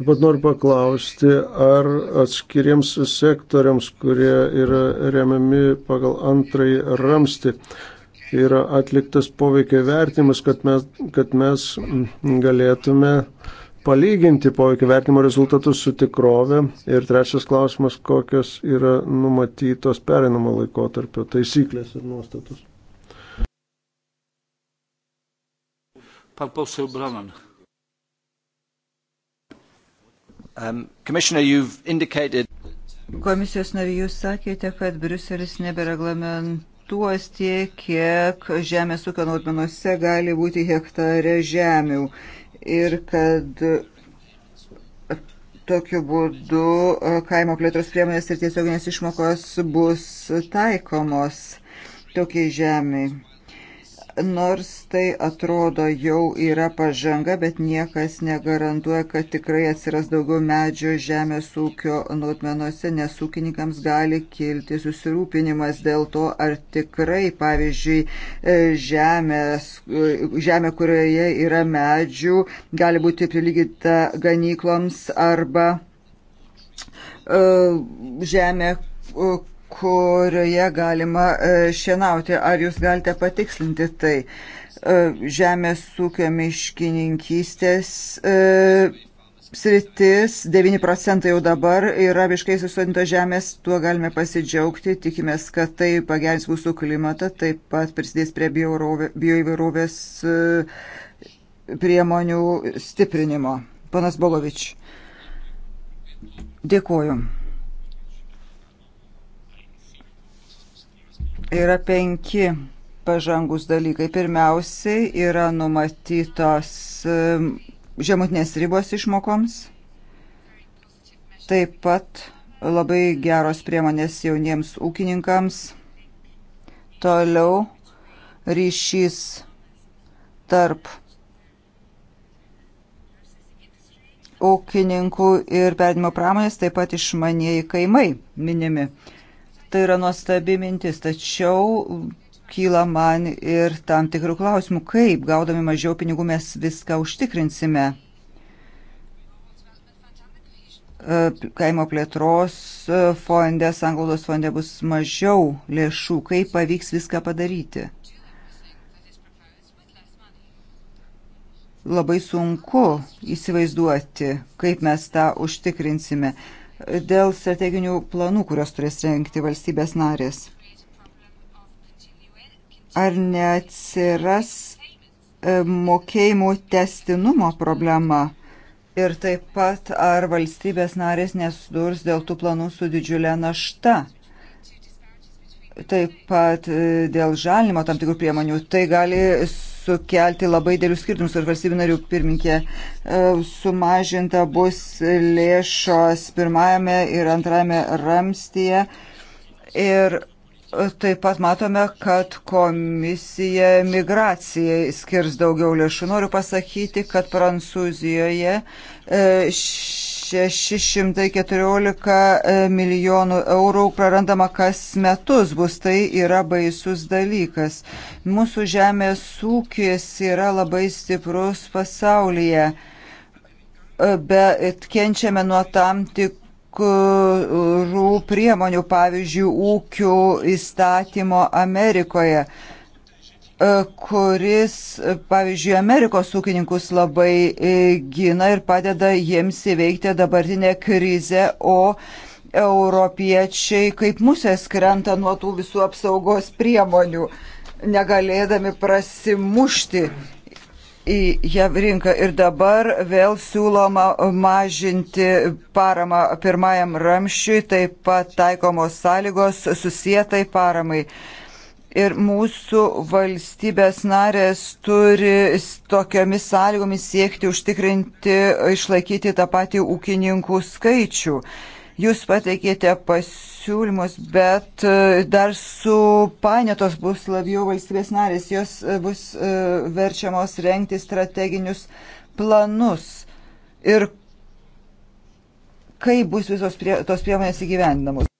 Taip pat noriu paklausti, ar atskiriems sektoriams, kurie yra remiami pagal antrąjį ramstį, yra atliktas poveikio vertimas, kad mes, kad mes galėtume palyginti poveikio vertimo rezultatus su tikrove. Ir trečias klausimas, kokios yra numatytos perinamo laikotarpio taisyklės ir nuostatus. Pan poseł Braman. Um, indicated... Komisijos nariai, jūs sakėte, kad Briuselis nebereglamentuos tiek, kiek žemės ūkio naudmenose gali būti hektare žemių ir kad tokiu būdu e, kaimo plėtros priemonės ir tiesioginės išmokos bus taikomos tokiai žemiai nors tai atrodo jau yra pažanga, bet niekas negarantuoja, kad tikrai atsiras daugiau medžio žemės ūkio nuotmenuose, nes ūkininkams gali kilti susirūpinimas dėl to, ar tikrai, pavyzdžiui, e, žemės, e, žemė, kurioje yra medžių, gali būti prilyginta ganykloms arba e, žemė, kurioje galima e, šienauti. Ar jūs galite patikslinti tai? E, žemės ūkio miškininkystės e, sritis, 9 procentai jau dabar yra miškai susodintos žemės, tuo galime pasidžiaugti, tikimės, kad tai pagerins mūsų klimatą, taip pat prisidės prie bioįvairovės priemonių stiprinimo. Panas Bolovič, dėkoju. yra penki pažangus dalykai. Pirmiausiai yra numatytos žemutinės ribos išmokoms, taip pat labai geros priemonės jauniems ūkininkams, toliau ryšys tarp ūkininkų ir perdimo pramonės, taip pat išmanieji kaimai minimi. Tai yra nuostabi mintis, tačiau kyla man ir tam tikrų klausimų, kaip gaudami mažiau pinigų mes viską užtikrinsime. E, kaimo plėtros fonde, sanglaudos fonde bus mažiau lėšų, kaip pavyks viską padaryti. Labai sunku įsivaizduoti, kaip mes tą užtikrinsime dėl strateginių planų, kurios turės rengti valstybės narės. Ar neatsiras e, mokėjimų testinumo problema? Ir taip pat, ar valstybės narės nesudurs dėl tų planų su didžiulė našta? Taip pat e, dėl žalimo tam tikrų priemonių. Tai gali sukelti labai dėlius skirtumus ar valstybių narių pirminkė. E, sumažinta bus lėšos pirmajame ir antrajame ramstyje. Ir e, taip pat matome, kad komisija migracijai skirs daugiau lėšų. Noriu pasakyti, kad Prancūzijoje š e, 614 e, milijonų eurų prarandama kas metus bus. Tai yra baisus dalykas. Mūsų žemės ūkis yra labai stiprus pasaulyje, e, bet kenčiame nuo tam tik tikrų priemonių, pavyzdžiui, ūkių įstatymo Amerikoje. E, kuris, e, pavyzdžiui, Amerikos ūkininkus labai e, gina ir padeda jiems įveikti dabartinę krizę, o europiečiai kaip musės krenta nuo tų visų apsaugos priemonių, negalėdami prasimušti į JAV rinką. Ir dabar vėl siūloma mažinti paramą pirmajam ramščiui, taip pat taikomos sąlygos susietai paramai. Uh, ir mūsų valstybės narės turi tokiamis sąlygomis siekti užtikrinti, išlaikyti tą patį ūkininkų skaičių. Jūs pateikėte pasiūlymus, bet e, dar supainėtos bus labiau valstybės narės, jos e, bus e, verčiamos renkti strateginius planus. Ir kaip bus visos prie, tos priemonės įgyvendinamos.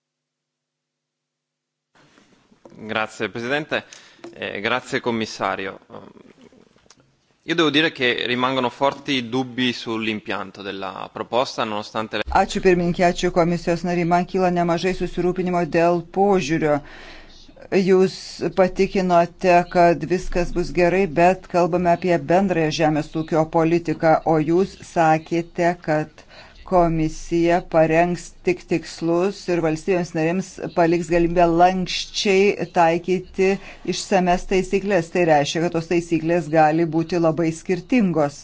Grazie Presidente, eh, grazie Commissario. Io devo dire che rimangono forti dubbi sull'impianto della proposta, nonostante... Le... Ačiū pirmininkė, ačiū komisijos nariai, man kyla nemažai susirūpinimo dėl požiūrio. Jūs patikinote, kad viskas bus gerai, bet kalbame apie bendrąją žemės ūkio politiką, o jūs sakėte, kad komisija parengs tik tikslus ir valstybėms narėms paliks galimybę lankščiai taikyti išsames taisyklės. Tai reiškia, kad tos taisyklės gali būti labai skirtingos.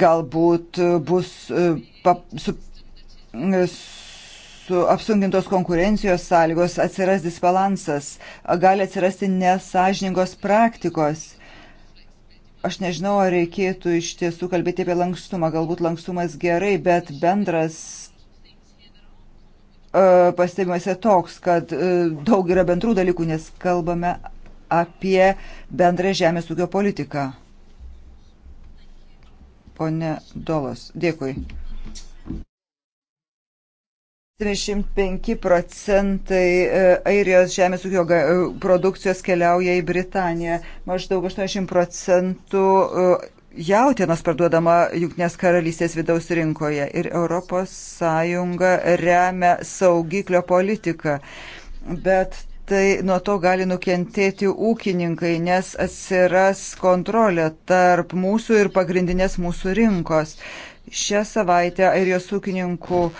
Galbūt bus e, pap, su, e, su apsunkintos konkurencijos sąlygos atsiras disbalansas, gali atsirasti nesažiningos praktikos Aš nežinau, ar reikėtų iš tiesų kalbėti apie lankstumą. Galbūt lankstumas gerai, bet bendras e, pastebimuose toks, kad e, daug yra bendrų dalykų, nes kalbame apie bendrą žemės ūkio politiką. Pone Dolas, dėkui. 75 procentai e, Airijos žemės ūkio e, produkcijos keliauja į Britaniją. Maždaug 80 procentų e, jautienos parduodama Junktinės karalystės vidaus rinkoje. Ir ES remia saugiklio politiką. Bet tai nuo to gali nukentėti ūkininkai, nes atsiras kontrolė tarp mūsų ir pagrindinės mūsų rinkos. Šią savaitę airijos ūkininkų e,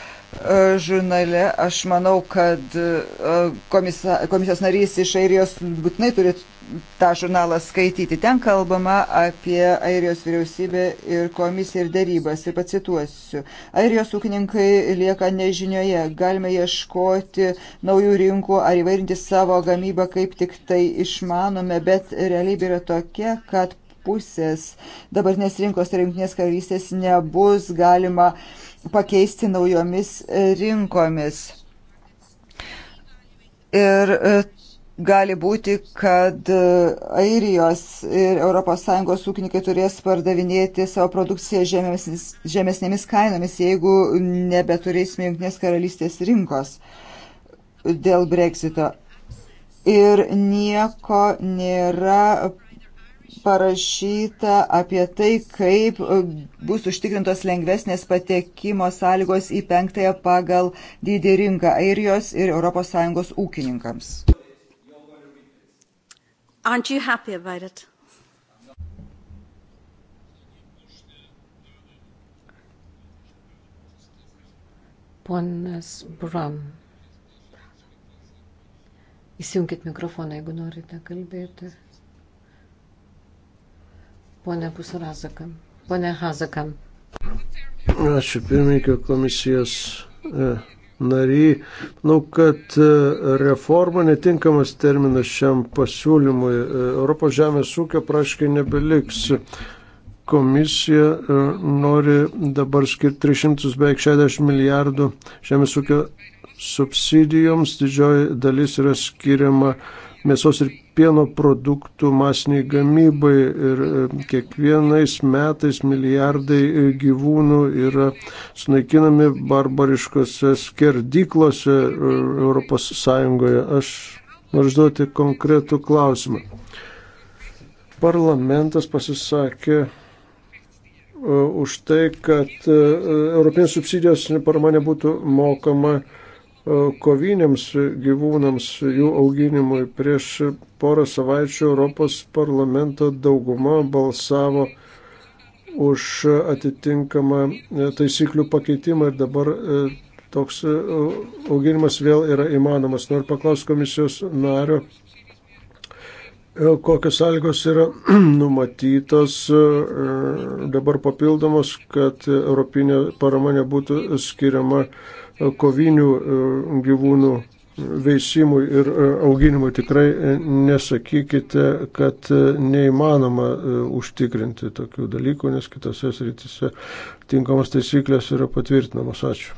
žurnale aš manau, kad e, komisa, komisijos narys iš airijos būtinai turi tą žurnalą skaityti. Ten kalbama apie airijos vyriausybę ir komisiją ir darybas. Ir pacituosiu. Airijos ūkininkai lieka nežinioje. Galime ieškoti naujų rinkų ar įvairinti savo gamybą, kaip tik tai išmanome, bet realybė yra tokia, kad pusės dabartinės rinkos tai rinktinės karalystės nebus galima pakeisti naujomis e, rinkomis. Ir e, gali būti, kad e, Airijos ir ES ūkininkai turės pardavinėti savo produkciją žemesnis, žemesnėmis kainomis, jeigu nebeturėsime Junktinės karalystės rinkos dėl breksito. Ir nieko nėra parašyta apie tai, kaip e, bus užtikrintos lengvesnės patekimo sąlygos į penktąją pagal dydį rinką Airijos ir ES ūkininkams. Aren't you happy about it? Ponas Bram. Įsijunkit mikrofoną, jeigu norite kalbėti ponė Pusurazaka. Pone Hazaka. Ačiū pirmininkio komisijos e, nary. Manau, kad e, reforma netinkamas terminas šiam pasiūlymui. E, Europos žemės ūkio praškai nebeliks. Komisija nori dabar skirti 360 milijardų žemės ūkio subsidijoms. Didžioji dalis yra skiriama uh, mėsos ir pieno produktų masiniai gamybai ir e, kiekvienais metais milijardai e, gyvūnų yra sunaikinami barbariškose skerdyklose ES. Aš noriu užduoti konkretų klausimą. Parlamentas pasisakė e, už tai, kad europinės subsidijos parama nebūtų mokama uh, koviniams gyvūnams, jų auginimui. Prieš porą savaičių Europos parlamento dauguma balsavo už atitinkamą e, taisyklių pakeitimą ir dabar e, toks e, auginimas vėl yra įmanomas. Noriu paklausti komisijos nario, kokios sąlygos yra numatytos dabar papildomos, kad europinė parama nebūtų skiriama kovinių e, gyvūnų veisimui ir e, auginimui tikrai e, nesakykite, kad neįmanoma užtikrinti tokių dalykų, nes kitose srityse tinkamos taisyklės yra patvirtinamos. Ačiū.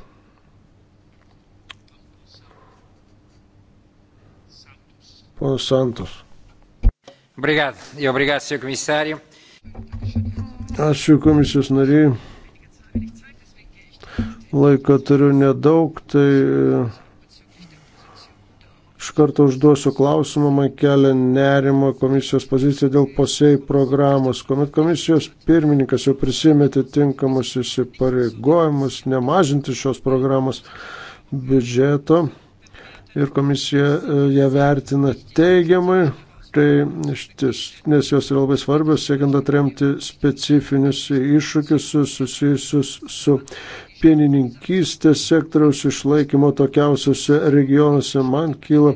Ponas Santos. Obrigado. E obrigado, senhor comissário. Ačiū komisijos nariai. Laiko turiu nedaug, tai e, iš karto užduosiu klausimą, man kelia nerimo komisijos pozicija dėl posėjų programos. Komet komisijos pirmininkas jau prisėmė atitinkamus įsipareigojimus nemažinti šios programos biudžeto ir komisija e, ją vertina teigiamai, tai štis, nes jos yra labai svarbios, siekiant atremti specifinius iššūkius susijusius su pienininkystės sektoriaus išlaikymo tokiausiuose regionuose man kyla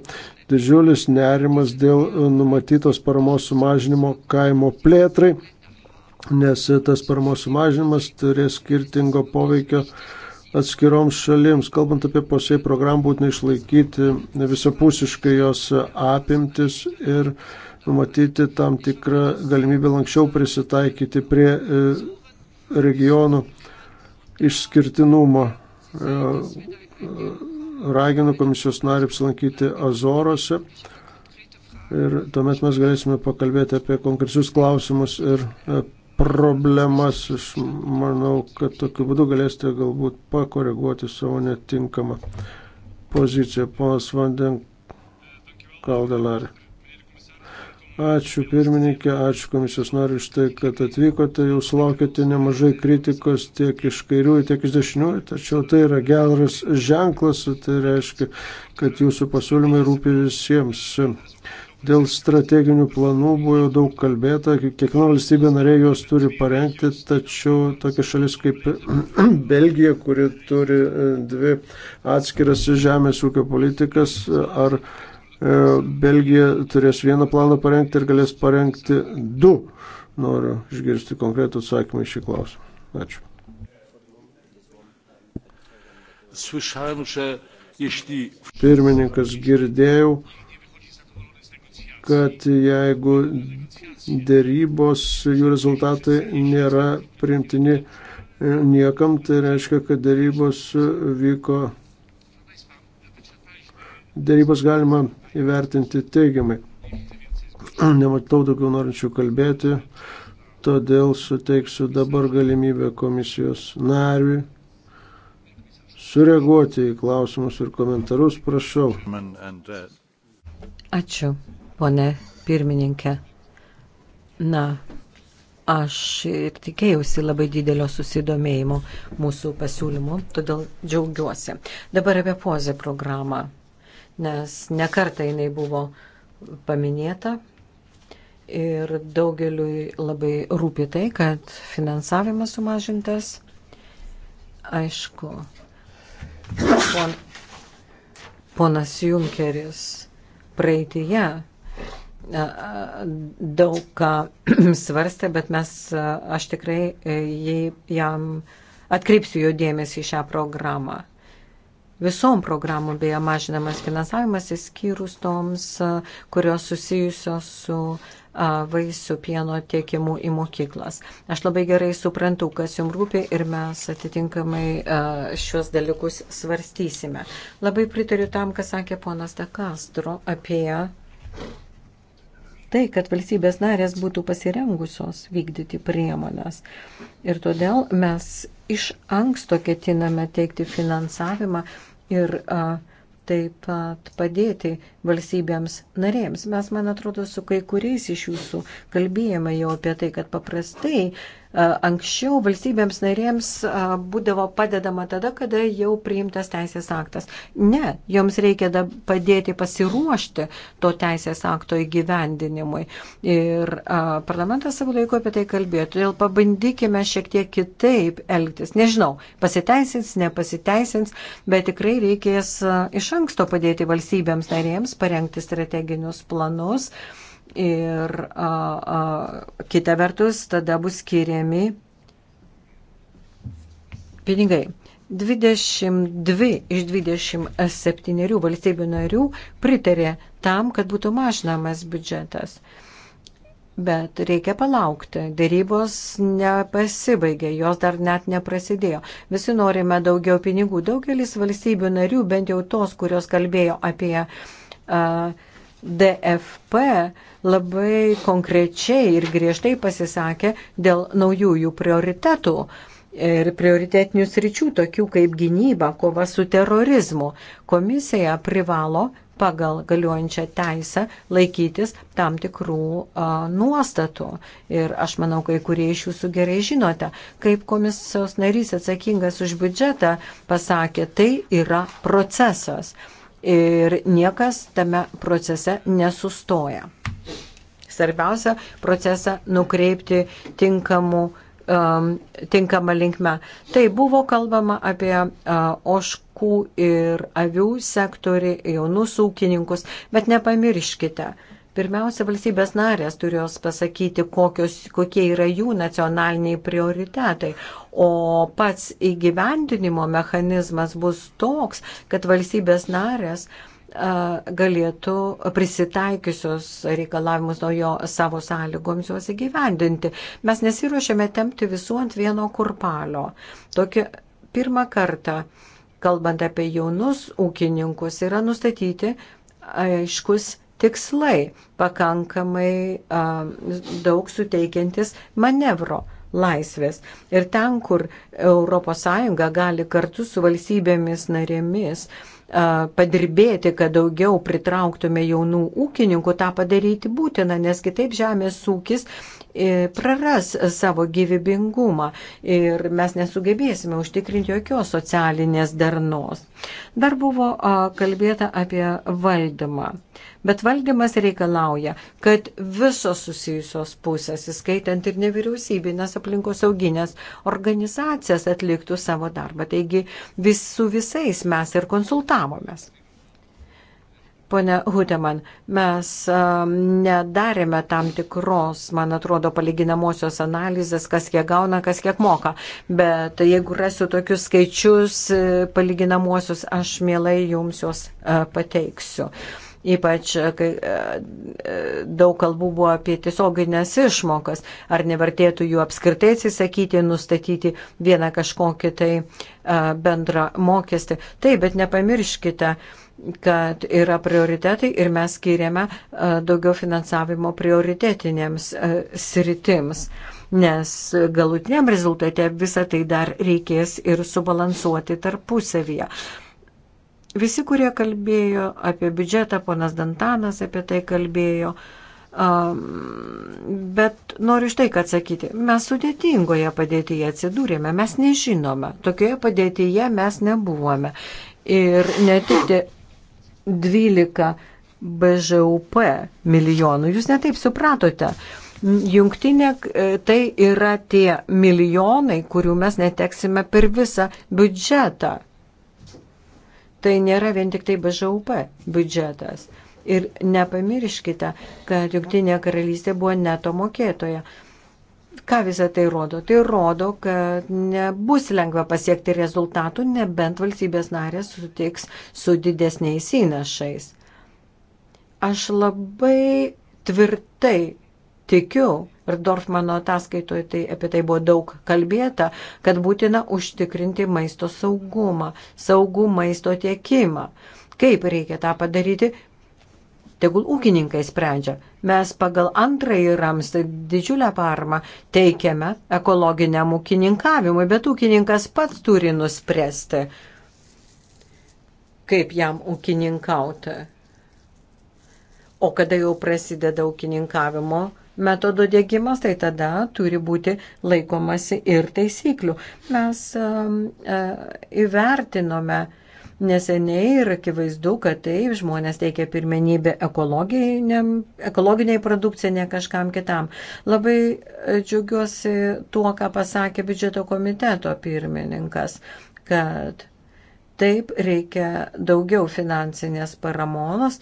didžiulis nerimas dėl numatytos paramos sumažinimo kaimo plėtrai, nes tas paramos sumažinimas turės skirtingo poveikio atskiroms šalims. Kalbant apie posėjų programą, būtina išlaikyti visapusiškai jos apimtis ir numatyti tam tikrą galimybę lankščiau prisitaikyti prie e, regionų išskirtinumo. E, raginu komisijos narį apsilankyti Azorose ir tuomet mes galėsime pakalbėti apie konkrečius klausimus ir e, problemas. Aš manau, kad tokiu būdu galėsite galbūt pakoreguoti savo netinkamą poziciją. Ponas Vanden Kaldelarė. Ačiū pirmininkė, ačiū komisijos nariu iš tai, kad atvykote, jūs laukite nemažai kritikos tiek iš kairiųjų, tiek iš dešiniųjų, tačiau tai yra geras ženklas, tai reiškia, kad jūsų pasiūlymai rūpi visiems. Dėl strateginių planų buvo jau daug kalbėta, kiekviena valstybė narė juos turi parengti, tačiau tokia šalis kaip Belgija, kuri turi e, dvi atskiras žemės ūkio politikas, ar E, Belgija turės vieną planą parengti ir galės parengti du. Noriu išgirsti konkretų atsakymą į šį klausimą. Ačiū. Słyszałem, że jeśli... Pirmininkas girdėjau, kad jeigu dėrybos jų rezultatai nėra primtini niekam, tai reiškia, kad dėrybos vyko dėrybas galima įvertinti teigiamai. Nematau daugiau norinčių kalbėti, todėl suteiksiu dabar galimybę komisijos nariui sureaguoti į klausimus ir komentarus, prašau. Ačiū, ponė pirmininkė. Na, aš ir tikėjausi labai didelio susidomėjimo mūsų pasiūlymu, todėl džiaugiuosi. Dabar apie pozę programą nes nekarta jinai buvo paminėta ir daugeliui labai rūpi tai, kad finansavimas sumažintas. Aišku, pon, ponas Junkeris praeitįje daug ką svarstė, bet mes, aš tikrai jį, jam atkreipsiu jo dėmesį į šią programą visom programom beje mažinamas finansavimas, įskyrus toms, kurios susijusios su vaisių pieno tiekimu į mokyklas. Aš labai gerai suprantu, kas jums rūpi ir mes atitinkamai šios dalykus svarstysime. Labai pritariu tam, kas sakė ponas Dekastro apie tai, kad valstybės narės būtų pasirengusios vykdyti priemonės. Ir todėl mes iš anksto ketiname teikti finansavimą ir a, taip pat padėti valstybėms narėms. Mes, man atrodo, su kai kuriais iš jūsų kalbėjome jau apie tai, kad paprastai Anksčiau valstybėms narėms būdavo padedama tada, kada jau priimtas teisės aktas. Ne, joms reikia padėti pasiruošti to teisės akto įgyvendinimui. Ir parlamentas savo laiko apie tai kalbėjo. Todėl pabandykime šiek tiek kitaip elgtis. Nežinau, pasiteisins, nepasiteisins, bet tikrai reikės iš anksto padėti valstybėms narėms parengti strateginius planus. Uh, Ir a, a, kita vertus, tada bus skiriami pinigai. 22 iš 27 valstybių narių pritarė tam, kad būtų mažinamas biudžetas. Bet reikia palaukti. Darybos nepasibaigė, jos dar net neprasidėjo. Visi norime daugiau pinigų. Daugelis valstybių narių, bent jau tos, kurios kalbėjo apie uh, DFP, uh, labai konkrečiai ir griežtai pasisakė dėl naujųjų prioritetų ir prioritetinių sričių, tokių kaip gynyba, kova su terorizmu. Komisija privalo pagal galiojančią teisę laikytis tam tikrų a, nuostatų. Ir aš manau, kai kurie iš jūsų gerai žinote, kaip komisijos narys atsakingas už biudžetą pasakė, tai yra procesas ir niekas tame procese nesustoja. Svarbiausia procesą nukreipti tinkamu, um, tinkamą linkmę. Tai buvo kalbama apie uh, oškų ir avių sektorį, jaunus ūkininkus, bet nepamirškite, Pirmiausia, valstybės narės turės pasakyti, kokios, kokie yra jų nacionaliniai prioritetai, o pats įgyvendinimo mechanizmas bus toks, kad valstybės narės galėtų prisitaikiusios reikalavimus naujo savo sąlygoms juos įgyvendinti. Mes nesiruošiame temti visų ant vieno kurpalio. Tokį pirmą kartą, kalbant apie jaunus ūkininkus, yra nustatyti aiškus tikslai, pakankamai daug suteikiantis manevro laisvės. Ir ten, kur ES gali kartu su valstybėmis narėmis padirbėti, kad daugiau pritrauktume jaunų ūkininkų, tą padaryti būtina, nes kitaip žemės ūkis uh, praras savo gyvybingumą ir mes nesugebėsime užtikrinti jokios socialinės darnos. Dar buvo kalbėta apie valdymą. Bet valdymas reikalauja, kad visos susijusios pusės, įskaitant ir nevyriausybinės aplinkosauginės organizacijas, atliktų savo darbą. Taigi vis, su visais mes ir konsultavomės. Pone Huteman, mes um, nedarėme tam tikros, man atrodo, palyginamosios analizės, kas kiek gauna, kas kiek moka. Bet jeigu rasiu tokius skaičius e, palyginamosius, aš mielai jums juos e, pateiksiu. Ypač, e, kai daug kalbų buvo apie tiesioginės išmokas, ar nevertėtų jų apskritai atsisakyti, nustatyti vieną kažkokį tai bendrą mokestį. Taip, bet nepamirškite, uh, kad yra prioritetai ir mes skiriame e, daugiau finansavimo prioritetinėms e, sritims, nes galutiniam rezultate visą tai dar reikės ir subalansuoti tarpusavyje. Visi, kurie kalbėjo apie biudžetą, ponas Dantanas apie tai kalbėjo, bet noriu iš tai, kad sakyti, mes sudėtingoje padėtyje atsidūrėme, mes nežinome, tokioje padėtyje mes nebuvome. Ir ne tik 12 BŽUP milijonų. Jūs netaip supratote. Jungtinė e, tai yra tie milijonai, kurių mes neteksime per visą biudžetą. Tai nėra vien tik tai BŽUP biudžetas. Ir nepamirškite, kad Junktinė karalystė buvo neto mokėtoja. Ką visą tai rodo? Tai rodo, kad nebus lengva pasiekti rezultatų, nebent valstybės narės sutiks su didesniais įnašais. Aš labai tvirtai tikiu, ir Dorfmano ataskaitoje tai, apie tai buvo daug kalbėta, kad būtina užtikrinti maisto saugumą, saugų maisto tiekimą. Kaip reikia tą padaryti? tegul ūkininkai sprendžia. Mes pagal antrąjį ramstą didžiulę parmą teikiame ekologiniam ūkininkavimui, bet ūkininkas pats turi nuspręsti, kaip jam ūkininkauti. O kada jau prasideda ūkininkavimo metodo dėgymas, tai tada turi būti laikomasi ir taisyklių. Mes um, uh, įvertinome uh, neseniai ir akivaizdu, kad taip žmonės teikia pirmenybę ekologiniai produkcijai, ne kažkam kitam. Labai e, džiugiuosi tuo, ką pasakė biudžeto komiteto pirmininkas, kad taip reikia daugiau finansinės paramonos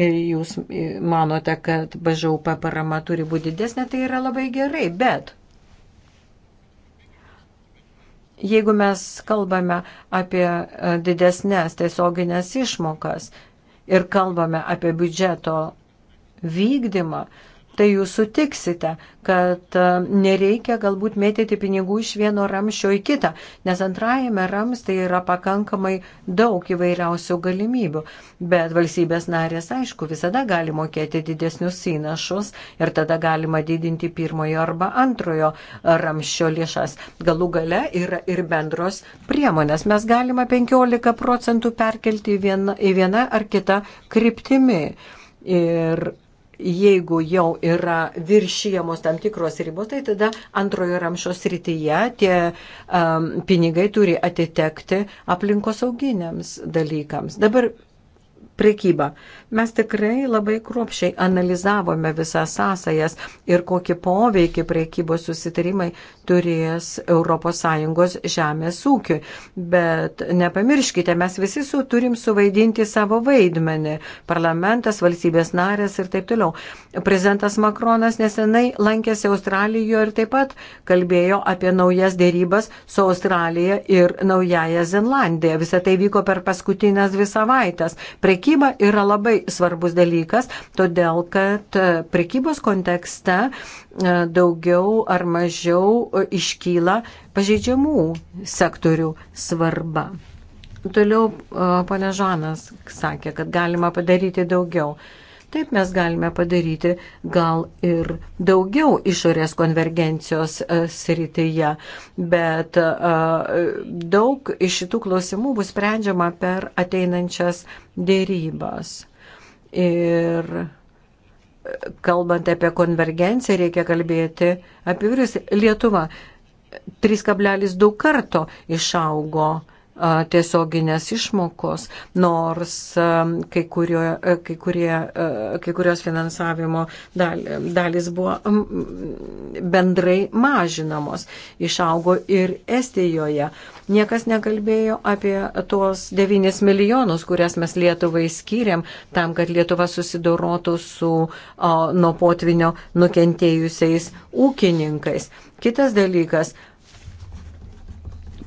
ir jūs e, manote, kad BŽUP parama turi būti didesnė, tai yra labai gerai, bet Jeigu mes kalbame apie e, didesnės tiesioginės išmokas ir kalbame apie biudžeto vykdymą, tai jūs sutiksite, kad e, nereikia galbūt mėtyti pinigų iš vieno ramščio į kitą, nes antrajame ramstai yra pakankamai daug įvairiausių galimybių. Bet valstybės narės, aišku, visada gali mokėti didesnius įnašus ir tada galima didinti pirmojo arba antrojo ramščio lėšas. Galų gale yra ir bendros priemonės. Mes galime 15 procentų perkelti į vieną, į vieną ar kitą kryptimį. Ir jeigu jau yra viršyjamos tam tikros ribos, tai tada antrojo ramšo srityje tie um, pinigai turi atitekti aplinkosauginiams dalykams. Dabar prekybą. Mes tikrai labai kruopšiai analizavome visas sąsajas ir kokį poveikį prekybos susitarimai turės ES žemės ūkiui. Bet nepamirškite, mes visi su turim suvaidinti savo vaidmenį. Parlamentas, valstybės narės ir taip toliau. Prezidentas Makronas nesenai lankėsi Australijoje ir taip pat kalbėjo apie naujas dėrybas su Australija ir Naujaja Zenlandija. Visą tai vyko per paskutinės dvi savaitės. Preky prekyba yra labai svarbus dalykas, todėl kad e, prekybos kontekste e, daugiau ar mažiau e, iškyla pažeidžiamų sektorių svarba. Toliau pane Žanas sakė, kad galima padaryti daugiau. Taip mes galime padaryti gal ir daugiau išorės konvergencijos e, srityje, bet e, daug iš šitų klausimų bus sprendžiama per ateinančias dėrybas. Ir e, kalbant apie konvergenciją, reikia kalbėti apie virus. Lietuva 3,2 karto išaugo uh, tiesioginės išmokos, nors kai, kurio, kai, kurie, kai kurios finansavimo dal, dalis buvo bendrai mažinamos, išaugo ir Estijoje. Niekas nekalbėjo apie tuos 9 milijonus, kurias mes Lietuvai skiriam, tam, kad Lietuva susidorotų su o, nuo potvinio nukentėjusiais ūkininkais. Kitas dalykas,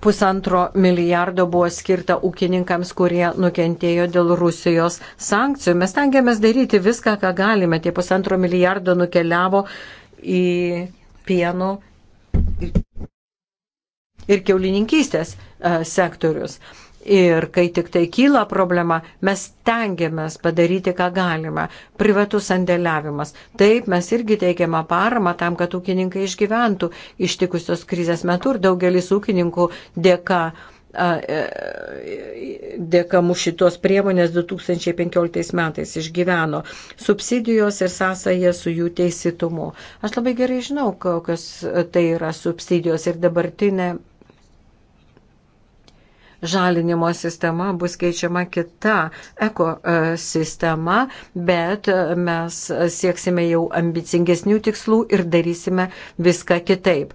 pusantro milijardo buvo skirta ūkininkams, kurie nukentėjo dėl Rusijos sankcijų. Mes tengiamės daryti viską, ką galime. Tie pusantro milijardo nukeliavo į pieno ir keulininkystės e, sektorius. Ir kai tik tai kyla problema, mes tengiamės padaryti, ką galime. Privatus sandėliavimas. Taip, mes irgi teikiame paramą tam, kad ūkininkai išgyventų ištikusios krizės metu ir daugelis ūkininkų dėka e, dėka mūsų šitos priemonės 2015 metais išgyveno subsidijos ir sąsąją su jų teisėtumu. Aš labai gerai žinau, kokios tai yra subsidijos ir dabartinė žalinimo sistema bus keičiama kita ekosistema, bet mes sieksime jau ambicingesnių tikslų ir darysime viską kitaip.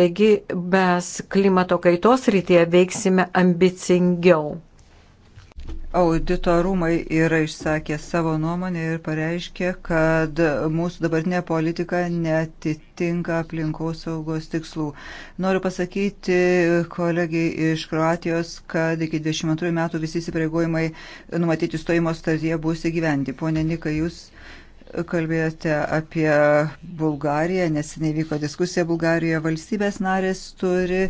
Taigi mes klimato kaitos rytyje veiksime ambicingiau. Audito rūmai yra išsakę savo nuomonę ir pareiškė, kad mūsų dabartinė politika netitinka aplinkos saugos tikslų. Noriu pasakyti kolegijai iš Kroatijos, kad iki 22 metų visi įsipareigojimai numatyti stojimo startyje bus įgyvendi. Pone Nika, jūs kalbėjote apie Bulgariją, neseniai vyko diskusija Bulgarijoje, valstybės narės turi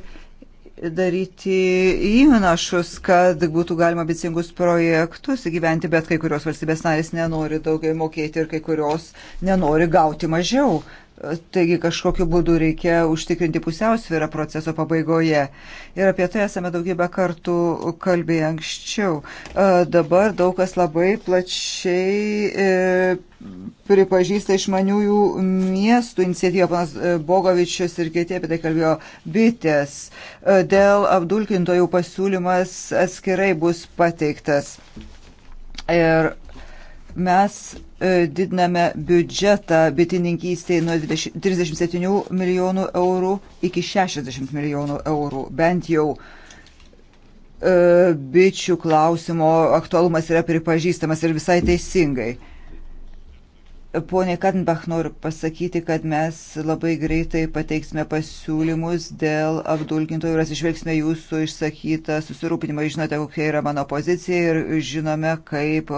daryti įnašus, kad būtų galima ambicingus projektus įgyventi, bet kai kurios valstybės narės nenori daugiau mokėti ir kai kurios nenori gauti mažiau. Taigi kažkokiu būdu reikia užtikrinti pusiausvyrą proceso pabaigoje. Ir apie tai esame daugybę kartų kalbėję anksčiau. E, dabar daug kas labai plačiai e, pripažįsta išmaniųjų miestų iniciatyvą, panas e, Bogovičius ir kiti apie tai kalbėjo bitės. Dėl apdulkintojų pasiūlymas atskirai bus pateiktas. Ir Mes e, didiname biudžetą bitininkystėje nuo 37 milijonų eurų iki 60 milijonų eurų. Bent jau e, bičių klausimo aktualumas yra pripažįstamas ir visai teisingai. Pone Kadenbach, noriu pasakyti, kad mes labai greitai pateiksime pasiūlymus dėl apdulkintojų ir atsižvelgsime jūsų išsakytą susirūpinimą. Žinote, kokia yra mano pozicija ir žinome, kaip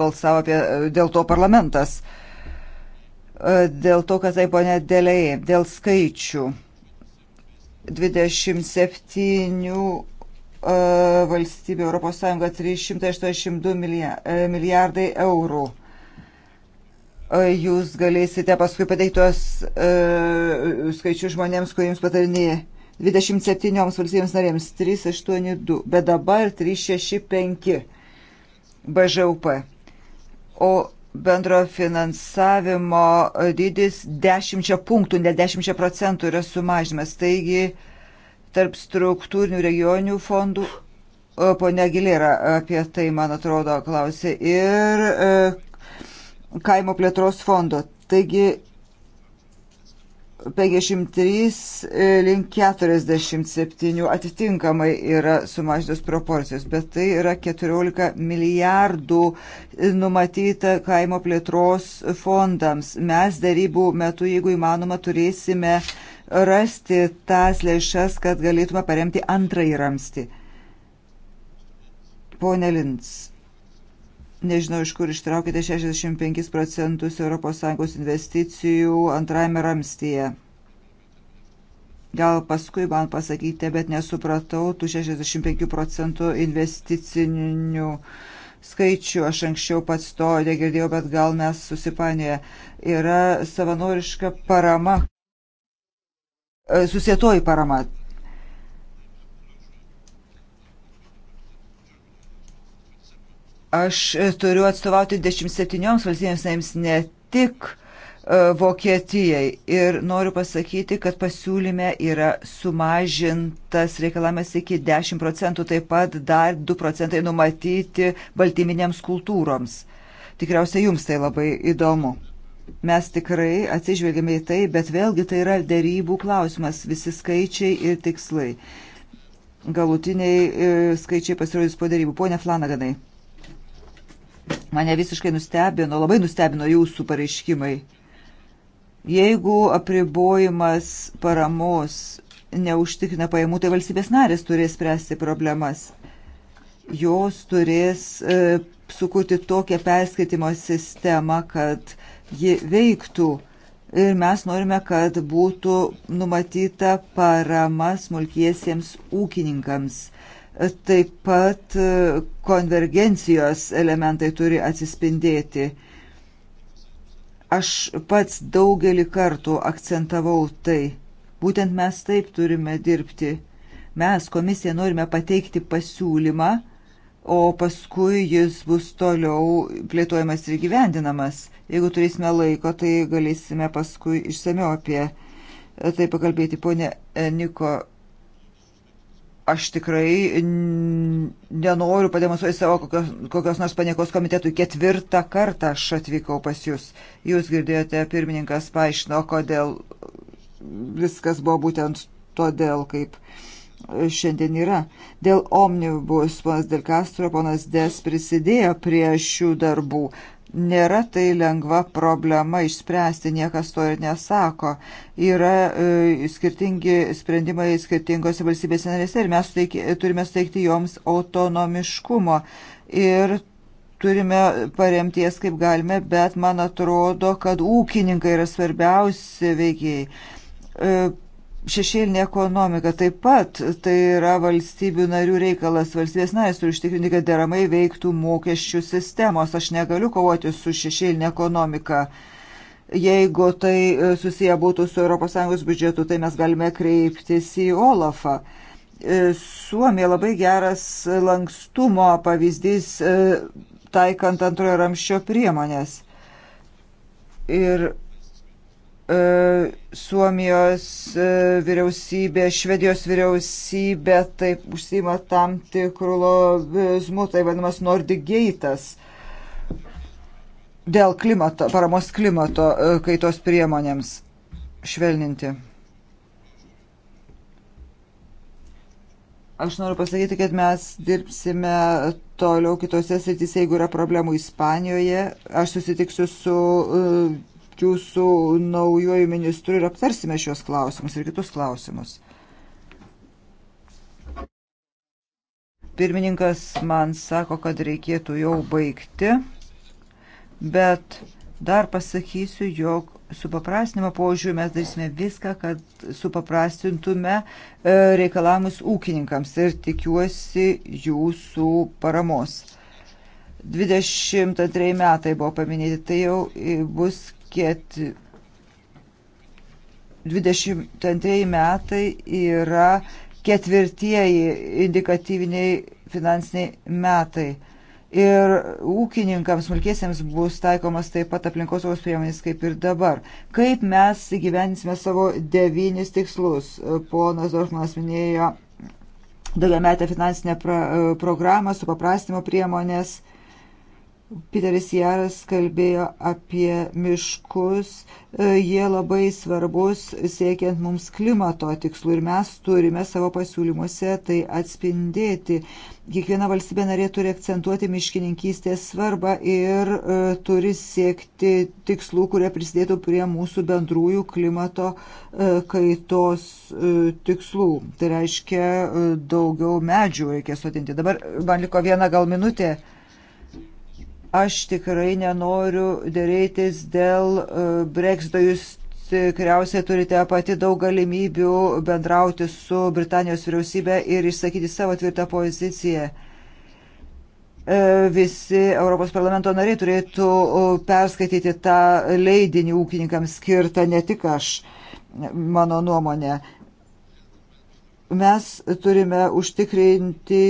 balsavo apie, dėl to parlamentas. E, dėl to, kad tai ponė dėlėjai, dėl skaičių 27 e, valstybių ES 382 e, milijardai eurų jūs galėsite paskui pateikti tuos e, skaičius žmonėms, kuriems patarinėja 27 valstybėms narėms 382, bet dabar 365 BŽUP. O bendro finansavimo dydis 10 punktų, net 10 procentų yra sumažinimas. Taigi tarp struktūrinių regioninių fondų, ponia Gilėra apie tai, man atrodo, klausė, ir e, kaimo plėtros fondo. Taigi 53 e, link 47 atitinkamai yra sumažintos proporcijos, bet tai yra 14 milijardų numatyta kaimo plėtros fondams. Mes darybų metu, jeigu įmanoma, turėsime rasti tas lėšas, kad galėtume paremti antrąjį ramstį. Pone Lins. Nežinau, iš kur ištraukite 65 procentus ES investicijų antrajame ramstyje. Gal paskui man pasakyti, bet nesupratau tų 65 procentų investicinių skaičių. Aš anksčiau pats to negirdėjau, bet gal mes susipanėje. Yra savanoriška parama, e, susietoji parama. Aš e, turiu atstovauti 27 valstybėms narėms, ne tik e, Vokietijai. Ir noriu pasakyti, kad pasiūlyme yra sumažintas reikalavimas iki 10 procentų, taip pat dar 2 procentai numatyti baltyminėms kultūroms. Tikriausiai jums tai labai įdomu. Mes tikrai atsižvelgėme į tai, bet vėlgi tai yra dėrybų klausimas, visi skaičiai ir tikslai. Galutiniai e, skaičiai pasirodys po dėrybų. Pone Flanaganai. Mane visiškai nustebino, labai nustebino jūsų pareiškimai. Jeigu apribojimas paramos neužtikrina pajamų, tai valstybės narės turės spręsti problemas. Jos turės e, sukurti tokią perskaitimo sistemą, kad ji veiktų. Ir mes norime, kad būtų numatyta parama smulkiesiems ūkininkams Taip pat e, konvergencijos elementai turi atsispindėti. Aš pats daugelį kartų akcentavau tai. Būtent mes taip turime dirbti. Mes komisija norime pateikti pasiūlymą, o paskui jis bus toliau plėtojamas ir gyvendinamas. Jeigu turėsime laiko, tai galėsime paskui išsameu apie tai pakalbėti. Pone Niko aš tikrai nenoriu pademonstruoti savo kokios, kokios nors paniekos komitetui. Ketvirtą kartą aš atvykau pas jūs. Jūs girdėjote, pirmininkas paaiškino, kodėl viskas buvo būtent todėl, kaip šiandien yra. Dėl omnibus ponas Del Castro, ponas Des prisidėjo prie šių darbų. Nėra tai lengva problema išspręsti, niekas to ir nesako. Yra e, skirtingi sprendimai skirtingose valstybėse narėse ir mes suteiki, turime suteikti joms autonomiškumo ir turime paremti jas kaip galime, bet man atrodo, kad ūkininkai yra svarbiausi veikėjai. E, Šešėlinė ekonomika taip pat tai yra valstybių narių reikalas. Valstybės narės turi užtikrinti, kad deramai veiktų mokesčių sistemos. Aš negaliu kovoti su šešėlinė ekonomika. Jeigu tai e, susiję būtų su ES biudžetu, tai mes galime kreiptis į Olafą. E, Suomija labai geras lankstumo pavyzdys e, taikant antrojo ramščio priemonės. Ir E, Suomijos e, vyriausybė, Švedijos vyriausybė taip užsima tam tikrų lobizmų, tai vadinamas Nordigeitas dėl klimato, paramos klimato e, kaitos priemonėms švelninti. Aš noriu pasakyti, kad mes dirbsime toliau kitose srityse, jeigu yra problemų Ispanijoje. Aš susitiksiu su uh, santykių su naujoju ministru ir aptarsime šios klausimus ir kitus klausimus. Pirmininkas man sako, kad reikėtų jau baigti, bet dar pasakysiu, jog supaprastinimo požiūriu mes darysime viską, kad supaprastintume e, reikalavimus ūkininkams ir tikiuosi jūsų paramos. 22 metai buvo paminėti, tai jau bus Ket... 22 metai yra ketvirtieji indikatyviniai finansiniai metai. Ir ūkininkams, smulkiesiems bus taikomas taip pat aplinkosaugos priemonės kaip ir dabar. Kaip mes įgyvendinsime savo devynis tikslus? Ponas Dorfmanas minėjo daugiametę finansinę pra, programą, supaprastimo priemonės. E, Piteris Jaras kalbėjo apie miškus, e, jie labai svarbus siekiant mums klimato tikslų ir mes turime savo pasiūlymuose tai atspindėti. Kiekviena valstybė narė turi akcentuoti miškininkystės svarbą ir e, turi siekti tikslų, kurie prisidėtų prie mūsų bendrųjų klimato e, kaitos e, tikslų. Tai reiškia, e, daugiau medžių reikia sodinti. Dabar man liko viena gal minutė. E, Aš tikrai nenoriu dėrėtis dėl e, Brexito. Jūs tikriausiai turite pati daug galimybių bendrauti su Britanijos vyriausybė ir išsakyti savo tvirtą poziciją. E, visi Europos parlamento nariai turėtų e, perskaityti tą leidinį ūkininkams skirtą, ne tik aš, mano nuomonė. Mes turime užtikrinti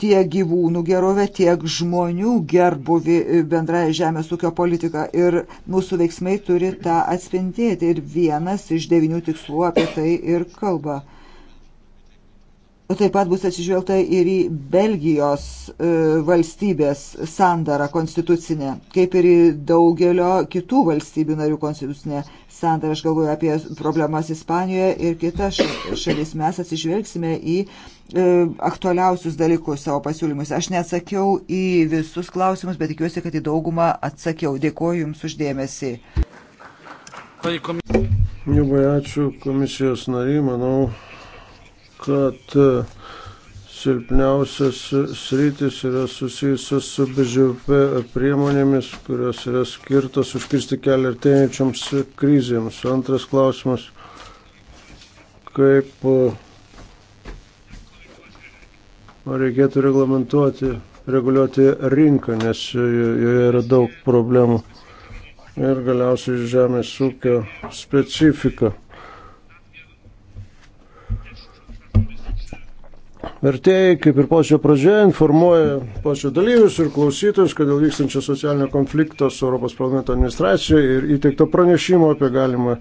tiek gyvūnų gerovę, tiek žmonių gerbuvi e, bendrąją žemės ūkio politiką ir mūsų veiksmai turi tą atspindėti ir vienas iš devinių tikslų apie tai ir kalba. Taip pat bus atsižvelgta ir į Belgijos e, valstybės sandarą konstitucinę, kaip ir į daugelio kitų valstybių narių konstitucinę sandarą. Aš galvoju apie problemas Ispanijoje ir kitas šalis. Mes atsižvelgsime į uh, E, aktualiausius dalykus savo pasiūlymus. Aš neatsakiau į visus klausimus, bet tikiuosi, kad į daugumą atsakiau. Dėkuoju Jums uždėmesį. Labai ačiū komisijos nariai. Manau, kad e, silpniausias sritis yra susijusios su BŽP priemonėmis, kurios yra skirtos užkirsti kelią artėjančioms krizėms. Antras klausimas. Kaip e, reikėtų reglamentuoti, reguliuoti rinką, nes joje yra daug problemų. Ir galiausiai žemės ūkio specifika. Vertėjai, kaip ir pačio pradžioje, informuoja pačio dalyvius ir klausytojus, kad dėl vykstančio socialinio konflikto su Europos parlamento administracija ir įteikto pranešimo apie galimą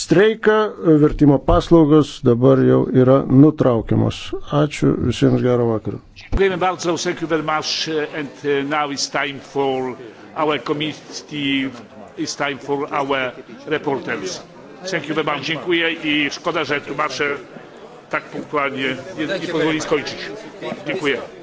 streiką, vertimo paslaugos dabar jau yra nutraukiamos. Ačiū visiems gerą vakarą. Dziękujemy bardzo, thank you very much and uh, now it's time for our committee, it's time for our reporters. Thank you very much, dziękuję i szkoda, że tłumaczę tak punktualnie i pozwoli skończyć. Dziękuję.